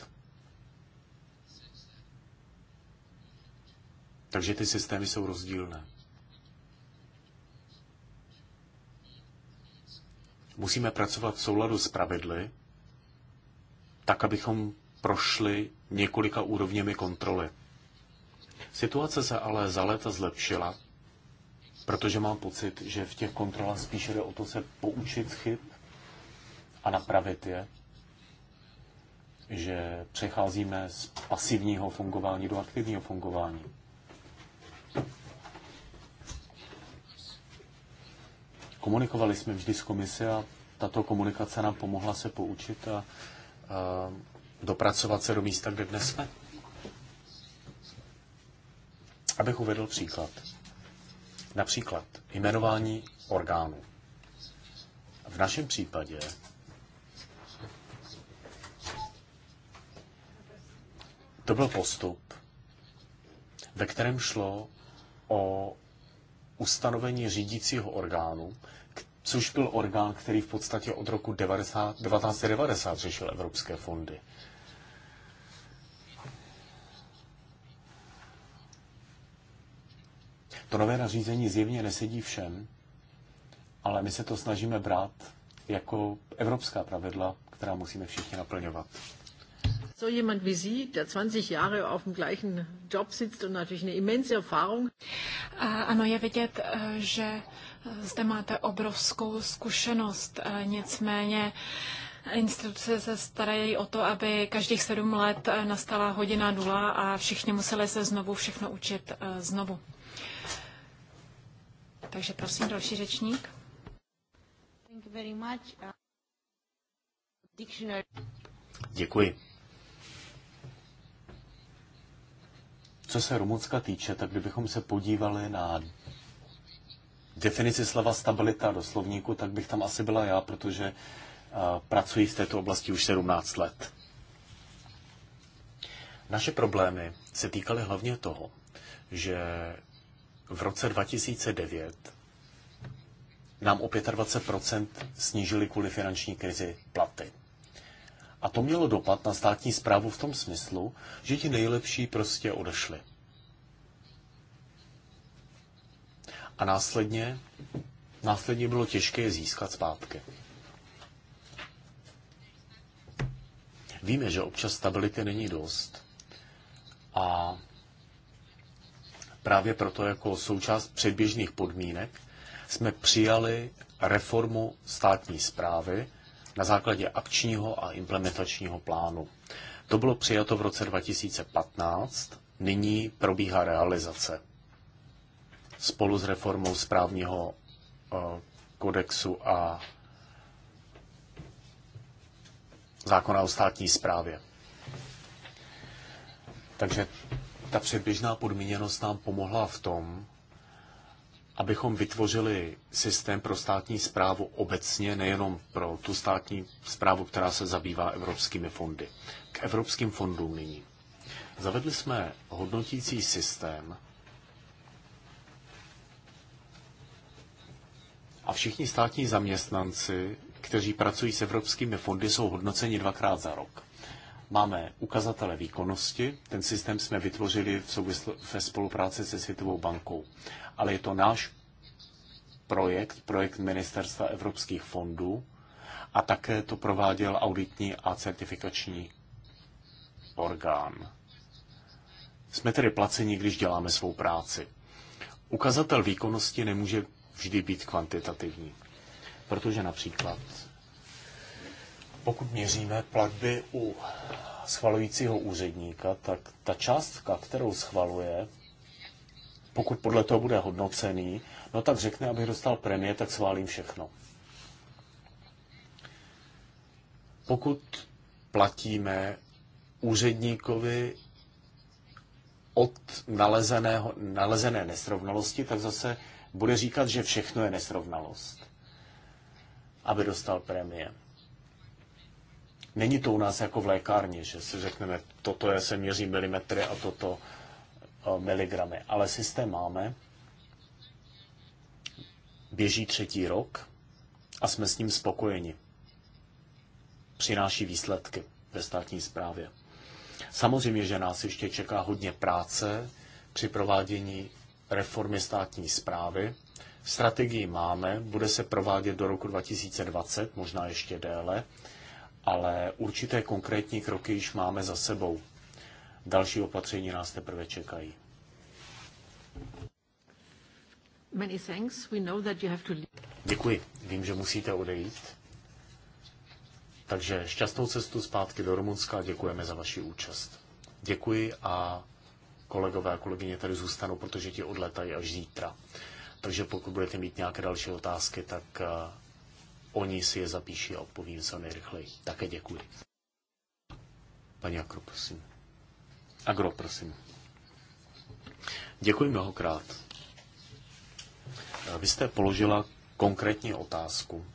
Takže ty systémy jsou rozdílné. Musíme pracovat v souladu s pravidly, tak abychom prošli několika úrovněmi kontroly. Situace se ale za léta zlepšila, protože mám pocit, že v těch kontrolách spíše jde o to se poučit chyb a napravit je, že přecházíme z pasivního fungování do aktivního fungování. Komunikovali jsme vždy s komise a tato komunikace nám pomohla se poučit a, a dopracovat se do místa, kde dnes jsme. Abych uvedl příklad. Například jmenování orgánů. V našem případě to byl postup, ve kterém šlo o ustanovení řídícího orgánu, což byl orgán, který v podstatě od roku 90, 1990 řešil evropské fondy. To nové nařízení zjevně nesedí všem, ale my se to snažíme brát jako evropská pravidla, která musíme všichni naplňovat. So jemand wie Sie, der 20 Jahre auf dem gleichen Job sitzt und natürlich eine immense Erfahrung. Ano, je vidět, eh, že eh, zde máte obrovskou zkušenost, eh, nicméně Instituce se starají o to, aby každých sedm let nastala hodina nula a všichni museli se znovu všechno učit znovu. Takže prosím, další řečník. Uh, Děkuji. Co se Rumunska týče, tak kdybychom se podívali na definici slova stabilita do slovníku, tak bych tam asi byla já, protože uh, pracuji v této oblasti už 17 let. Naše problémy se týkaly hlavně toho, že v roce 2009 nám o 25 snížili kvůli finanční krizi platy. A to mělo dopad na státní zprávu v tom smyslu, že ti nejlepší prostě odešli. A následně, následně bylo těžké je získat zpátky. Víme, že občas stability není dost. A právě proto jako součást předběžných podmínek jsme přijali reformu státní zprávy na základě akčního a implementačního plánu. To bylo přijato v roce 2015, nyní probíhá realizace spolu s reformou správního eh, kodexu a zákona o státní správě. Takže ta předběžná podmíněnost nám pomohla v tom, abychom vytvořili systém pro státní zprávu obecně, nejenom pro tu státní zprávu, která se zabývá evropskými fondy. K evropským fondům nyní. Zavedli jsme hodnotící systém a všichni státní zaměstnanci, kteří pracují s evropskými fondy, jsou hodnoceni dvakrát za rok. Máme ukazatele výkonnosti, ten systém jsme vytvořili v souvisl- ve spolupráci se Světovou bankou, ale je to náš projekt, projekt Ministerstva evropských fondů a také to prováděl auditní a certifikační orgán. Jsme tedy placeni, když děláme svou práci. Ukazatel výkonnosti nemůže vždy být kvantitativní, protože například pokud měříme platby u schvalujícího úředníka, tak ta částka, kterou schvaluje, pokud podle toho bude hodnocený, no tak řekne, abych dostal premie, tak schválím všechno. Pokud platíme úředníkovi od nalezeného, nalezené nesrovnalosti, tak zase bude říkat, že všechno je nesrovnalost, aby dostal prémie. Není to u nás jako v lékárně, že si řekneme, toto je, se měří milimetry a toto eh, miligramy. Ale systém máme, běží třetí rok a jsme s ním spokojeni. Přináší výsledky ve státní správě. Samozřejmě, že nás ještě čeká hodně práce při provádění reformy státní zprávy. Strategii máme, bude se provádět do roku 2020, možná ještě déle ale určité konkrétní kroky již máme za sebou. Další opatření nás teprve čekají. Many thanks. We know that you have to... Děkuji. Vím, že musíte odejít. Takže šťastnou cestu zpátky do Rumunska a děkujeme za vaši účast. Děkuji a kolegové a kolegyně tady zůstanou, protože ti odletají až zítra. Takže pokud budete mít nějaké další otázky, tak eh, oni si je zapíší a odpovím co nejrychleji. Také děkuji. Paní Agro, prosím. Agro, prosím. Děkuji mnohokrát. Vy jste položila konkrétní otázku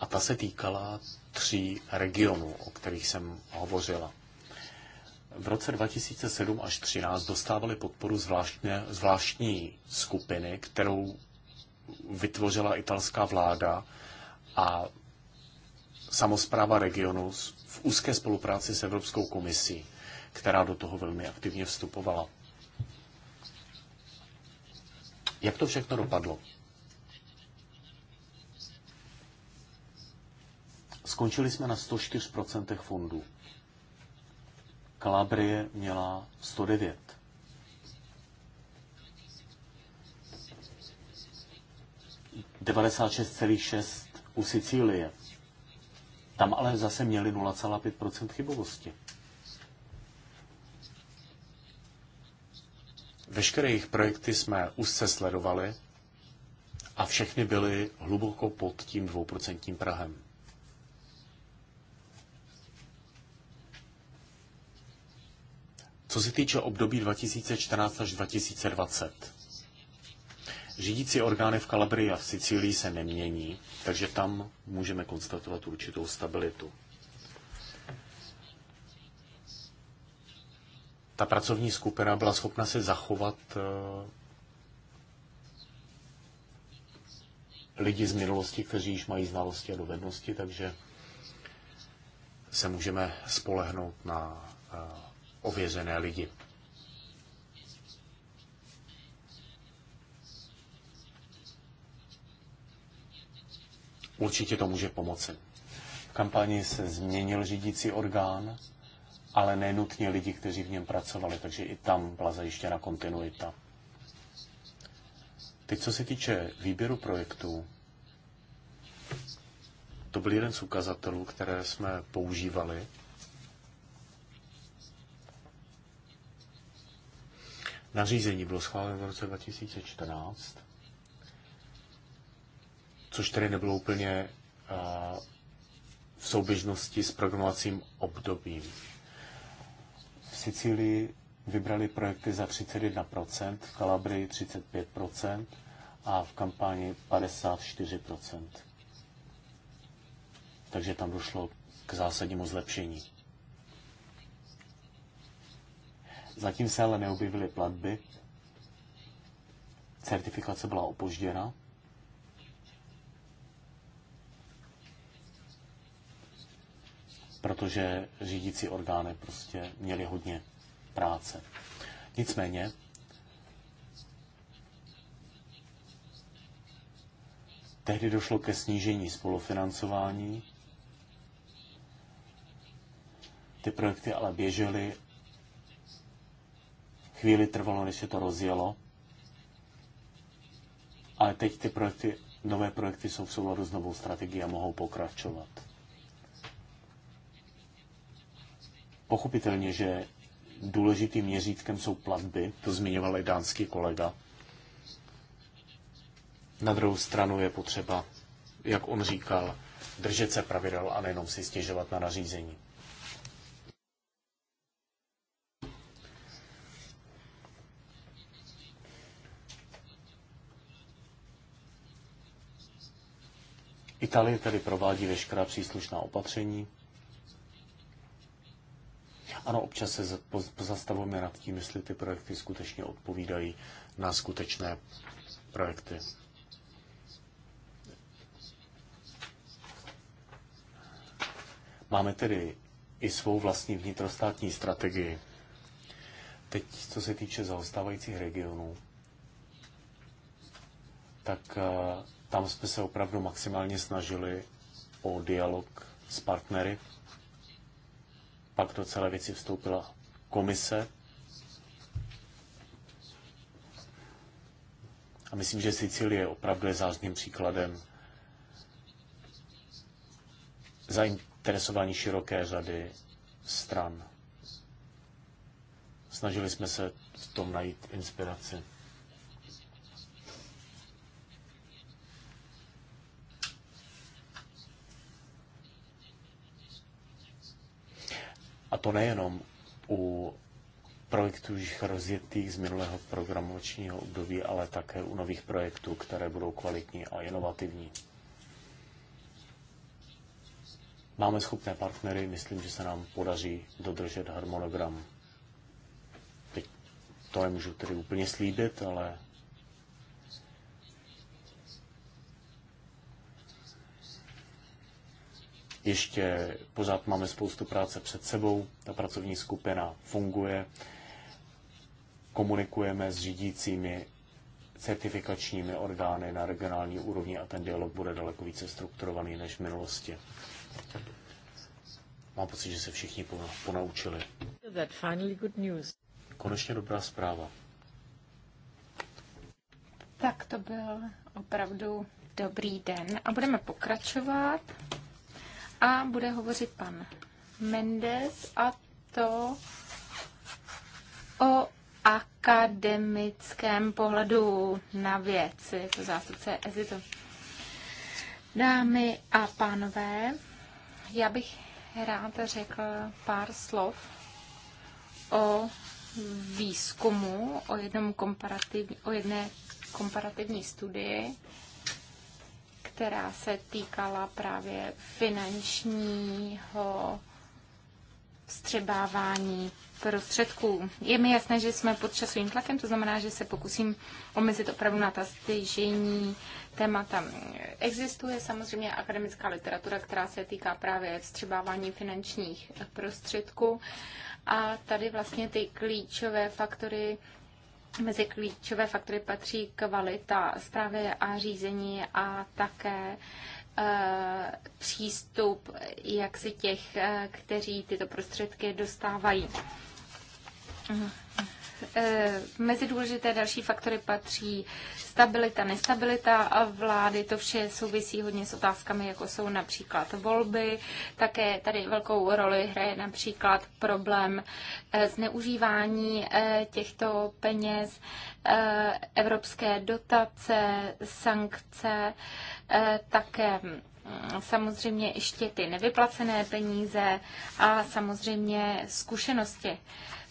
a ta se týkala tří regionů, o kterých jsem hovořila. V roce 2007 až 2013 dostávali podporu zvláštně, zvláštní skupiny, kterou vytvořila italská vláda a samozpráva regionu v úzké spolupráci s Evropskou komisí, která do toho velmi aktivně vstupovala. Jak to všechno dopadlo? Skončili jsme na 104% fondů. Kalabrie měla 109. 96,6 u Sicílie. Tam ale zase měli 0,5 chybovosti. Veškeré jejich projekty jsme úzce sledovali a všechny byly hluboko pod tím dvouprocentním Prahem. Co se týče období 2014 až 2020, Řídící orgány v Kalabrii a v Sicílii se nemění, takže tam můžeme konstatovat určitou stabilitu. Ta pracovní skupina byla schopna si zachovat eh, lidi z minulosti, kteří již mají znalosti a dovednosti, takže se můžeme spolehnout na eh, ověřené lidi. Určitě to může pomoci. V kampani se změnil řídící orgán, ale nenutně lidi, kteří v něm pracovali, takže i tam byla zajištěna kontinuita. Teď, co se týče výběru projektů, to byl jeden z ukazatelů, které jsme používali. Nařízení bylo schváleno v roce 2014 což tedy nebylo úplně v souběžnosti s programovacím obdobím. V Sicílii vybrali projekty za 31%, v Kalabrii 35% a v kampáni 54%. Takže tam došlo k zásadnímu zlepšení. Zatím se ale neobjevily platby, certifikace byla opožděna protože řídící orgány prostě měly hodně práce. Nicméně, tehdy došlo ke snížení spolufinancování. Ty projekty ale běžely. Chvíli trvalo, než se to rozjelo. Ale teď ty projekty, nové projekty jsou v souladu s novou strategií a mohou pokračovat. Pochopitelně, že důležitým měřítkem jsou platby, to zmiňoval i dánský kolega. Na druhou stranu je potřeba, jak on říkal, držet se pravidel a nejenom si stěžovat na nařízení. Itálie tedy provádí veškerá příslušná opatření, ano, občas se pozastavujeme nad tím, jestli ty projekty skutečně odpovídají na skutečné projekty. Máme tedy i svou vlastní vnitrostátní strategii. Teď, co se týče zaostávajících regionů, tak eh, tam jsme se opravdu maximálně snažili o dialog s partnery pak do celé věci vstoupila komise. A myslím, že Sicílie opravdu je zářným příkladem zainteresování široké řady stran. Snažili jsme se v tom najít inspiraci. A to nejenom u projektů již rozjetých z minulého programočního období, ale také u nových projektů, které budou kvalitní a inovativní. Máme schopné partnery, myslím, že se nám podaří dodržet harmonogram. Teď to nemůžu tedy úplně slíbit, ale Ještě pořád máme spoustu práce před sebou, ta pracovní skupina funguje, komunikujeme s řídícími certifikačními orgány na regionální úrovni a ten dialog bude daleko více strukturovaný než v minulosti. Mám pocit, že se všichni ponaučili. Konečně dobrá zpráva. Tak to byl opravdu dobrý den a budeme pokračovat a bude hovořit pan Mendes a to o akademickém pohledu na věc. Je to jako zástupce Ezito. Dámy a pánové, já bych rád řekl pár slov o výzkumu, o, jednom komparativ, o jedné komparativní studii, která se týkala právě finančního vstřebávání prostředků. Je mi jasné, že jsme pod časovým tlakem, to znamená, že se pokusím omezit opravdu na ta stěžení témata. Existuje samozřejmě akademická literatura, která se týká právě vstřebávání finančních prostředků a tady vlastně ty klíčové faktory Mezi klíčové faktory patří kvalita zprávy a řízení a také eh, přístup jak těch, eh, kteří tyto prostředky dostávají. Mhm. E, mezi důležité další faktory patří stabilita, nestabilita a vlády. To vše souvisí hodně s otázkami, jako jsou například volby. Také tady velkou roli hraje například problém e, zneužívání e, těchto peněz, evropské dotace, sankce, také mm, samozřejmě ještě ty nevyplacené peníze a samozřejmě zkušenosti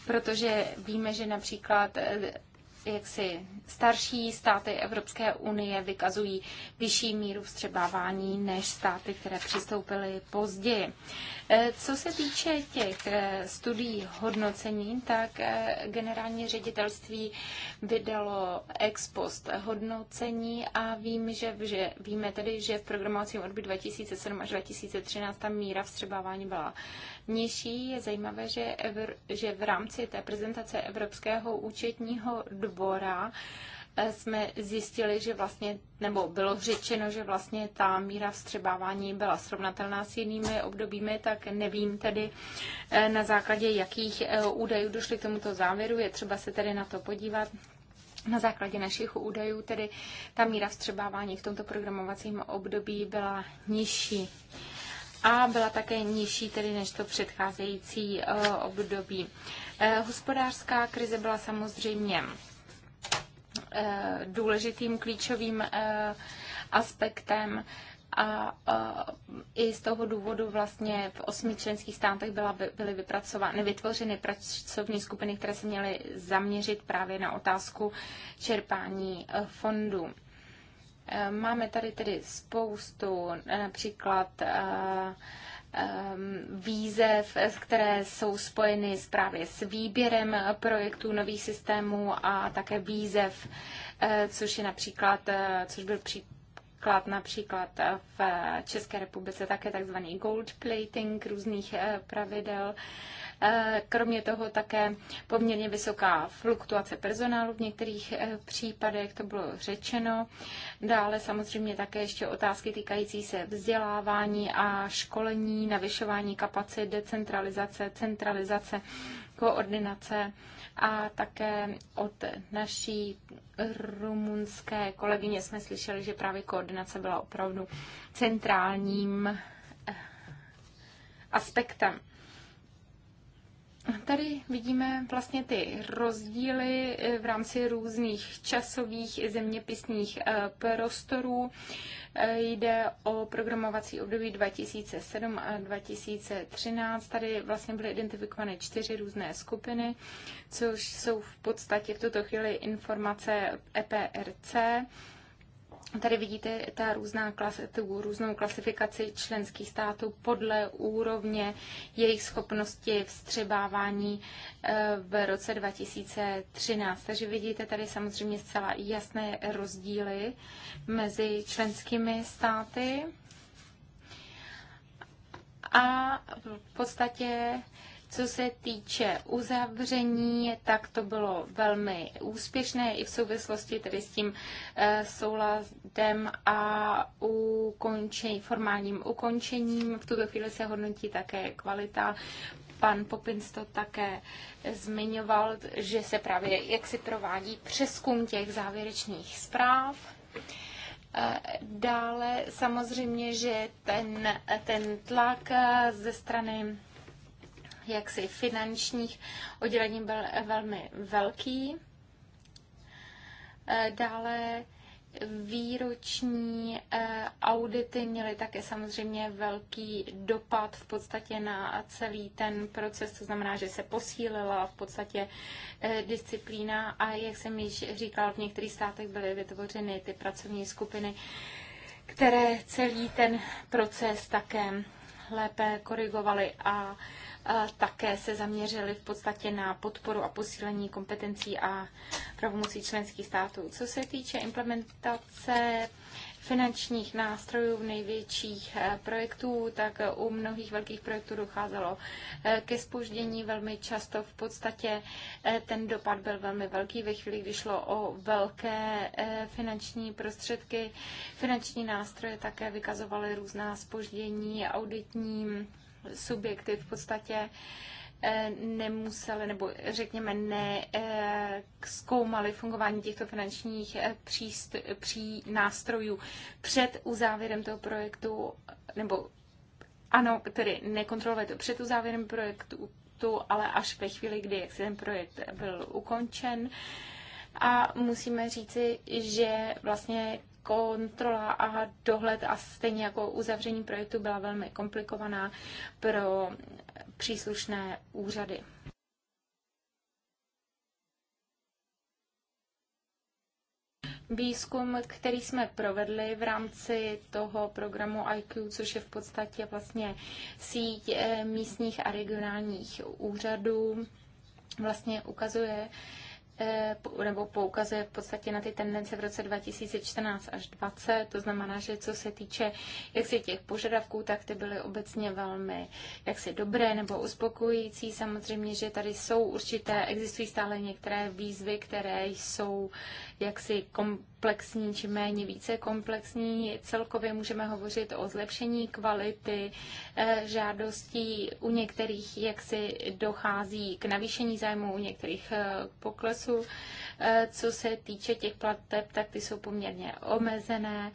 protože víme, že například eh, jaksi starší státy Evropské unie vykazují vyšší míru vstřebávání než státy, které přistoupily později. Eh, co se týče těch eh, studií hodnocení, tak generální ředitelství vydalo ex post hodnocení a vím, že, že víme tedy, že v programovacím období 2007 až 2013 ta míra vstřebávání byla nižší. Je zajímavé, že, Evr- že v rámci té prezentace Evropského účetního dvora eh, jsme zjistili, že vlastně, nebo bylo řečeno, že vlastně ta míra vstřebávání byla srovnatelná s jinými obdobími, tak nevím tedy eh, na základě jakých eh, údajů došli k tomuto závěru. Je třeba se tedy na to podívat. Na základě našich údajů tedy ta míra vstřebávání v tomto programovacím období byla nižší a byla také nižší tedy než to předcházející eh, období. Eh, hospodářská krize byla samozřejmě eh, důležitým klíčovým aspektem a i z toho důvodu vlastně v osmi členských státech byla, byly vypracovány, vytvořeny pracovní skupiny, které se měly zaměřit právě na otázku čerpání fondů. Eh, máme tady tedy spoustu například eh, eh, výzev, které jsou spojeny s právě s výběrem projektů nových systémů a také výzev, což je například, což byl příklad například v České republice také takzvaný gold plating různých pravidel. Eh, kromě toho také poměrně vysoká fluktuace personálu v některých eh, případech, to bylo řečeno. Dále samozřejmě také ještě otázky týkající se vzdělávání a školení, navyšování kapacit, decentralizace, centralizace, koordinace a také od naší rumunské kolegyně jsme slyšeli, že právě koordinace byla opravdu centrálním eh, aspektem. Tady vidíme vlastně ty rozdíly eh, v rámci různých časových zeměpisných eh, prostorů. Eh, jde o programovací období 2007 a 2013. Tady vlastně byly identifikovány čtyři různé skupiny, což jsou v podstatě v tuto chvíli informace EPRC Tady vidíte ta různá klas, tu různou klasifikaci členských států podle úrovně jejich schopnosti vstřebávání eh, v roce 2013. Takže vidíte tady samozřejmě zcela jasné rozdíly mezi členskými státy. A v podstatě co se týče uzavření, tak to bylo velmi úspěšné i v souvislosti tedy s tím eh, souladem a ukončení, formálním ukončením. V tuto chvíli se hodnotí také kvalita pan Popins to také zmiňoval, že se právě jak si provádí přeskum těch závěrečných zpráv. Eh, dále samozřejmě, že ten, ten tlak eh, ze strany jaksi finančních oddělení byl velmi velký. Eh, dále výroční eh, audity měly také samozřejmě velký dopad v podstatě na celý ten proces, to znamená, že se posílila v podstatě eh, disciplína a jak jsem již říkal, v některých státech byly vytvořeny ty pracovní skupiny, které celý ten proces také lépe korigovaly a také se zaměřili v podstatě na podporu a posílení kompetencí a pravomocí členských států. Co se týče implementace finančních nástrojů v největších e, projektů, tak u mnohých velkých projektů docházelo e, ke spoždění velmi často. V podstatě e, ten dopad byl velmi velký ve chvíli, kdy šlo o velké finanční prostředky. Finanční nástroje také vykazovaly různá spoždění, auditní subjekty v podstatě eh, nemuseli, nebo řekněme, ne eh, zkoumali fungování těchto finančních eh, příst, pří nástrojů před uzávěrem toho projektu, nebo ano, tedy nekontrolovali to před uzávěrem projektu, ale až ve chvíli, kdy jak se ten projekt byl ukončen. A musíme říci, že vlastně kontrola a dohled a stejně jako uzavření projektu byla velmi komplikovaná pro příslušné úřady. výzkum, který jsme provedli v rámci toho programu IQ, což je v podstatě vlastně síť eh, místních a regionálních úřadů, vlastně ukazuje, Eh, nebo poukazuje v podstatě na ty tendence v roce 2014 až 2020. To znamená, že co se týče jak si těch požadavků, tak ty byly obecně velmi jaksi dobré nebo uspokojící. Samozřejmě, že tady jsou určité, existují stále některé výzvy, které jsou jaksi komplexní či méně více komplexní. Celkově můžeme hovořit o zlepšení kvality eh, žádostí. U některých jaksi dochází k navýšení zájmu, u některých eh, k poklesu. Eh, co se týče těch plateb, tak ty jsou poměrně omezené.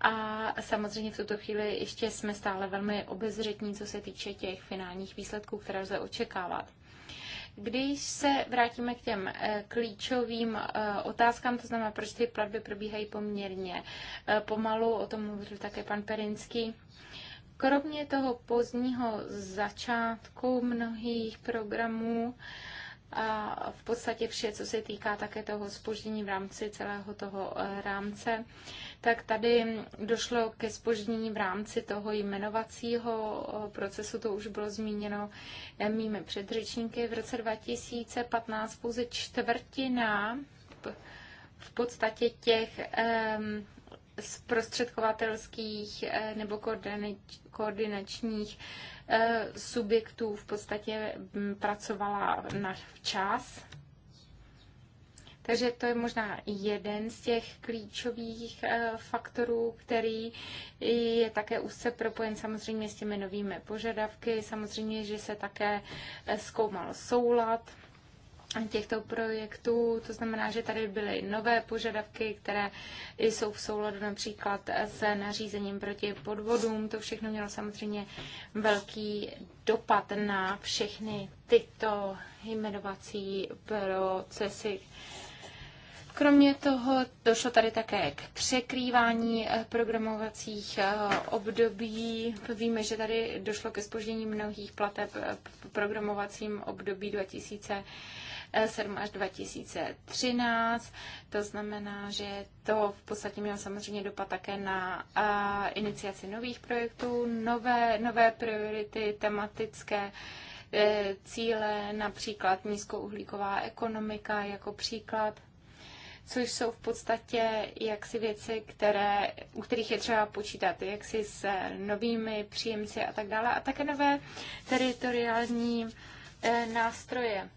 A samozřejmě v tuto chvíli ještě jsme stále velmi obezřetní, co se týče těch finálních výsledků, které lze očekávat. Když se vrátíme k těm eh, klíčovým eh, otázkám, to znamená, proč ty platby probíhají poměrně eh, pomalu, o tom mluvil také pan Perinský, kromě toho pozdního začátku mnohých programů, a v podstatě vše, co se týká také toho spoždění v rámci celého toho rámce, tak tady došlo ke spoždění v rámci toho jmenovacího procesu, to už bylo zmíněno e, mými předřečníky. V roce 2015 pouze čtvrtina v podstatě těch zprostředkovatelských e, nebo koordinačních e, subjektů v podstatě pracovala na včas takže to je možná jeden z těch klíčových eh, faktorů, který je také úzce propojen samozřejmě s těmi novými požadavky. Samozřejmě, že se také eh, zkoumal soulad těchto projektů. To znamená, že tady byly nové požadavky, které jsou v souladu například eh, s nařízením proti podvodům. To všechno mělo samozřejmě velký dopad na všechny tyto jmenovací procesy, Kromě toho došlo tady také k překrývání eh, programovacích eh, období. Víme, že tady došlo ke spoždění mnohých plateb v eh, programovacím období 2007 až 2013. To znamená, že to v podstatě mělo samozřejmě dopad také na iniciaci nových projektů, nové, nové priority, tematické cíle, například nízkouhlíková ekonomika jako příklad což jsou v podstatě jaksi věci, které, u kterých je třeba počítat, jaksi s novými příjemci a tak dále, a také nové teritoriální eh, nástroje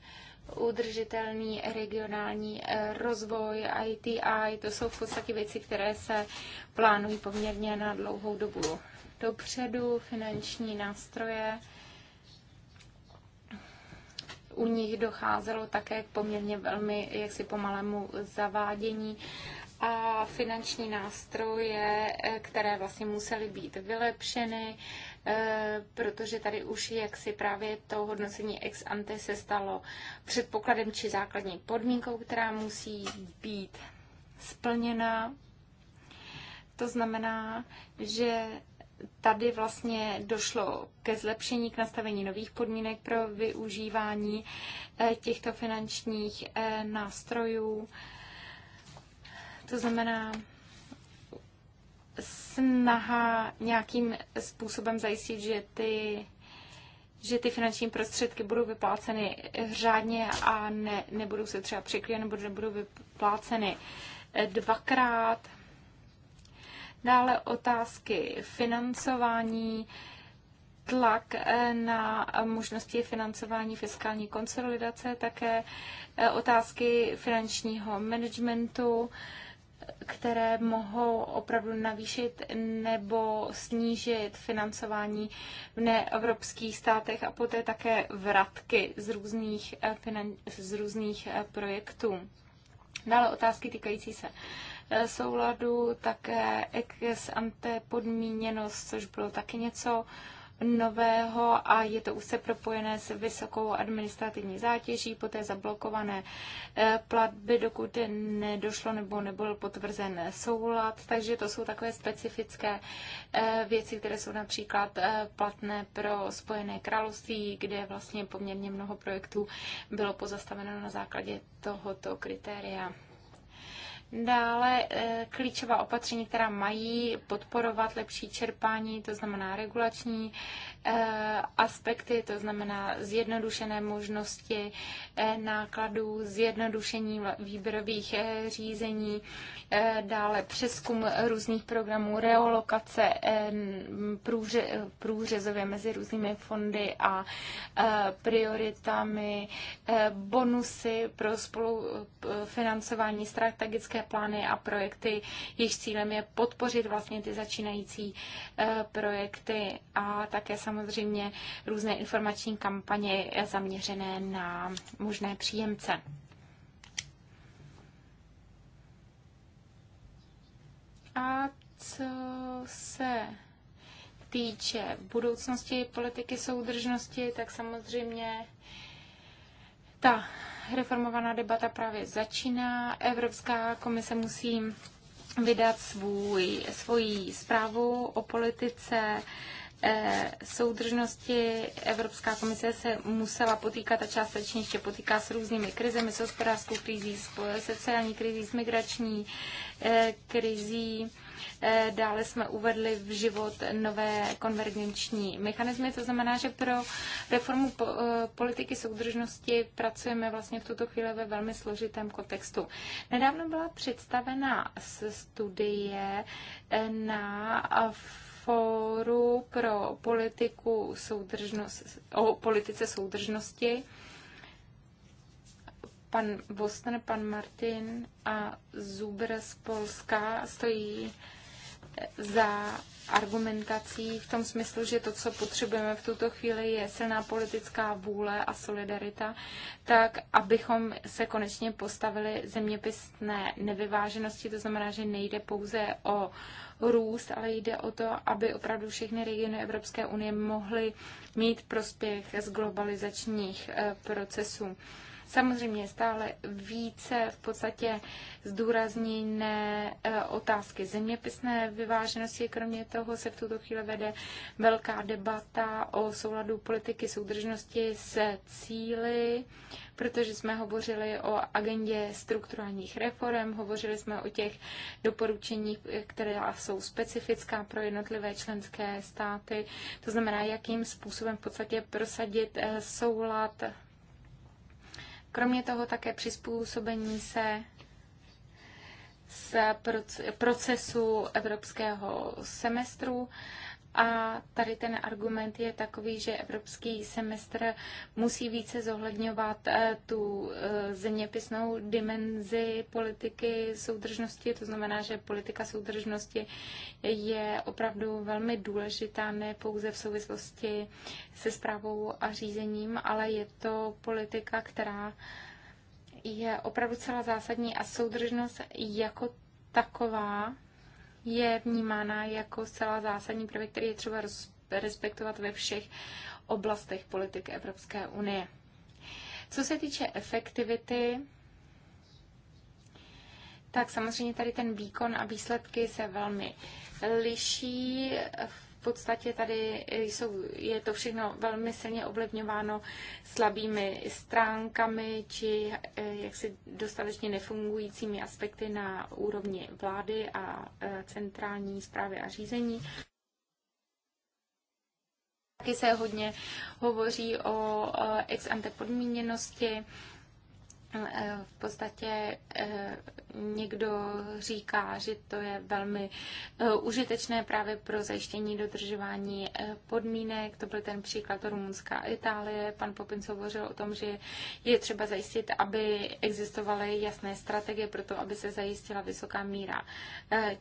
udržitelný regionální eh, rozvoj, ITI, to jsou v podstatě věci, které se plánují poměrně na dlouhou dobu dopředu, finanční nástroje, u nich docházelo také k poměrně velmi jaksi pomalému zavádění a finanční nástroje, eh, které vlastně musely být vylepšeny, eh, protože tady už jaksi právě to hodnocení ex ante se stalo předpokladem či základní podmínkou, která musí být splněna. To znamená, že tady vlastně došlo ke zlepšení, k nastavení nových podmínek pro využívání eh, těchto finančních eh, nástrojů. To znamená, snaha nějakým způsobem zajistit, že ty, že ty finanční prostředky budou vypláceny řádně a ne, nebudou se třeba překlíjet nebo nebudou vypláceny eh, dvakrát. Dále otázky financování, tlak eh, na možnosti financování fiskální konsolidace, také eh, otázky finančního managementu, které mohou opravdu navýšit nebo snížit financování v neevropských státech a poté také vratky z různých, eh, finan, z různých projektů. Dále otázky týkající se Eh, souladu, také ex ante podmíněnost, což bylo taky něco nového a je to úzce propojené s vysokou administrativní zátěží, poté zablokované eh, platby, dokud nedošlo nebo nebyl potvrzen soulad. Takže to jsou takové specifické eh, věci, které jsou například platné pro Spojené království, kde vlastně poměrně mnoho projektů bylo pozastaveno na základě tohoto kritéria. Dále eh, klíčová opatření, která mají podporovat lepší čerpání, to znamená regulační Eh, aspekty, to znamená zjednodušené možnosti eh, nákladů, zjednodušení výběrových eh, řízení, dále přeskum různých programů, reolokace průře, průřezově mezi různými fondy a prioritami, bonusy pro spolufinancování strategické plány a projekty, jejich cílem je podpořit vlastně ty začínající projekty a také samozřejmě samozřejmě různé informační kampaně zaměřené na možné příjemce. A co se týče budoucnosti politiky soudržnosti, tak samozřejmě ta reformovaná debata právě začíná. Evropská komise musí vydat svůj, svoji zprávu o politice Eh, soudržnosti Evropská komise se musela potýkat a částečně ještě potýká s různými krizemi, s hospodářskou krizí, s sociální krizí, s migrační eh, krizí. Eh, dále jsme uvedli v život nové konvergenční mechanismy, to znamená, že pro reformu politiky soudržnosti pracujeme vlastně v tuto chvíli ve velmi složitém kontextu. Nedávno byla představena studie na fóru pro politiku soudržnost, o politice soudržnosti pan Boston, pan Martin a Zuber z Polska stojí za argumentací v tom smyslu, že to, co potřebujeme v tuto chvíli, je silná politická vůle a solidarita, tak abychom se konečně postavili zeměpisné nevyváženosti, to znamená, že nejde pouze o růst, ale jde o to, aby opravdu všechny regiony Evropské unie mohly mít prospěch z globalizačních eh, procesů. Samozřejmě stále více v podstatě zdůrazněné eh, otázky zeměpisné vyváženosti. Kromě toho se v tuto chvíli vede velká debata o souladu politiky soudržnosti se cíly, protože jsme hovořili o agendě strukturálních reform, hovořili jsme o těch doporučeních, eh, které jsou specifická pro jednotlivé členské státy, to znamená, jakým způsobem v podstatě prosadit eh, soulad Kromě toho také přizpůsobení se z procesu evropského semestru a tady ten argument je takový, že evropský semestr musí více zohledňovat eh, tu eh, zeměpisnou dimenzi politiky soudržnosti. To znamená, že politika soudržnosti je opravdu velmi důležitá ne pouze v souvislosti se zprávou a řízením, ale je to politika, která je opravdu celá zásadní a soudržnost jako taková je vnímána jako zcela zásadní prvek, který je třeba respektovat ve všech oblastech politik Evropské unie. Co se týče efektivity, tak samozřejmě tady ten výkon a výsledky se velmi liší v podstatě tady jsou, je to všechno velmi silně ovlivňováno slabými stránkami či eh, jaksi dostatečně nefungujícími aspekty na úrovni vlády a eh, centrální zprávy a řízení. Taky se hodně hovoří o eh, ex ante podmíněnosti, Eh, v podstatě eh, někdo říká, že to je velmi eh, užitečné právě pro zajištění dodržování podmínek. To byl ten příklad Rumunská a Itálie. Pan Popinc hovořil o tom, že je třeba zajistit, aby existovaly jasné strategie pro to, aby se zajistila vysoká míra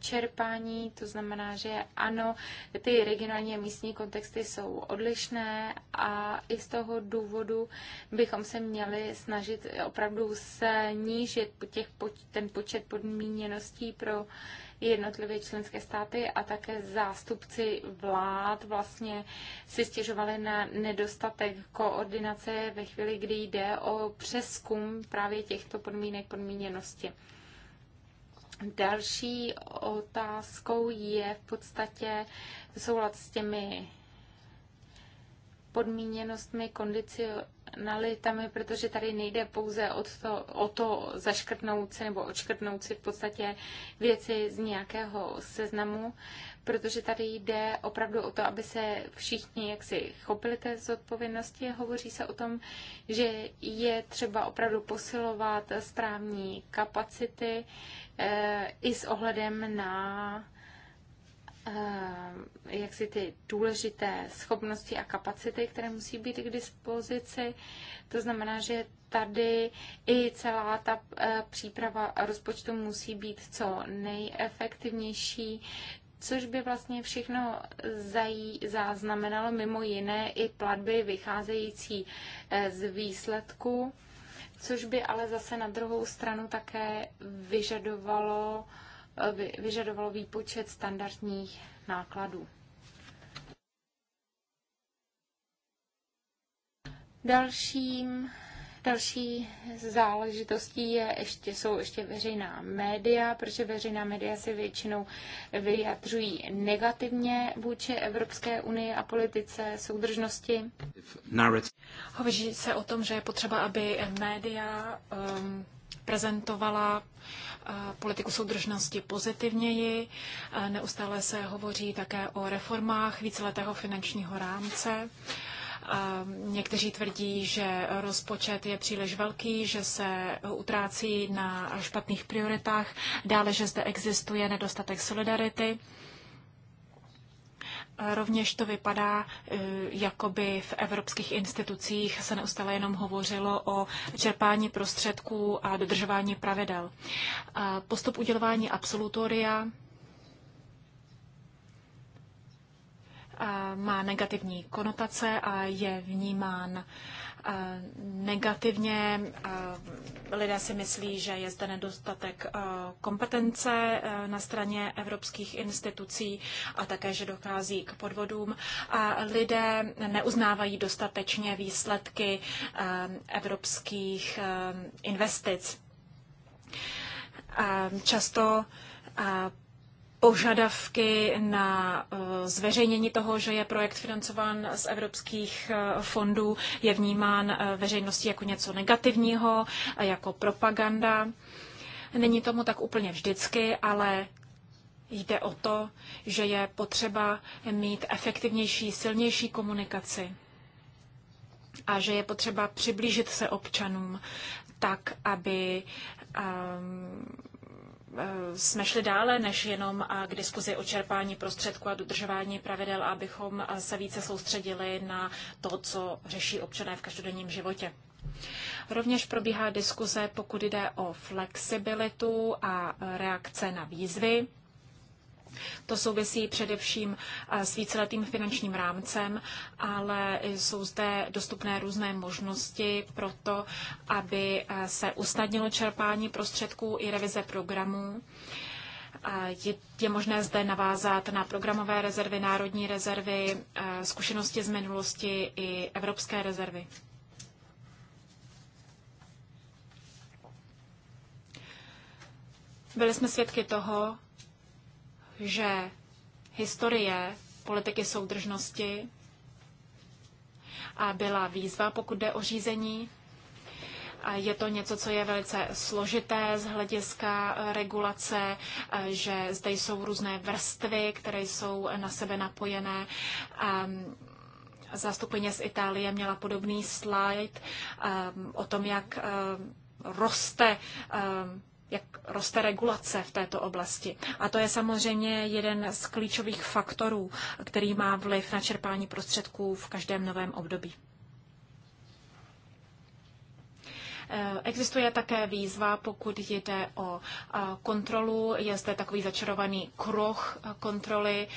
čerpání. To znamená, že ano, ty regionální a místní kontexty jsou odlišné a i z toho důvodu bychom se měli snažit opravdu cílů snížit těch, ten počet podmíněností pro jednotlivé členské státy a také zástupci vlád vlastně si stěžovali na nedostatek koordinace ve chvíli, kdy jde o přeskum právě těchto podmínek podmíněnosti. Další otázkou je v podstatě soulad s těmi podmíněnostmi, kondici, nalitami, protože tady nejde pouze o to, o to zaškrtnout si nebo odškrtnout si v podstatě věci z nějakého seznamu, protože tady jde opravdu o to, aby se všichni jaksi chopili té zodpovědnosti. Hovoří se o tom, že je třeba opravdu posilovat správní kapacity e, i s ohledem na Eh, jak si ty důležité schopnosti a kapacity, které musí být k dispozici. To znamená, že tady i celá ta eh, příprava rozpočtu musí být co nejefektivnější, což by vlastně všechno zají, záznamenalo mimo jiné i platby vycházející eh, z výsledku, což by ale zase na druhou stranu také vyžadovalo Eh, vyžadovalo výpočet standardních nákladů. Dalším, další záležitostí je ještě, jsou ještě veřejná média, protože veřejná média se většinou vyjadřují negativně vůči Evropské unii a politice soudržnosti. Hovoří se o tom, že je potřeba, aby média um, prezentovala eh, politiku soudržnosti pozitivněji. Eh, neustále se hovoří také o reformách víceletého finančního rámce. Eh, někteří tvrdí, že rozpočet je příliš velký, že se utrácí na špatných prioritách, dále, že zde existuje nedostatek solidarity Rovněž to vypadá, e, jako by v evropských institucích se neustále jenom hovořilo o čerpání prostředků a dodržování pravidel. Postup udělování absolutoria e, má negativní konotace a je vnímán negativně. Lidé si myslí, že je zde nedostatek kompetence e, na straně evropských institucí a také, že dochází k podvodům. A lidé neuznávají dostatečně výsledky e, evropských e, investic. Často požadavky na eh, zveřejnění toho, že je projekt financován z evropských eh, fondů, je vnímán eh, veřejností jako něco negativního, jako propaganda. Není tomu tak úplně vždycky, ale jde o to, že je potřeba mít efektivnější, silnější komunikaci a že je potřeba přiblížit se občanům tak, aby um, Eh, jsme šli dále než jenom eh, k diskuzi o čerpání prostředků a dodržování pravidel, abychom eh, se více soustředili na to, co řeší občané v každodenním životě. Rovněž probíhá diskuze, pokud jde o flexibilitu a reakce na výzvy. To souvisí především eh, s víceletým finančním rámcem, ale jsou zde dostupné různé možnosti pro to, aby eh, se usnadnilo čerpání prostředků i revize programů. Eh, je, je možné zde navázat na programové rezervy, národní rezervy, zkušenosti z minulosti i evropské rezervy. Byli jsme svědky toho, že historie politiky soudržnosti a byla výzva, pokud jde o řízení. A je to něco, co je velice složité z hlediska eh, regulace, eh, že zde jsou různé vrstvy, které jsou na sebe napojené. Ehm, Zástupně z Itálie měla podobný slide ehm, o tom, jak ehm, roste jak roste regulace v této oblasti. A to je samozřejmě jeden z klíčových faktorů, který má vliv na čerpání prostředků v každém novém období. Eh, existuje také výzva, pokud jde o eh, kontrolu. Je zde takový začarovaný kruh eh, kontroly.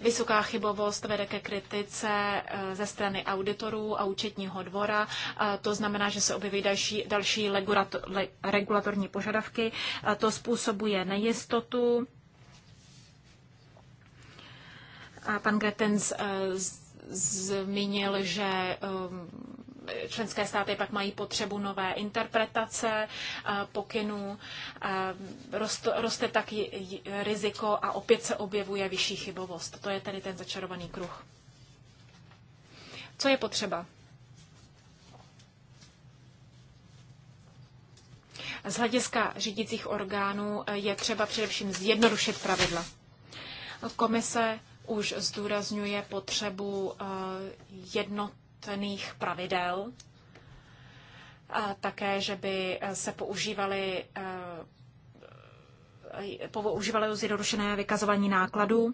Vysoká chybovost vede ke kritice ze strany auditorů a účetního dvora. To znamená, že se objeví další, další regulatorní požadavky. To způsobuje nejistotu. A pan Gretens zmínil, že ehm, členské státy pak mají potřebu nové interpretace eh, pokynů, eh, roste tak riziko a opět se objevuje vyšší chybovost. To je tedy ten začarovaný kruh. Co je potřeba? Z hlediska řídících orgánů eh, je třeba především zjednodušit pravidla. Komise už zdůrazňuje potřebu jednot jednotných pravidel, a také, že by se používaly eh, používali zjednodušené vykazování nákladů.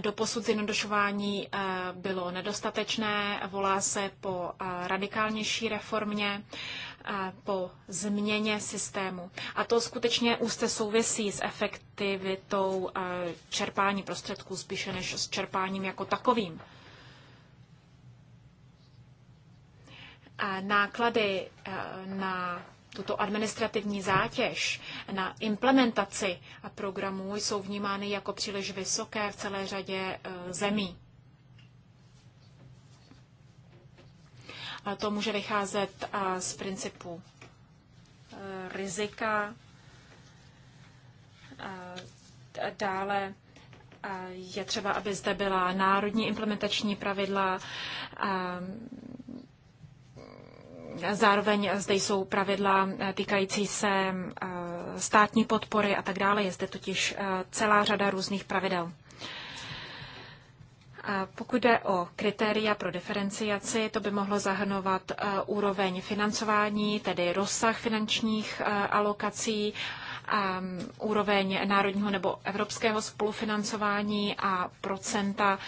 Doposud zjednodušování eh, bylo nedostatečné, volá se po eh, radikálnější reformě, po změně systému. A to skutečně úzce souvisí s efektivitou čerpání prostředků spíše než s čerpáním jako takovým. náklady eh, na tuto administrativní zátěž na implementaci programů jsou vnímány jako příliš vysoké v celé řadě eh, zemí. To může vycházet eh, z principu rizika, dále je třeba, aby zde byla národní implementační pravidla, Zároveň zde jsou pravidla eh, týkající se eh, státní podpory a tak dále. Je zde totiž eh, celá řada různých pravidel. A pokud jde o kritéria pro diferenciaci, to by mohlo zahrnovat úroveň financování, tedy rozsah finančních alokací, mm, úroveň národního nebo evropského spolufinancování a procenta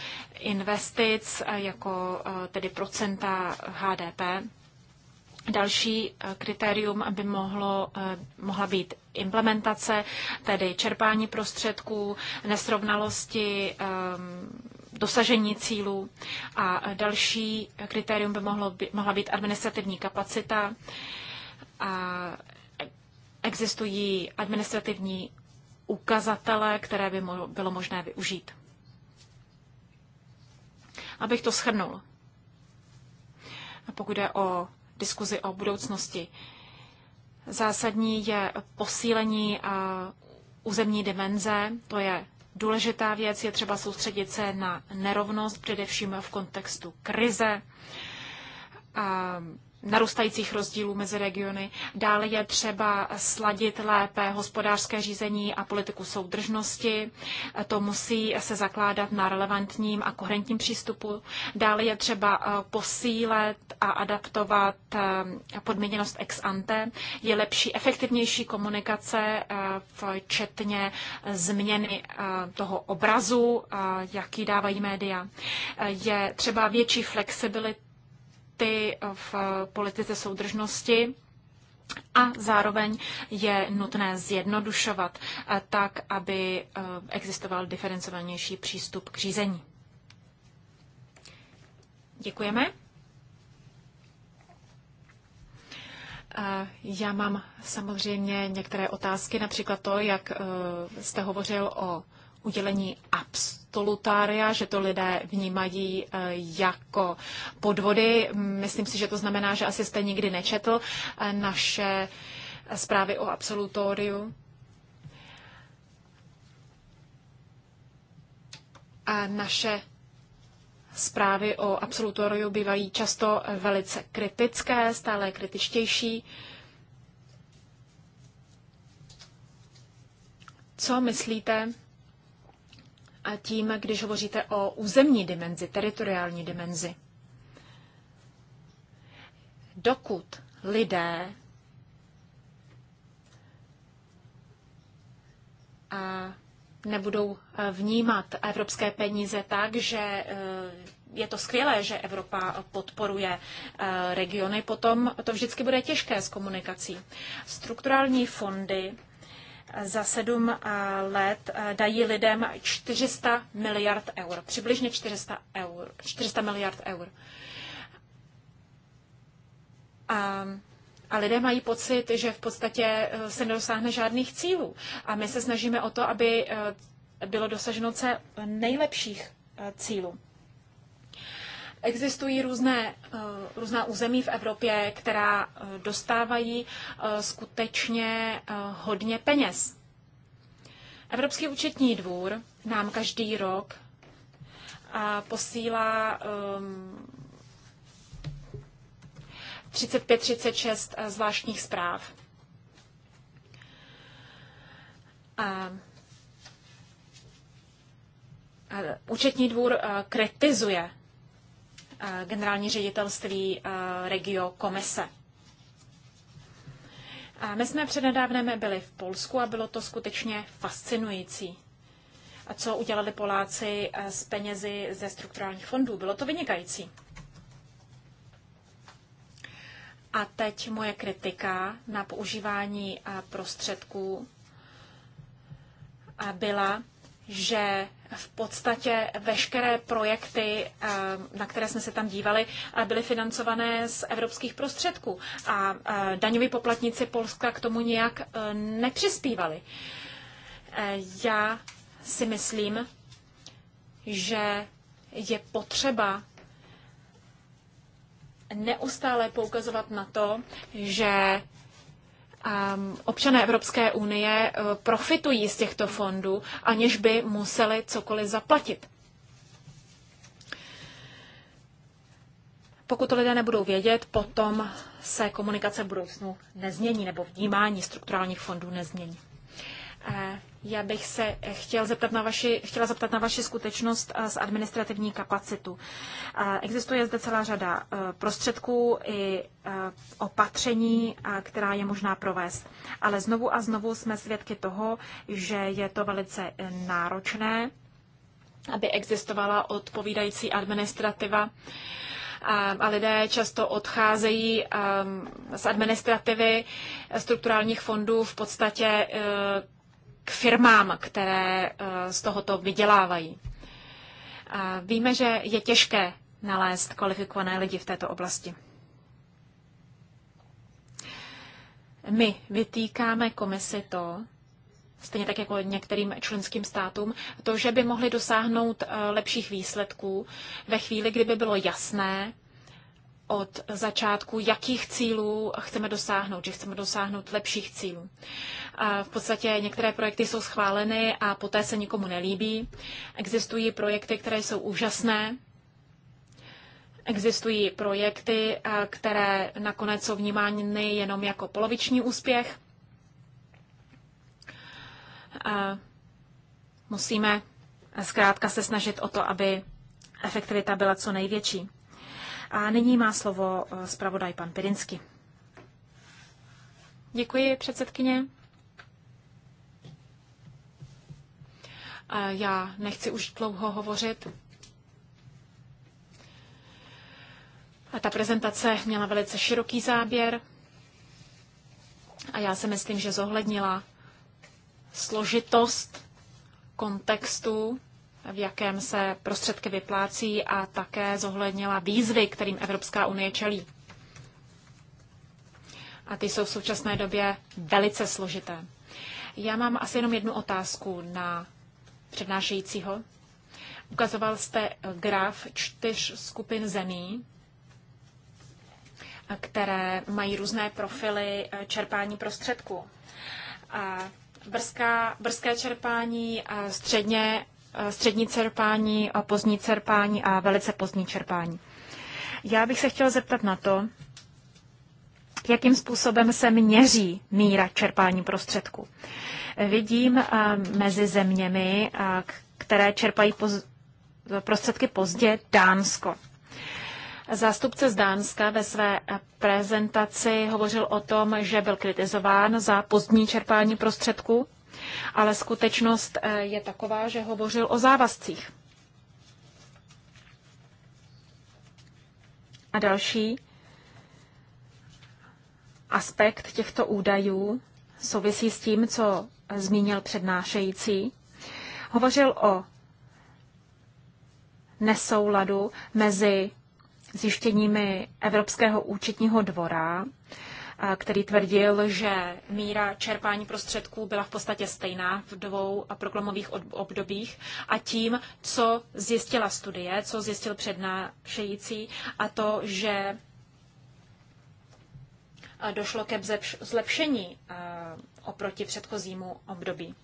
investic, jako tedy procenta HDP. Další eh, kritérium by mohlo, eh, mohla být implementace, tedy čerpání prostředků, nesrovnalosti, ehm, dosažení cílů a eh, další kritérium by mohlo mohla být administrativní kapacita. A e, existují administrativní ukazatele, které by bylo možné využít. Abych to shrnul. A pokud je o diskuzi o budoucnosti. Zásadní je posílení eh, územní dimenze, to je důležitá věc, je třeba soustředit se na nerovnost, především v kontextu krize narůstajících rozdílů mezi regiony. Dále je třeba sladit lépe hospodářské řízení a politiku soudržnosti. To musí se zakládat na relevantním a koherentním přístupu. Dále je třeba eh, posílet a adaptovat eh, podmíněnost ex ante. Je lepší efektivnější komunikace, eh, včetně změny toho obrazu, jaký dávají média. Je třeba větší flexibilita priority v politice soudržnosti a zároveň je nutné zjednodušovat eh, tak, aby eh, existoval diferencovanější přístup k řízení. Děkujeme. Eh, já mám samozřejmě některé otázky, například to, jak jste hovořil o udělení abs tolutária, že to lidé vnímají eh, jako podvody. Myslím si, že to znamená, že asi jste nikdy nečetl eh, naše zprávy o absolutoriu. A naše zprávy o absolutoriu bývají často eh, velice kritické, stále kritičtější. Co myslíte a tím, když hovoříte o územní dimenzi, teritoriální dimenzi. Dokud lidé a nebudou vnímat evropské peníze tak, že e, je to skvělé, že Evropa podporuje e, regiony, potom to vždycky bude těžké s komunikací. Strukturální fondy za sedm eh, let eh, dají lidem 400 miliard eur, přibližně 400, eur, 400 miliard eur. A, a lidé mají pocit, že v podstatě eh, se nedosáhne žádných cílů. A my se snažíme o to, aby bylo dosaženo co nejlepších cílů. Existují různé, eh, různá území v Evropě, která eh, dostávají eh, skutečně hodně peněz. Evropský účetní dvůr nám každý rok posílá 35-36 ehm, zvláštních zpráv. A Účetní dvůr kritizuje generální ředitelství Regio Komise. A my jsme přednedávnem byli v Polsku a bylo to skutečně fascinující. A co udělali Poláci s penězi ze strukturálních fondů? Bylo to vynikající. A teď moje kritika na používání prostředků byla, že v podstatě veškeré projekty, eh, na které jsme se tam dívali, eh, byly financované z evropských prostředků a eh, daňoví poplatníci Polska k tomu nijak nepřispívali. Já si myslím, že je potřeba neustále poukazovat na to, že Mm, občané Evropské unie e, profitují z těchto fondů, aniž by museli cokoliv zaplatit. Pokud to lidé nebudou vědět, potom se komunikace v budoucnu nezmění nebo vnímání strukturálních fondů nezmění. E, já bych se chtěl zeptat na vaši, chtěla zeptat na vaši skutečnost s eh, administrativní kapacitu. Eh, existuje zde celá řada eh, prostředků i opatření, která je možná provést. Ale znovu a znovu jsme svědky toho, že je to velice náročné, aby existovala odpovídající administrativa a lidé často odcházejí z administrativy strukturálních fondů v podstatě k firmám, které eh, z tohoto vydělávají. Víme, že je těžké nalézt kvalifikované lidi v této oblasti. My vytýkáme komisi to, stejně tak jako některým členským státům, to, že by mohli dosáhnout eh, lepších výsledků ve chvíli, kdyby bylo jasné, od začátku, jakých cílů chceme dosáhnout, že chceme dosáhnout lepších cílů. A v podstatě některé projekty jsou schváleny a poté se nikomu nelíbí. Existují projekty, které jsou úžasné, Existují projekty, které nakonec jsou vnímány jenom jako poloviční úspěch. A musíme zkrátka se snažit o to, aby efektivita byla co největší. A nyní má slovo eh, zpravodaj pan Pirinsky. Děkuji, předsedkyně. Já nechci už dlouho hovořit. A ta prezentace měla velice široký záběr a já si myslím, že zohlednila složitost kontextu v jakém se prostředky vyplácí a také zohlednila výzvy, kterým Evropská unie čelí. A ty jsou v současné době velice složité. Já mám asi jenom jednu otázku na přednášejícího. Ukazoval jste graf čtyř skupin zemí, které mají různé profily čerpání prostředků. Brzká, brzké čerpání, středně Eh, střední čerpání, pozdní čerpání a velice pozdní čerpání. Já bych se chtěla zeptat na to, jakým způsobem se měří míra čerpání prostředků. Vidím eh, mezi zeměmi, eh, které čerpají prostředky pozdě, Dánsko. Zástupce z Dánska ve své prezentaci hovořil o tom, že byl kritizován za pozdní čerpání prostředků ale skutečnost eh, je taková, že hovořil o závazcích. A další aspekt těchto údajů souvisí s tím, co zmínil přednášející. Hovořil o nesouladu mezi zjištěními Evropského účetního dvora který tvrdil, že míra čerpání prostředků byla v podstatě stejná v dvou proklamových obdobích a tím, co zjistila studie, co zjistil přednášející a to, že došlo ke zlepšení oproti předchozímu období.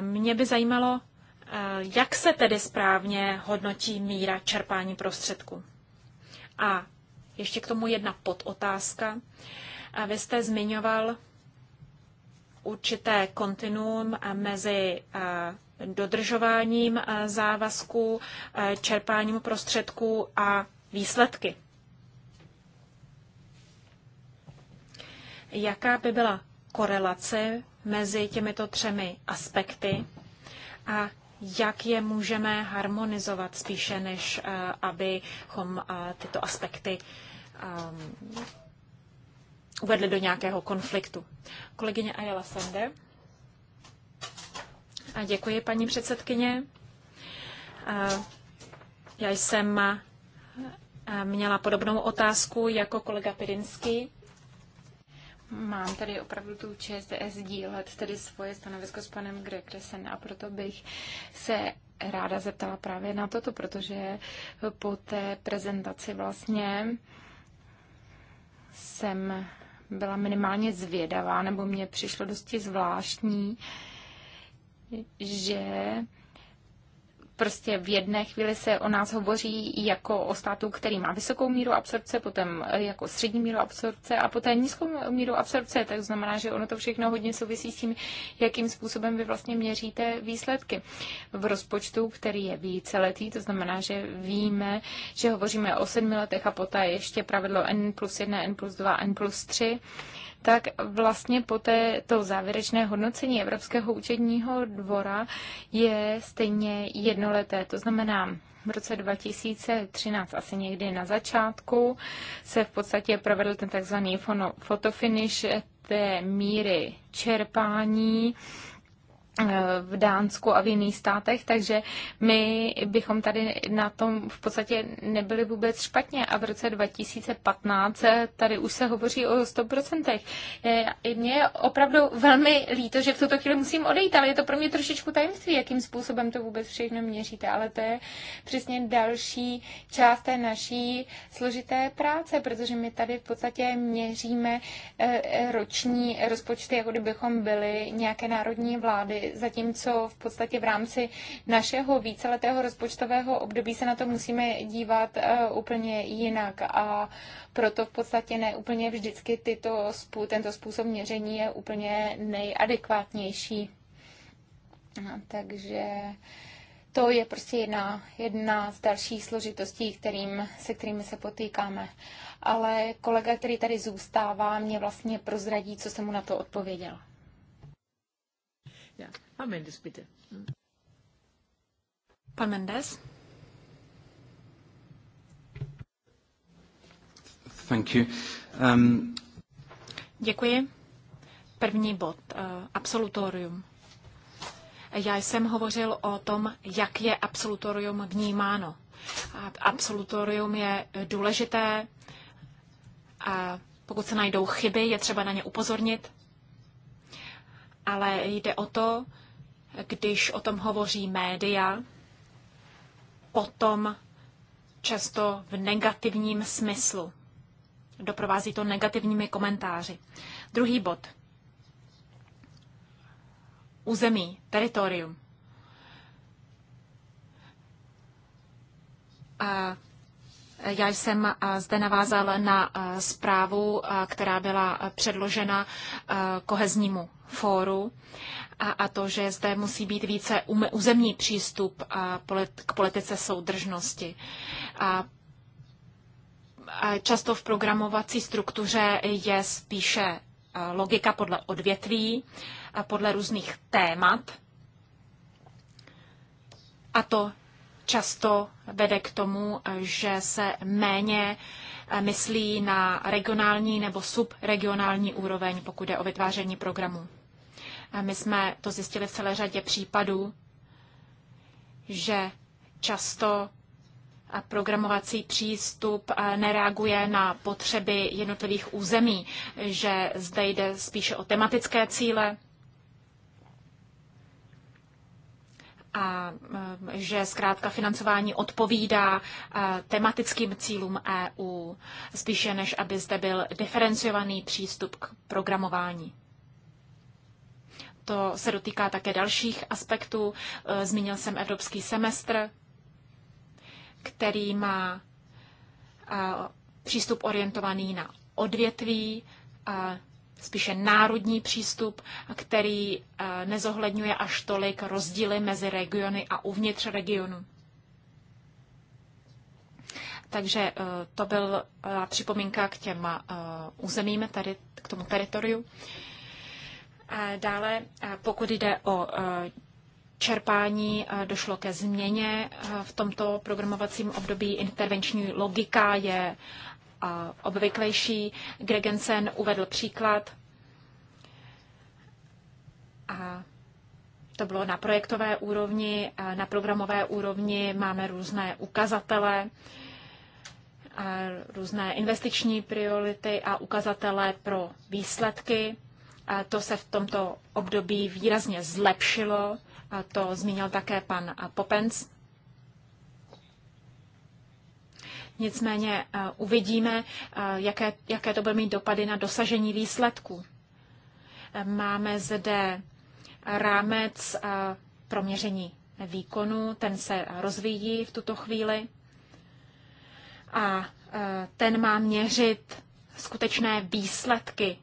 Mě by zajímalo, jak se tedy správně hodnotí míra čerpání prostředků. A ještě k tomu jedna podotázka. Vy jste zmiňoval určité kontinuum mezi dodržováním závazků, čerpáním prostředků a výsledky. Jaká by byla korelace mezi těmito třemi aspekty a jak je můžeme harmonizovat spíše, než eh, abychom eh, tyto aspekty eh, uvedli do nějakého konfliktu. Kolegyně Ayala Sande. A děkuji, paní předsedkyně. Já jsem měla podobnou otázku jako kolega Pirinský. Mám tady opravdu tu čest sdílet tedy svoje stanovisko s panem Gregresen a proto bych se ráda zeptala právě na toto, protože po té prezentaci vlastně jsem byla minimálně zvědavá, nebo mě přišlo dosti zvláštní, že Prostě v jedné chvíli se o nás hovoří jako o státu, který má vysokou míru absorpce, potom eh, jako střední míru absorpce a poté nízkou míru absorpce. Tak znamená, že ono to všechno hodně souvisí s tím, jakým způsobem vy vlastně měříte výsledky. V rozpočtu, který je víceletý, to znamená, že víme, že hovoříme o sedmi letech a poté ještě pravidlo N plus 1, N plus 2, N plus 3 tak vlastně po té to závěrečné hodnocení Evropského účetního dvora je stejně jednoleté. To znamená, v roce 2013, asi někdy na začátku, se v podstatě provedl ten takzvaný fotofinish té míry čerpání v Dánsku a v jiných státech, takže my bychom tady na tom v podstatě nebyli vůbec špatně a v roce 2015 tady už se hovoří o 100%. E, mně je opravdu velmi líto, že v tuto chvíli musím odejít, ale je to pro mě trošičku tajemství, jakým způsobem to vůbec všechno měříte, ale to je přesně další část té naší složité práce, protože my tady v podstatě měříme e, e, roční rozpočty, jako kdybychom byli nějaké národní vlády zatímco v podstatě v rámci našeho víceletého rozpočtového období se na to musíme dívat eh, úplně jinak a proto v podstatě ne úplně vždycky tyto, tento způsob měření je úplně nejadekvátnější. Takže to je prostě jedna, jedna z dalších složitostí, kterým, se kterými se potýkáme. Ale kolega, který tady zůstává, mě vlastně prozradí, co jsem mu na to odpověděla. Ja. Pan Mendes, bitte. Hm. Mendes. Thank you. Um... Děkuji. První bod, eh, absolutorium. Já jsem hovořil o tom, jak je absolutorium vnímáno. Absolutorium je důležité, a pokud se najdou chyby, je třeba na ně upozornit ale jde o to, když o tom hovoří média, potom často v negativním smyslu. Doprovází to negativními komentáři. Druhý bod. Území, teritorium. A já jsem zde navázal na zprávu, která byla předložena koheznímu fóru a, to, že zde musí být více územní přístup k politice soudržnosti. A často v programovací struktuře je spíše logika podle odvětví, podle různých témat. A to často vede k tomu, že se méně eh, myslí na regionální nebo subregionální úroveň, pokud je o vytváření programů. Eh, my jsme to zjistili v celé řadě případů, že často eh, programovací přístup nereaguje na potřeby jednotlivých území, že zde jde spíše o tematické cíle a eh, že zkrátka financování odpovídá eh, tematickým cílům EU, spíše než aby zde byl diferenciovaný přístup k programování. To se dotýká také dalších aspektů. Eh, zmínil jsem evropský semestr, který má přístup orientovaný na odvětví, spíše národní přístup, který eh, nezohledňuje až tolik rozdíly mezi regiony a uvnitř regionu. Takže eh, to byla eh, připomínka k těm územím, tady, k tomu teritoriu. Dále, pokud jde o čerpání, došlo ke změně v tomto programovacím období. Intervenční logika je obvyklejší. Gregensen uvedl příklad a to bylo na projektové úrovni, na programové úrovni máme různé ukazatele, různé investiční priority a ukazatele pro výsledky. A to se v tomto období výrazně zlepšilo. A to zmínil také pan Popens. Nicméně eh, uvidíme, eh, jaké, jaké to bude mít dopady na dosažení výsledků. Eh, máme zde rámec pro měření výkonu, ten se rozvíjí v tuto chvíli a ten má měřit skutečné výsledky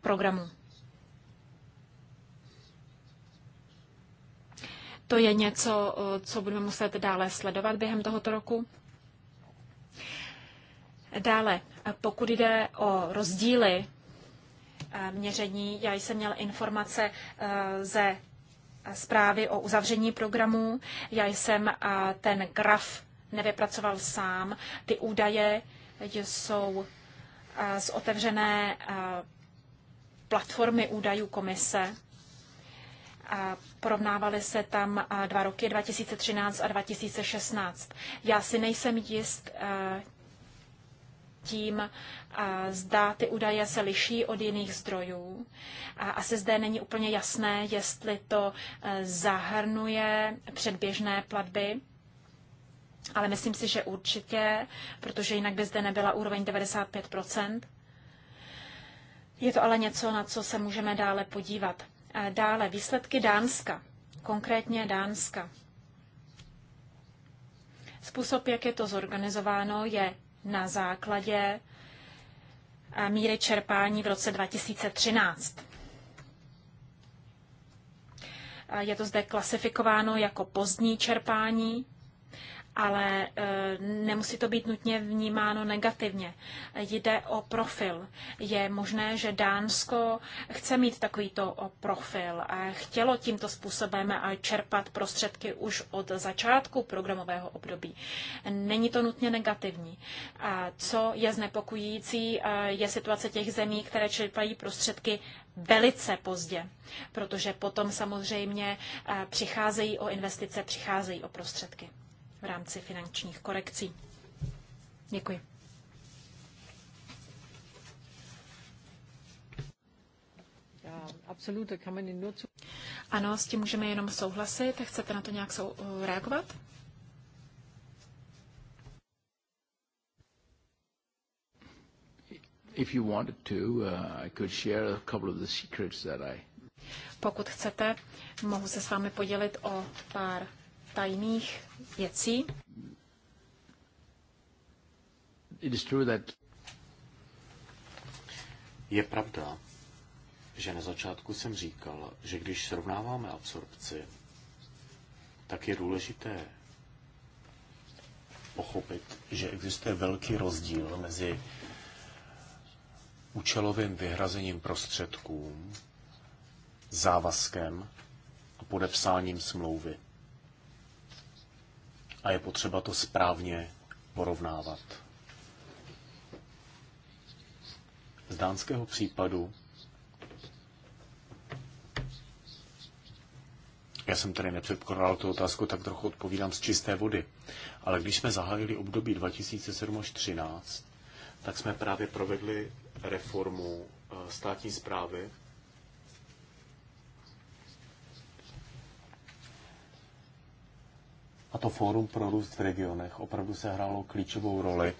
programu. To je něco, co budeme muset dále sledovat během tohoto roku. Dále, pokud jde o rozdíly e, měření, já jsem měl informace e, ze zprávy o uzavření programů. Já jsem e, ten graf nevypracoval sám. Ty údaje jsou z otevřené platformy údajů komise. Porovnávaly se tam dva roky 2013 a 2016. Já si nejsem jist tím, zda ty údaje se liší od jiných zdrojů. A asi zde není úplně jasné, jestli to e, zahrnuje předběžné platby. Ale myslím si, že určitě, protože jinak by zde nebyla úroveň 95 Je to ale něco, na co se můžeme dále podívat. Dále výsledky Dánska, konkrétně Dánska. Způsob, jak je to zorganizováno, je na základě eh, míry čerpání v roce 2013. Eh, je to zde klasifikováno jako pozdní čerpání ale eh, nemusí to být nutně vnímáno negativně. Jde o profil. Je možné, že Dánsko chce mít takovýto eh, profil a chtělo tímto způsobem eh, čerpat prostředky už od začátku programového období. Není to nutně negativní. A co je znepokojící, je situace těch zemí, které čerpají prostředky velice pozdě, protože potom samozřejmě přicházejí o investice, přicházejí o prostředky v rámci finančních korekcí. Děkuji. Ano, s tím můžeme jenom souhlasit. Chcete na to nějak sou- reagovat? Uh, Pokud chcete, mohu se s vámi podělit o pár tajných věcí. It is true that... Je pravda, že na začátku jsem říkal, že když srovnáváme absorpci, tak je důležité pochopit, že existuje velký rozdíl mezi účelovým vyhrazením prostředkům, závazkem a podepsáním smlouvy a je potřeba to správně porovnávat. Z dánského případu Já jsem tady nepředpokládal tu otázku, tak trochu odpovídám z čisté vody. Ale když jsme zahájili období 2007 až 2013, tak jsme právě provedli reformu eh, státní zprávy a to Fórum pro růst v regionech opravdu se hrálo klíčovou roli.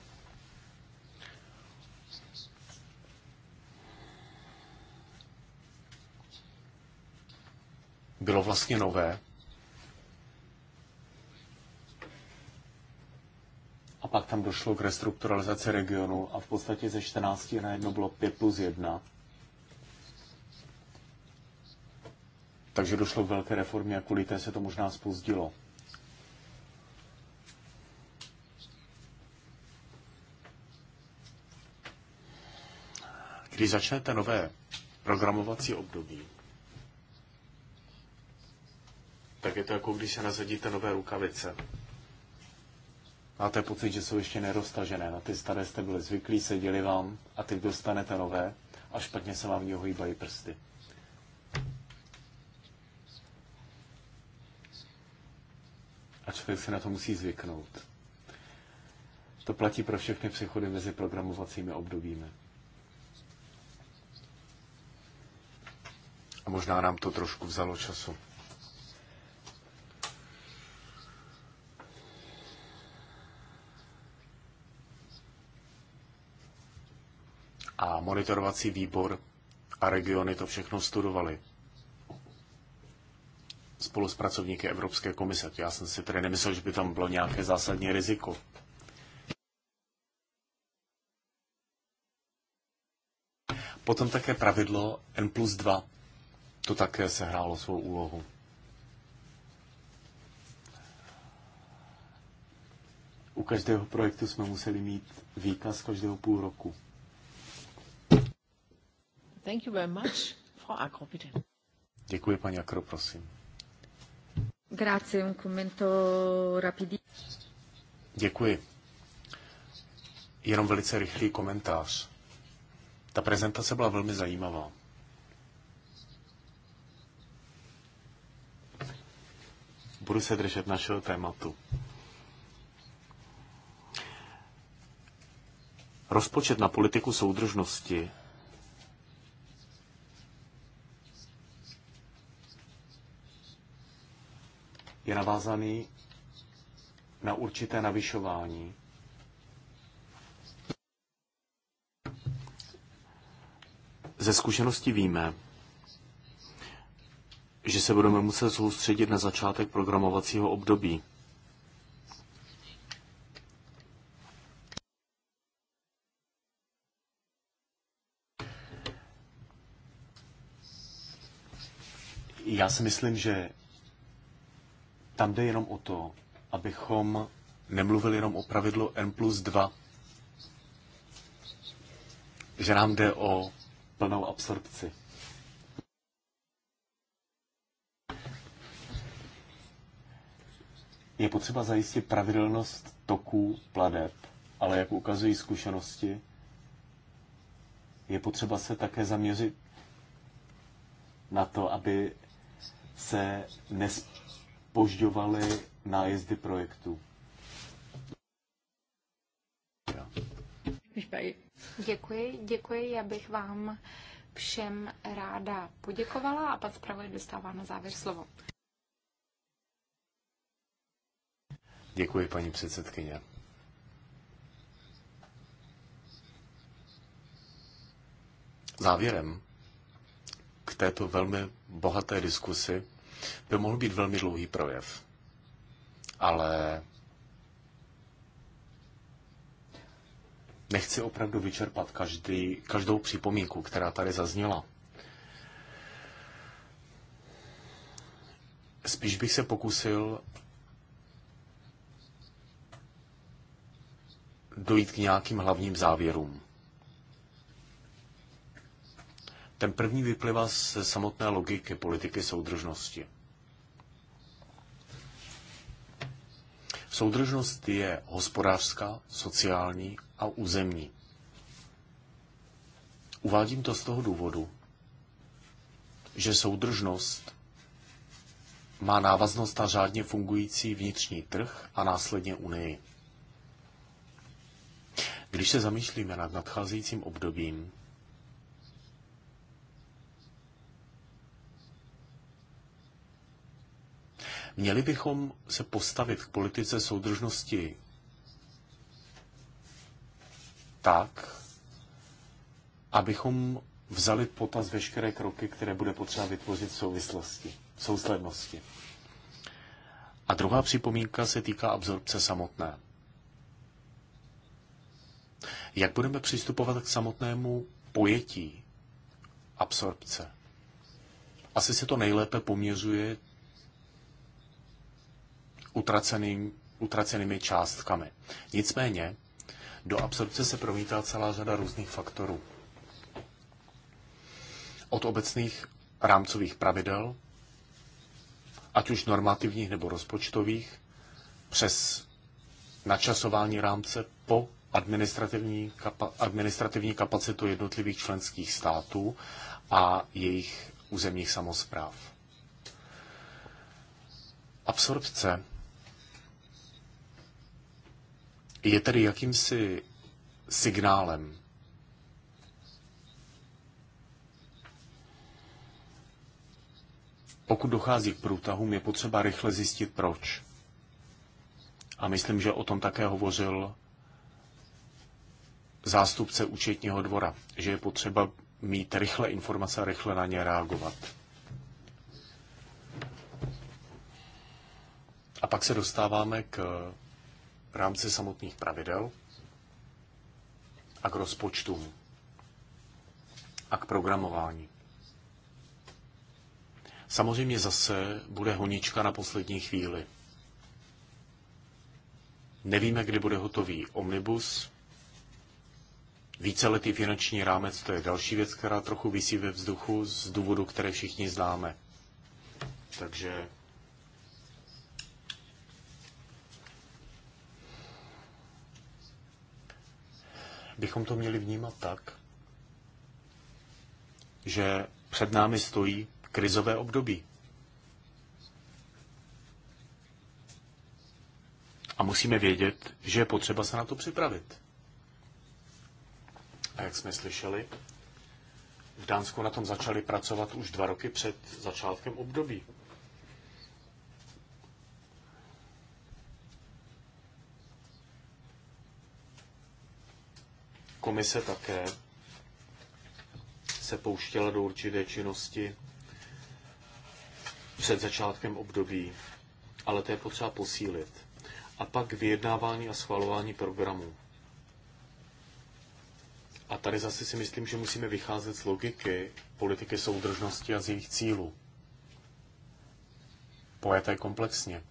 Bylo vlastně nové. A pak tam došlo k restrukturalizaci regionu a v podstatě ze 14 na jedno bylo 5 plus 1. Takže došlo k velké reformě a kvůli té se to možná spozdilo. Když začnete nové programovací období, tak je to jako když se nazadíte nové rukavice. Máte pocit, že jsou ještě neroztažené. Na ty staré jste byli zvyklí, seděli vám a teď dostanete nové a špatně se vám v něho hýbají prsty. A člověk se na to musí zvyknout. To platí pro všechny přechody mezi programovacími obdobími. A možná nám to trošku vzalo času. A monitorovací výbor a regiony to všechno studovali spolu s pracovníky Evropské komise. Já jsem si tedy nemyslel, že by tam bylo nějaké zásadní riziko. Potom také pravidlo N plus 2 to také sehrálo svou úlohu. U každého projektu jsme museli mít výkaz každého půl roku. Thank you very much. Frau our Děkuji, paní Akro, prosím. Grazie, un commento rapidi. Děkuji. Jenom velice rychlý komentář. Ta prezentace byla velmi zajímavá. budu se držet našeho tématu. Rozpočet na politiku soudržnosti je navázaný na určité navyšování. Ze zkušenosti víme, že se budeme muset soustředit na začátek programovacího období. Já si myslím, že tam jde jenom o to, abychom nemluvili jenom o pravidlu N plus 2, že nám jde o plnou absorpci. Je potřeba zajistit pravidelnost toků pladeb, ale jak ukazují zkušenosti, je potřeba se také zaměřit na to, aby se nespožďovaly nájezdy projektu. Děkuji, děkuji, já bych vám všem ráda poděkovala a pan zpravodaj dostává na závěr slovo. Děkuji, paní předsedkyně. Závěrem k této velmi bohaté diskusi by mohl být velmi dlouhý projev, ale nechci opravdu vyčerpat každý, každou připomínku, která tady zazněla. Spíš bych se pokusil dojít k nějakým hlavním závěrům. Ten první vyplývá z samotné logiky politiky soudržnosti. Soudržnost je hospodářská, sociální a územní. Uvádím to z toho důvodu, že soudržnost má návaznost na řádně fungující vnitřní trh a následně Unii. Když se zamýšlíme nad nadcházejícím obdobím, Měli bychom se postavit k politice soudržnosti tak, abychom vzali potaz veškeré kroky, které bude potřeba vytvořit v souvislosti, v souslednosti. A druhá připomínka se týká absorpce samotné. Jak budeme přistupovat k samotnému pojetí absorpce? Asi se to nejlépe poměřuje utraceným, utracenými částkami. Nicméně do absorpce se promítá celá řada různých faktorů. Od obecných rámcových pravidel, ať už normativních nebo rozpočtových, přes načasování rámce po administrativní, kapa, administrativní kapacitu jednotlivých členských států a jejich územních samozpráv. Absorpce je tedy jakýmsi signálem. Pokud dochází k průtahům, je potřeba rychle zjistit proč. A myslím, že o tom také hovořil zástupce účetního dvora, že je potřeba mít rychle informace a rychle na ně reagovat. A pak se dostáváme k rámci samotných pravidel a k rozpočtům a k programování. Samozřejmě zase bude honička na poslední chvíli. Nevíme, kdy bude hotový omnibus, Víceletý finanční rámec, to je další věc, která trochu vysí ve vzduchu z důvodu, které všichni známe. Takže bychom to měli vnímat tak, že před námi stojí krizové období. A musíme vědět, že je potřeba se na to připravit. A jak jsme slyšeli, v Dánsku na tom začali pracovat už dva roky před začátkem období. Komise také se pouštěla do určité činnosti před začátkem období, ale to je potřeba posílit. A pak vyjednávání a schvalování programů. A tady zase si myslím, že musíme vycházet z logiky politiky soudržnosti a z jejich cílů. Pojeté komplexně.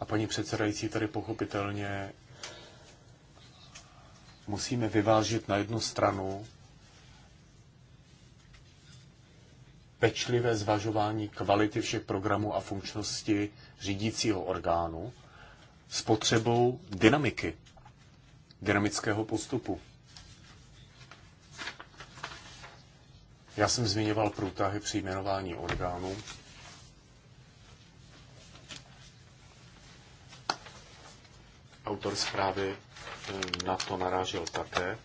A paní předsedající tady pochopitelně musíme vyvážit na jednu stranu pečlivé zvažování kvality všech programů a funkčnosti řídícího orgánu s potřebou dynamiky dynamického postupu. Já jsem zmiňoval průtahy při jmenování orgánů. Autor zprávy eh, na to narážel také,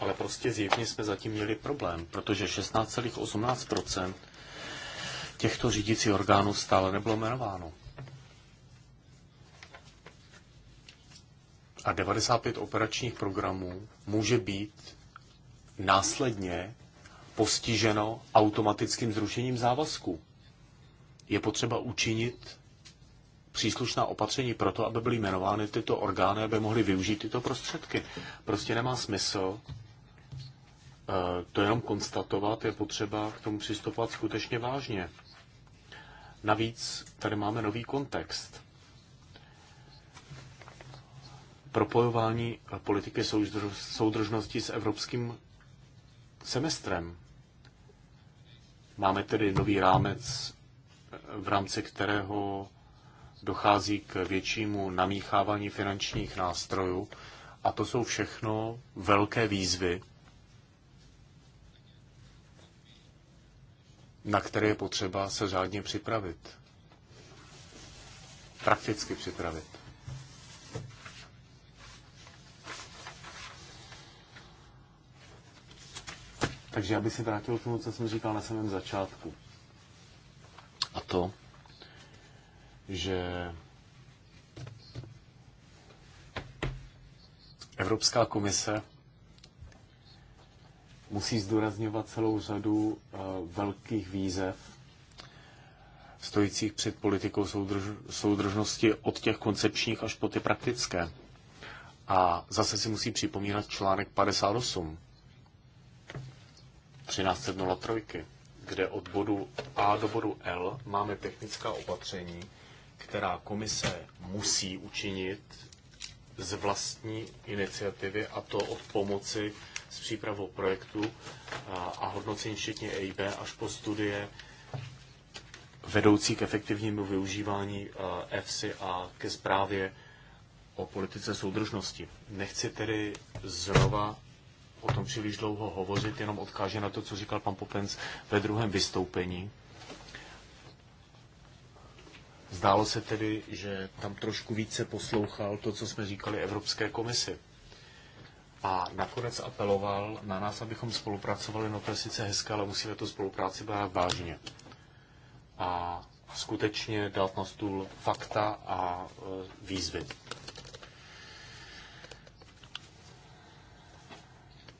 ale prostě zjevně jsme zatím měli problém, protože 16,18 těchto řídících orgánů stále nebylo jmenováno. a 95 operačních programů může být následně postiženo automatickým zrušením závazků. Je potřeba učinit příslušná opatření pro to, aby byly jmenovány tyto orgány, aby mohly využít tyto prostředky. Prostě nemá smysl eh, to jenom konstatovat, je potřeba k tomu přistupovat skutečně vážně. Navíc tady máme nový kontext. propojování politiky soudržnosti s evropským semestrem. Máme tedy nový rámec, v rámci kterého dochází k většímu namíchávání finančních nástrojů a to jsou všechno velké výzvy, na které je potřeba se řádně připravit. Prakticky připravit. Takže já bych se vrátil k tomu, co jsem říkal na samém začátku. A to, že Evropská komise musí zdůrazňovat celou řadu eh, velkých výzev, stojících před politikou soudrž, soudržnosti od těch koncepčních až po ty praktické. A zase si musí připomínat článek 58. 1303, kde od bodu A do bodu L máme technická opatření, která komise musí učinit z vlastní iniciativy, a to od pomoci s přípravou projektu a hodnocení včetně EIB až po studie vedoucí k efektivnímu využívání EFSI a ke zprávě o politice soudržnosti. Nechci tedy znova o tom příliš dlouho hovořit, jenom odkáže na to, co říkal pan Popenc ve druhém vystoupení. Zdálo se tedy, že tam trošku více poslouchal to, co jsme říkali Evropské komisi. A nakonec apeloval na nás, abychom spolupracovali. No to je sice hezké, ale musíme to spolupráci brát vážně. A skutečně dát na stůl fakta a e, výzvy.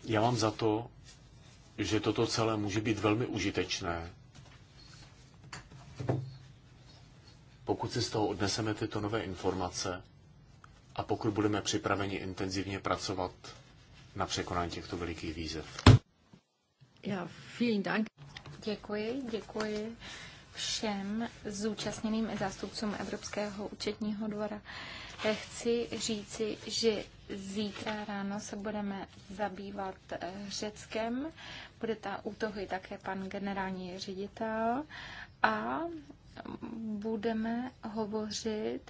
Já mám za to, že toto celé může být velmi užitečné, pokud si z toho odneseme tyto nové informace a pokud budeme připraveni intenzivně pracovat na překonání těchto velikých výzev. Já, vielen Dank. Děkuji, děkuji všem zúčastněným zástupcům Evropského účetního dvora. Chci říci, že Zítra ráno se budeme zabývat eh, Řeckem. Bude ta útohy také pan generální ředitel. A budeme hovořit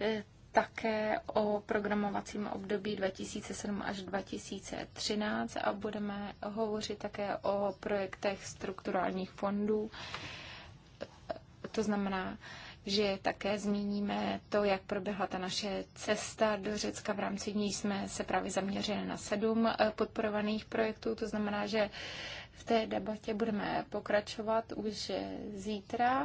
eh, také o programovacím období 2007 až 2013 a budeme hovořit také o projektech strukturálních fondů. Eh, to znamená, že také zmíníme to, jak proběhla ta naše cesta do Řecka. V rámci ní jsme se právě zaměřili na sedm eh, podporovaných projektů, to znamená, že v té debatě budeme pokračovat už eh, zítra.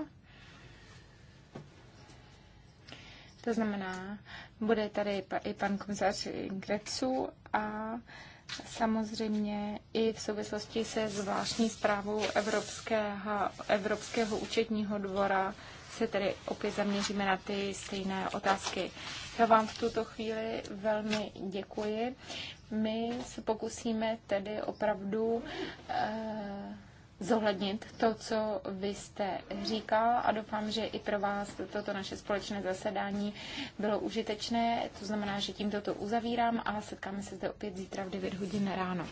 To znamená, bude tady i pan komisař Grecu a samozřejmě i v souvislosti se zvláštní zprávou Evropského, Evropského účetního dvora se tedy opět zaměříme na ty stejné otázky. Já vám v tuto chvíli velmi děkuji. My se pokusíme tedy opravdu eh, zohlednit to, co vy jste říkal a doufám, že i pro vás toto naše společné zasedání bylo užitečné. To znamená, že tímto to uzavírám a setkáme se zde opět zítra v 9 hodin ráno.